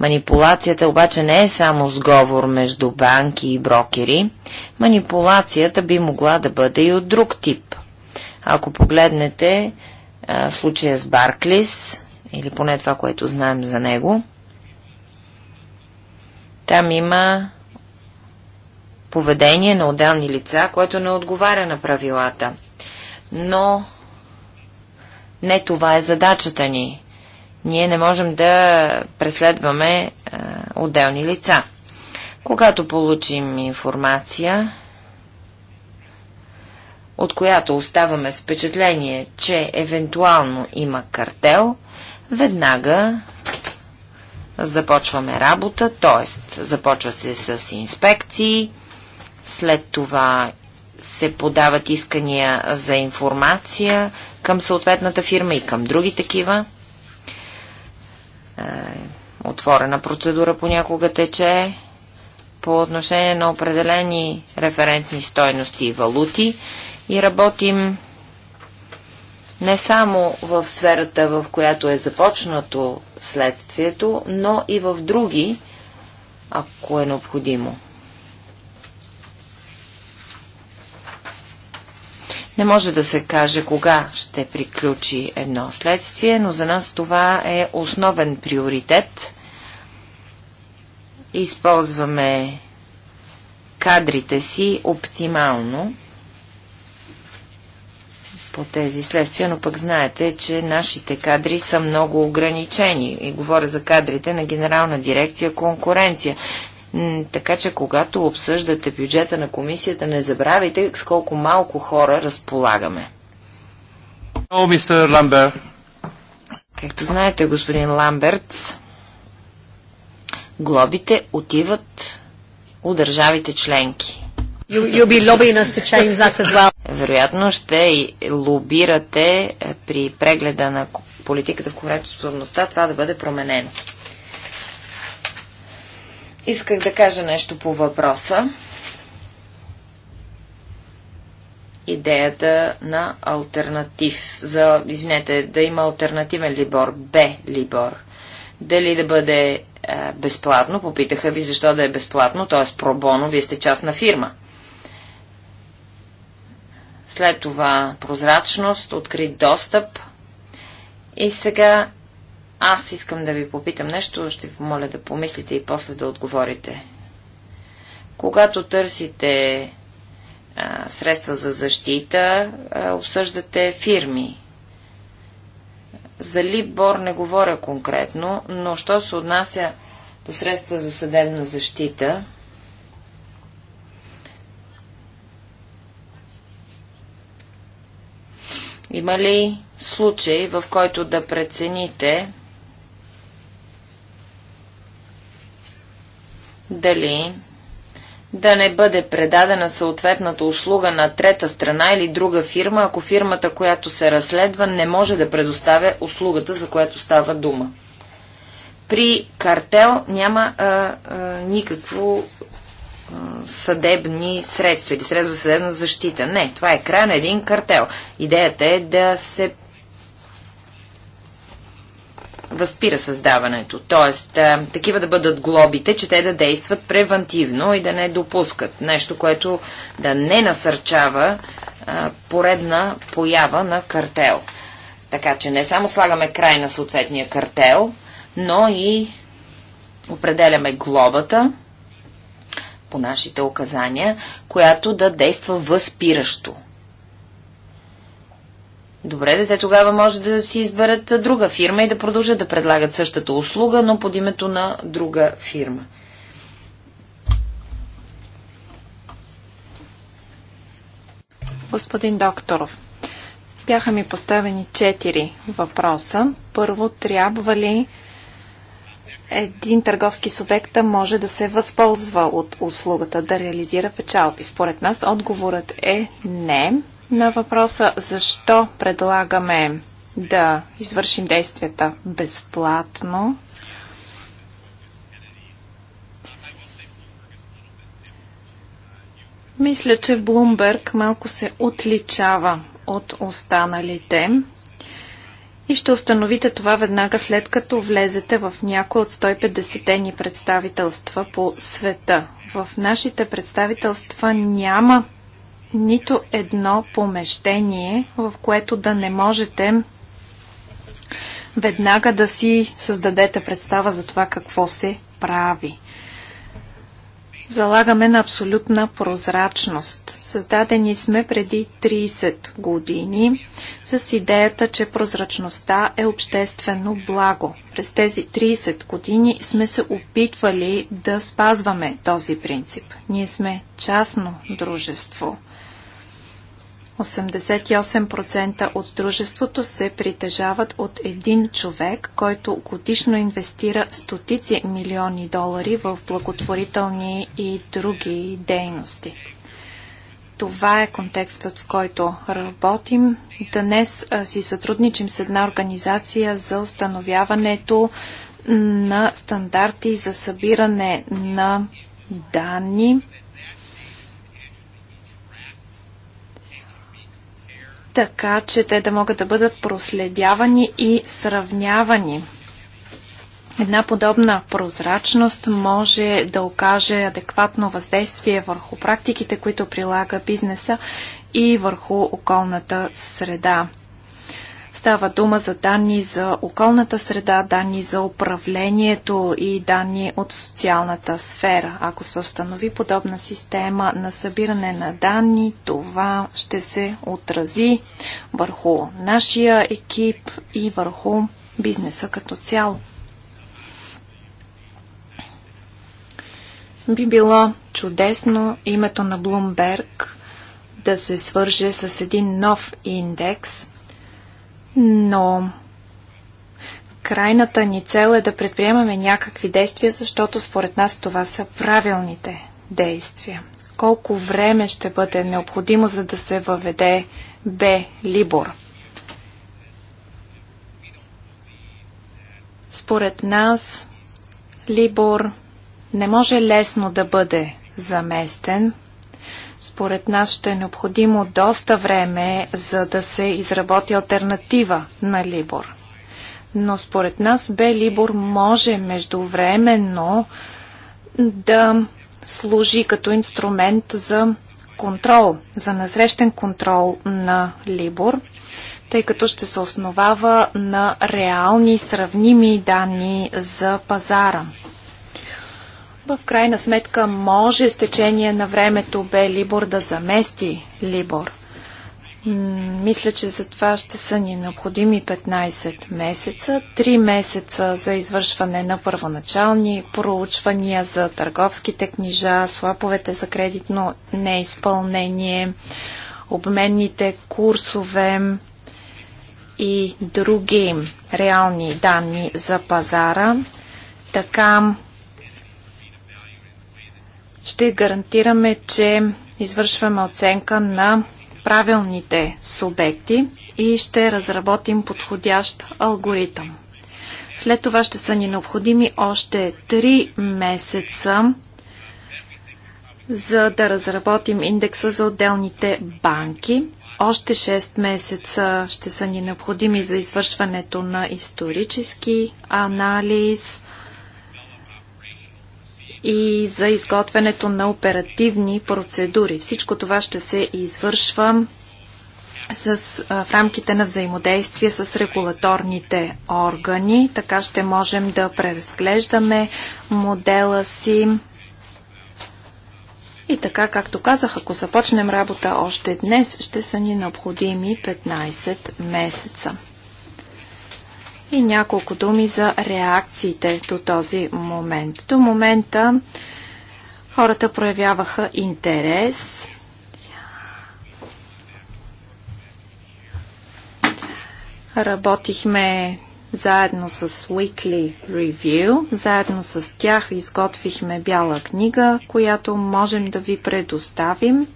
Манипулацията обаче не е само сговор между банки и брокери. Манипулацията би могла да бъде и от друг тип. Ако погледнете а, случая с Барклис, или поне това, което знаем за него, там има поведение на отделни лица, което не отговаря на правилата. Но не това е задачата ни. Ние не можем да преследваме а, е, отделни лица. Когато получим информация, от която оставаме с впечатление, че евентуално има картел, веднага започваме работа, т.е. започва се с инспекции, след това се подават искания за информация, към съответната фирма и към други такива. Е, отворена процедура понякога тече по отношение на определени референтни стойности и валути и работим не само в сферата, в която е започнато следствието, но и в други, ако е необходимо. Не може да се каже кога ще приключи едно следствие, но за нас това е основен приоритет. Използваме кадрите си оптимално по тези следствия, но пък знаете, че нашите кадри са много ограничени. И говоря за кадрите на Генерална дирекция конкуренция. Така че, когато обсъждате бюджета на комисията, не забравяйте с колко малко хора разполагаме. Както знаете, господин Ламбертс, глобите отиват у държавите членки. You, well. Вероятно ще и лобирате при прегледа на политиката в конкретността това да бъде променено. Исках да кажа нещо по въпроса. Идеята на альтернатив. За, извинете, да има альтернативен либор, Б либор. Дали да бъде е, безплатно, попитаха ви защо да е безплатно, т.е. пробоно, вие сте частна фирма. След това прозрачност, открит достъп. И сега аз искам да ви попитам нещо, ще ви помоля да помислите и после да отговорите. Когато търсите а, средства за защита, а, обсъждате фирми. За Либор не говоря конкретно, но що се отнася до средства за съдебна защита, Има ли случай, в който да прецените дали да не бъде предадена съответната услуга на трета страна или друга фирма, ако фирмата, която се разследва, не може да предоставя услугата, за която става дума. При картел няма а, а, никакво а, съдебни средства или средства за съдебна защита. Не, това е края на един картел. Идеята е да се възпира създаването. Тоест, а, такива да бъдат глобите, че те да действат превентивно и да не допускат нещо, което да не насърчава а, поредна поява на картел. Така че не само слагаме край на съответния картел, но и определяме глобата по нашите указания, която да действа възпиращо Добре, дете тогава може да си изберат друга фирма и да продължат да предлагат същата услуга, но под името на друга фирма. Господин Докторов, бяха ми поставени четири въпроса. Първо, трябва ли един търговски субект може да се възползва от услугата да реализира печалби? Според нас отговорът е не на въпроса защо предлагаме да извършим действията безплатно, Мисля, че Блумберг малко се отличава от останалите и ще установите това веднага след като влезете в някои от 150-те ни представителства по света. В нашите представителства няма нито едно помещение, в което да не можете веднага да си създадете представа за това какво се прави. Залагаме на абсолютна прозрачност. Създадени сме преди 30 години с идеята, че прозрачността е обществено благо. През тези 30 години сме се опитвали да спазваме този принцип. Ние сме частно дружество – 88% от дружеството се притежават от един човек, който годишно инвестира стотици милиони долари в благотворителни и други дейности. Това е контекстът, в който работим. Днес си сътрудничим с една организация за установяването на стандарти за събиране на данни така че те да могат да бъдат проследявани и сравнявани. Една подобна прозрачност може да окаже адекватно въздействие върху практиките, които прилага бизнеса и върху околната среда. Става дума за данни за околната среда, данни за управлението и данни от социалната сфера. Ако се установи подобна система на събиране на данни, това ще се отрази върху нашия екип и върху бизнеса като цяло. Би било чудесно името на Bloomberg да се свърже с един нов индекс – но крайната ни цел е да предприемаме някакви действия, защото според нас това са правилните действия. Колко време ще бъде необходимо, за да се въведе Б Либор? Според нас Либор не може лесно да бъде заместен – според нас ще е необходимо доста време, за да се изработи альтернатива на Либор. Но според нас Б Либор може междувременно да служи като инструмент за контрол, за насрещен контрол на Либор, тъй като ще се основава на реални сравними данни за пазара. В крайна сметка може с течение на времето бе Либор да замести Либор. Мисля, че за това ще са ни необходими 15 месеца, 3 месеца за извършване на първоначални проучвания за търговските книжа, слаповете за кредитно неизпълнение, обменните курсове и други реални данни за пазара. Така ще гарантираме, че извършваме оценка на правилните субекти и ще разработим подходящ алгоритъм. След това ще са ни необходими още 3 месеца, за да разработим индекса за отделните банки. Още 6 месеца ще са ни необходими за извършването на исторически анализ, и за изготвянето на оперативни процедури. Всичко това ще се извършва с, а, в рамките на взаимодействие с регулаторните органи. Така ще можем да преразглеждаме модела си. И така, както казах, ако започнем работа още днес, ще са ни необходими 15 месеца. И няколко думи за реакциите до този момент. До момента хората проявяваха интерес. Работихме заедно с Weekly Review. Заедно с тях изготвихме бяла книга, която можем да ви предоставим.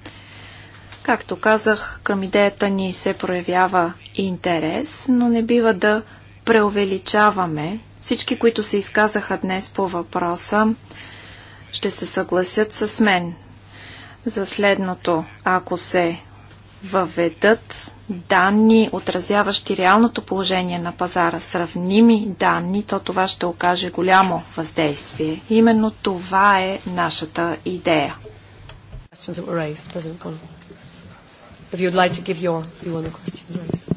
Както казах, към идеята ни се проявява интерес, но не бива да преувеличаваме. Всички, които се изказаха днес по въпроса, ще се съгласят с мен за следното. Ако се въведат данни, отразяващи реалното положение на пазара, сравними данни, то това ще окаже голямо въздействие. Именно това е нашата идея. Questions that were raised, President Connell. If you'd like to give your view on the question raised.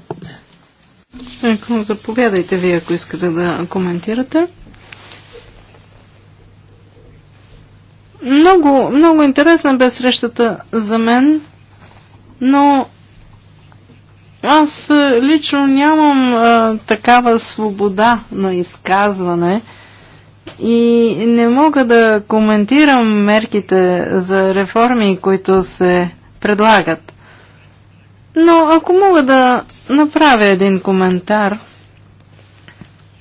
Ако заповядайте вие, ако искате да коментирате. Много, много интересна бе срещата за мен, но аз е, лично нямам а, е, такава свобода на изказване и не мога да коментирам мерките за реформи, които се предлагат. Но ако мога да направя един коментар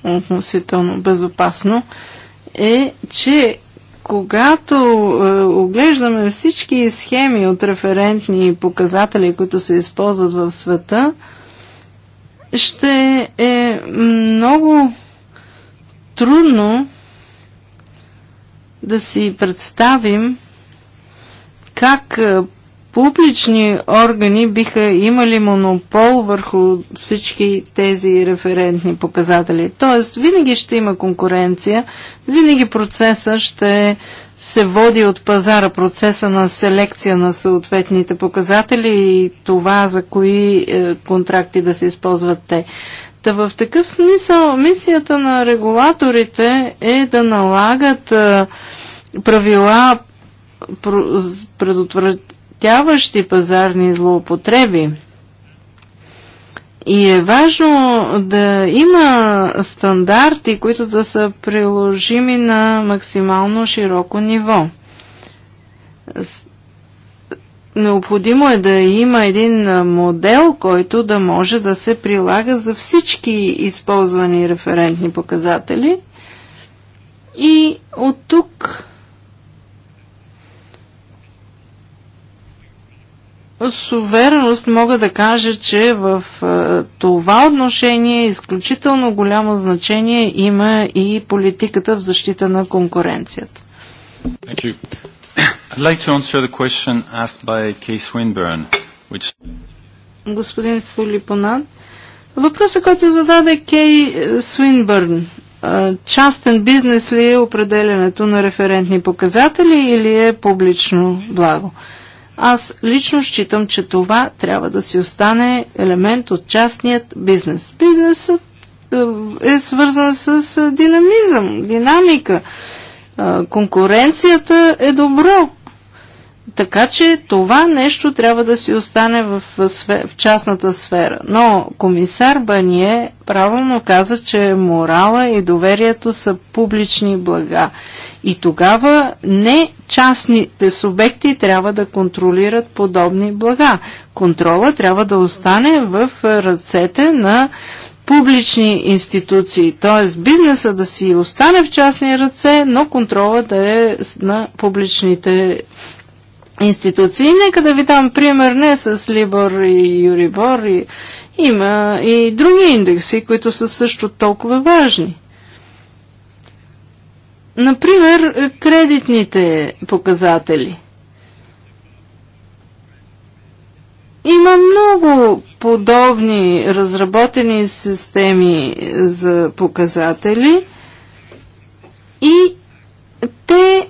относително безопасно е, че когато е, оглеждаме всички схеми от референтни показатели, които се използват в света, ще е много трудно да си представим как е, публични органи биха имали монопол върху всички тези референтни показатели. Тоест, винаги ще има конкуренция, винаги процеса ще се води от пазара процеса на селекция на съответните показатели и това за кои е, контракти да се използват те. Та в такъв смисъл мисията на регулаторите е да налагат е, правила предотвратяват процъфтяващи пазарни злоупотреби. И е важно да има стандарти, които да са приложими на максимално широко ниво. Необходимо е да има един модел, който да може да се прилага за всички използвани референтни показатели. И от тук с увереност мога да кажа, че в това отношение е изключително голямо значение има и политиката в защита на конкуренцията. Like which... Господин Филипонат, въпросът, който зададе Кей Свинбърн, частен бизнес ли е определенето на референтни показатели или е публично благо? Uh, аз лично считам, че това трябва да си остане елемент от частният бизнес. Бизнесът е, е свързан с е, динамизъм, динамика. Е, конкуренцията е добро. Така че това нещо трябва да си остане в, в частната сфера. Но комисар Бание правилно каза, че морала и доверието са публични блага. И тогава не частните субекти трябва да контролират подобни блага. Контрола трябва да остане в ръцете на публични институции, т.е. бизнеса да си остане в частни ръце, но контрола да е на публичните институции. Нека да ви дам пример не с Либор и Юрибор, и, има и други индекси, които са също толкова важни. Например, е, кредитните показатели. Има много подобни разработени системи е, за показатели и те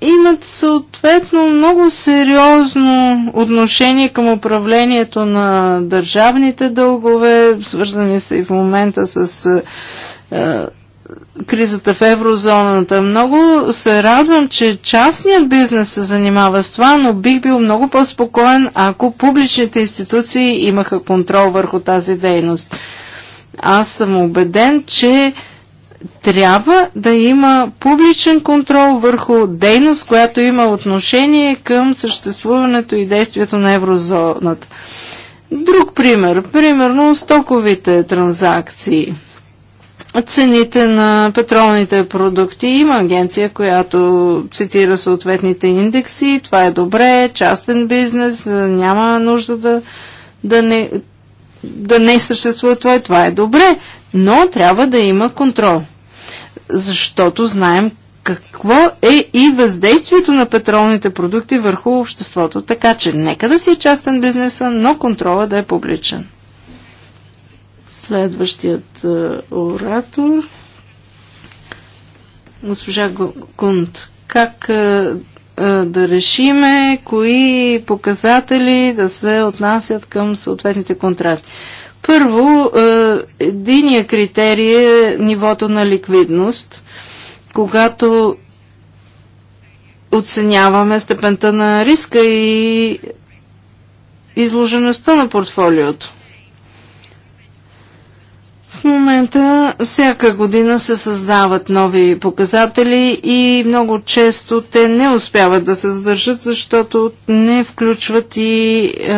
имат съответно много сериозно отношение към управлението на държавните дългове, свързани са и в момента с е, кризата в еврозоната. Много се радвам, че частният бизнес се занимава с това, но бих бил много по-спокоен, ако публичните институции имаха контрол върху тази дейност. Аз съм убеден, че трябва да има публичен контрол върху дейност, която има отношение към съществуването и действието на еврозоната. Друг пример, примерно стоковите транзакции – цените на петролните продукти. Има агенция, която цитира съответните индекси. Това е добре, частен бизнес, няма нужда да, да, не, да не съществува това. Това е добре, но трябва да има контрол. Защото знаем какво е и въздействието на петролните продукти върху обществото. Така че нека да си е частен бизнеса, но контрола да е публичен. Следващият е, оратор. Госпожа Кунт, как е, е, да решиме кои показатели да се отнасят към съответните контракти? Първо, единия критерий е нивото на ликвидност. Когато оценяваме степента на риска и изложеността на портфолиото. В момента всяка година се създават нови показатели и много често те не успяват да се задържат, защото не включват и е,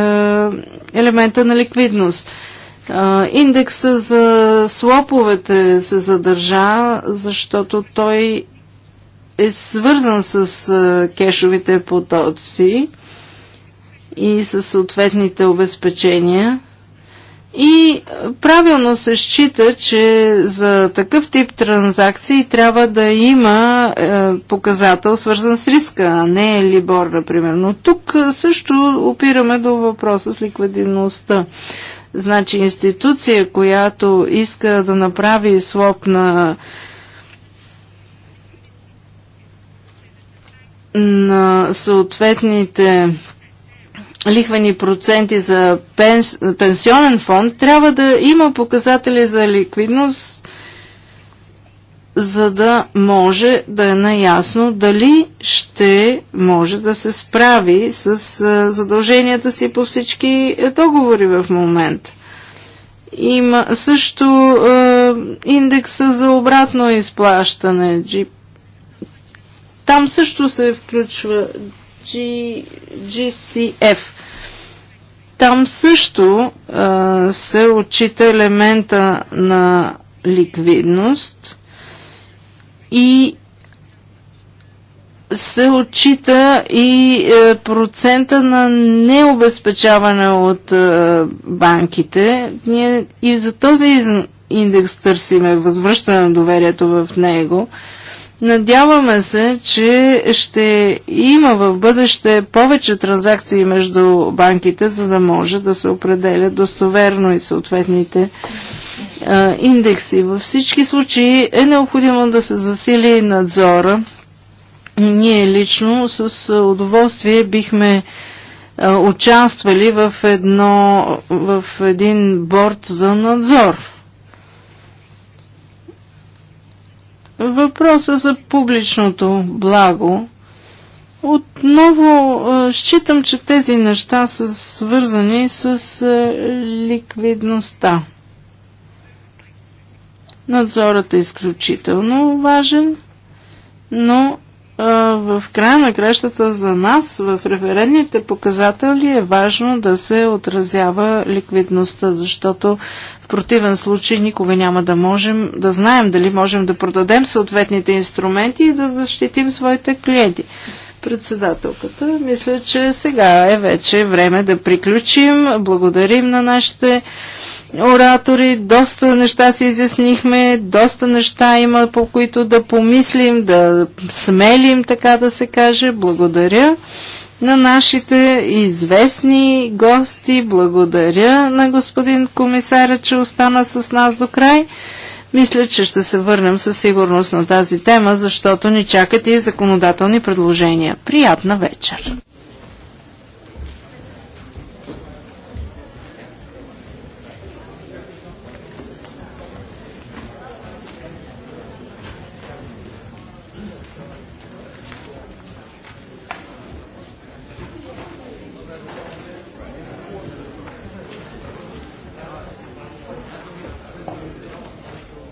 елемента на ликвидност. Е, индекса за слоповете се задържа, защото той е свързан с е, кешовите потоци и с съответните обезпечения – и е, правилно се счита, че за такъв тип транзакции трябва да има е, показател свързан с риска, а не е либор, например. Но тук е, също опираме до въпроса с ликвидността. Значи институция, която иска да направи слоп на на съответните лихвени проценти за пенс, пенсионен фонд, трябва да има показатели за ликвидност, за да може да е наясно дали ще може да се справи с задълженията си по всички е, договори в момента. Има също е, индекса за обратно изплащане. Там също се включва G, GCF. Там също а, се отчита елемента на ликвидност и се отчита и е, процента на необезпечаване от е, банките. Ние и за този индекс търсиме възвръщане на доверието в него. А, Надяваме се, че ще има в бъдеще повече транзакции между банките, за да може да се определя достоверно и съответните а, индекси. Във всички случаи е необходимо да се засили надзора. Ние лично с удоволствие бихме а, участвали в, едно, в един борт за надзор въпроса за публичното благо, отново считам, че тези неща са свързани с ликвидността. Надзорът е изключително важен, но в края на кращата за нас в референтните показатели е важно да се отразява ликвидността, защото в противен случай никога няма да можем да знаем дали можем да продадем съответните инструменти и да защитим своите клиенти. Председателката, мисля, че сега е вече време да приключим. Благодарим на нашите оратори, доста неща си изяснихме, доста неща има по които да помислим, да смелим, така да се каже. Благодаря на нашите известни гости, благодаря на господин комисаря, че остана с нас до край. Мисля, че ще се върнем със сигурност на тази тема, защото ни чакат и законодателни предложения. Приятна вечер!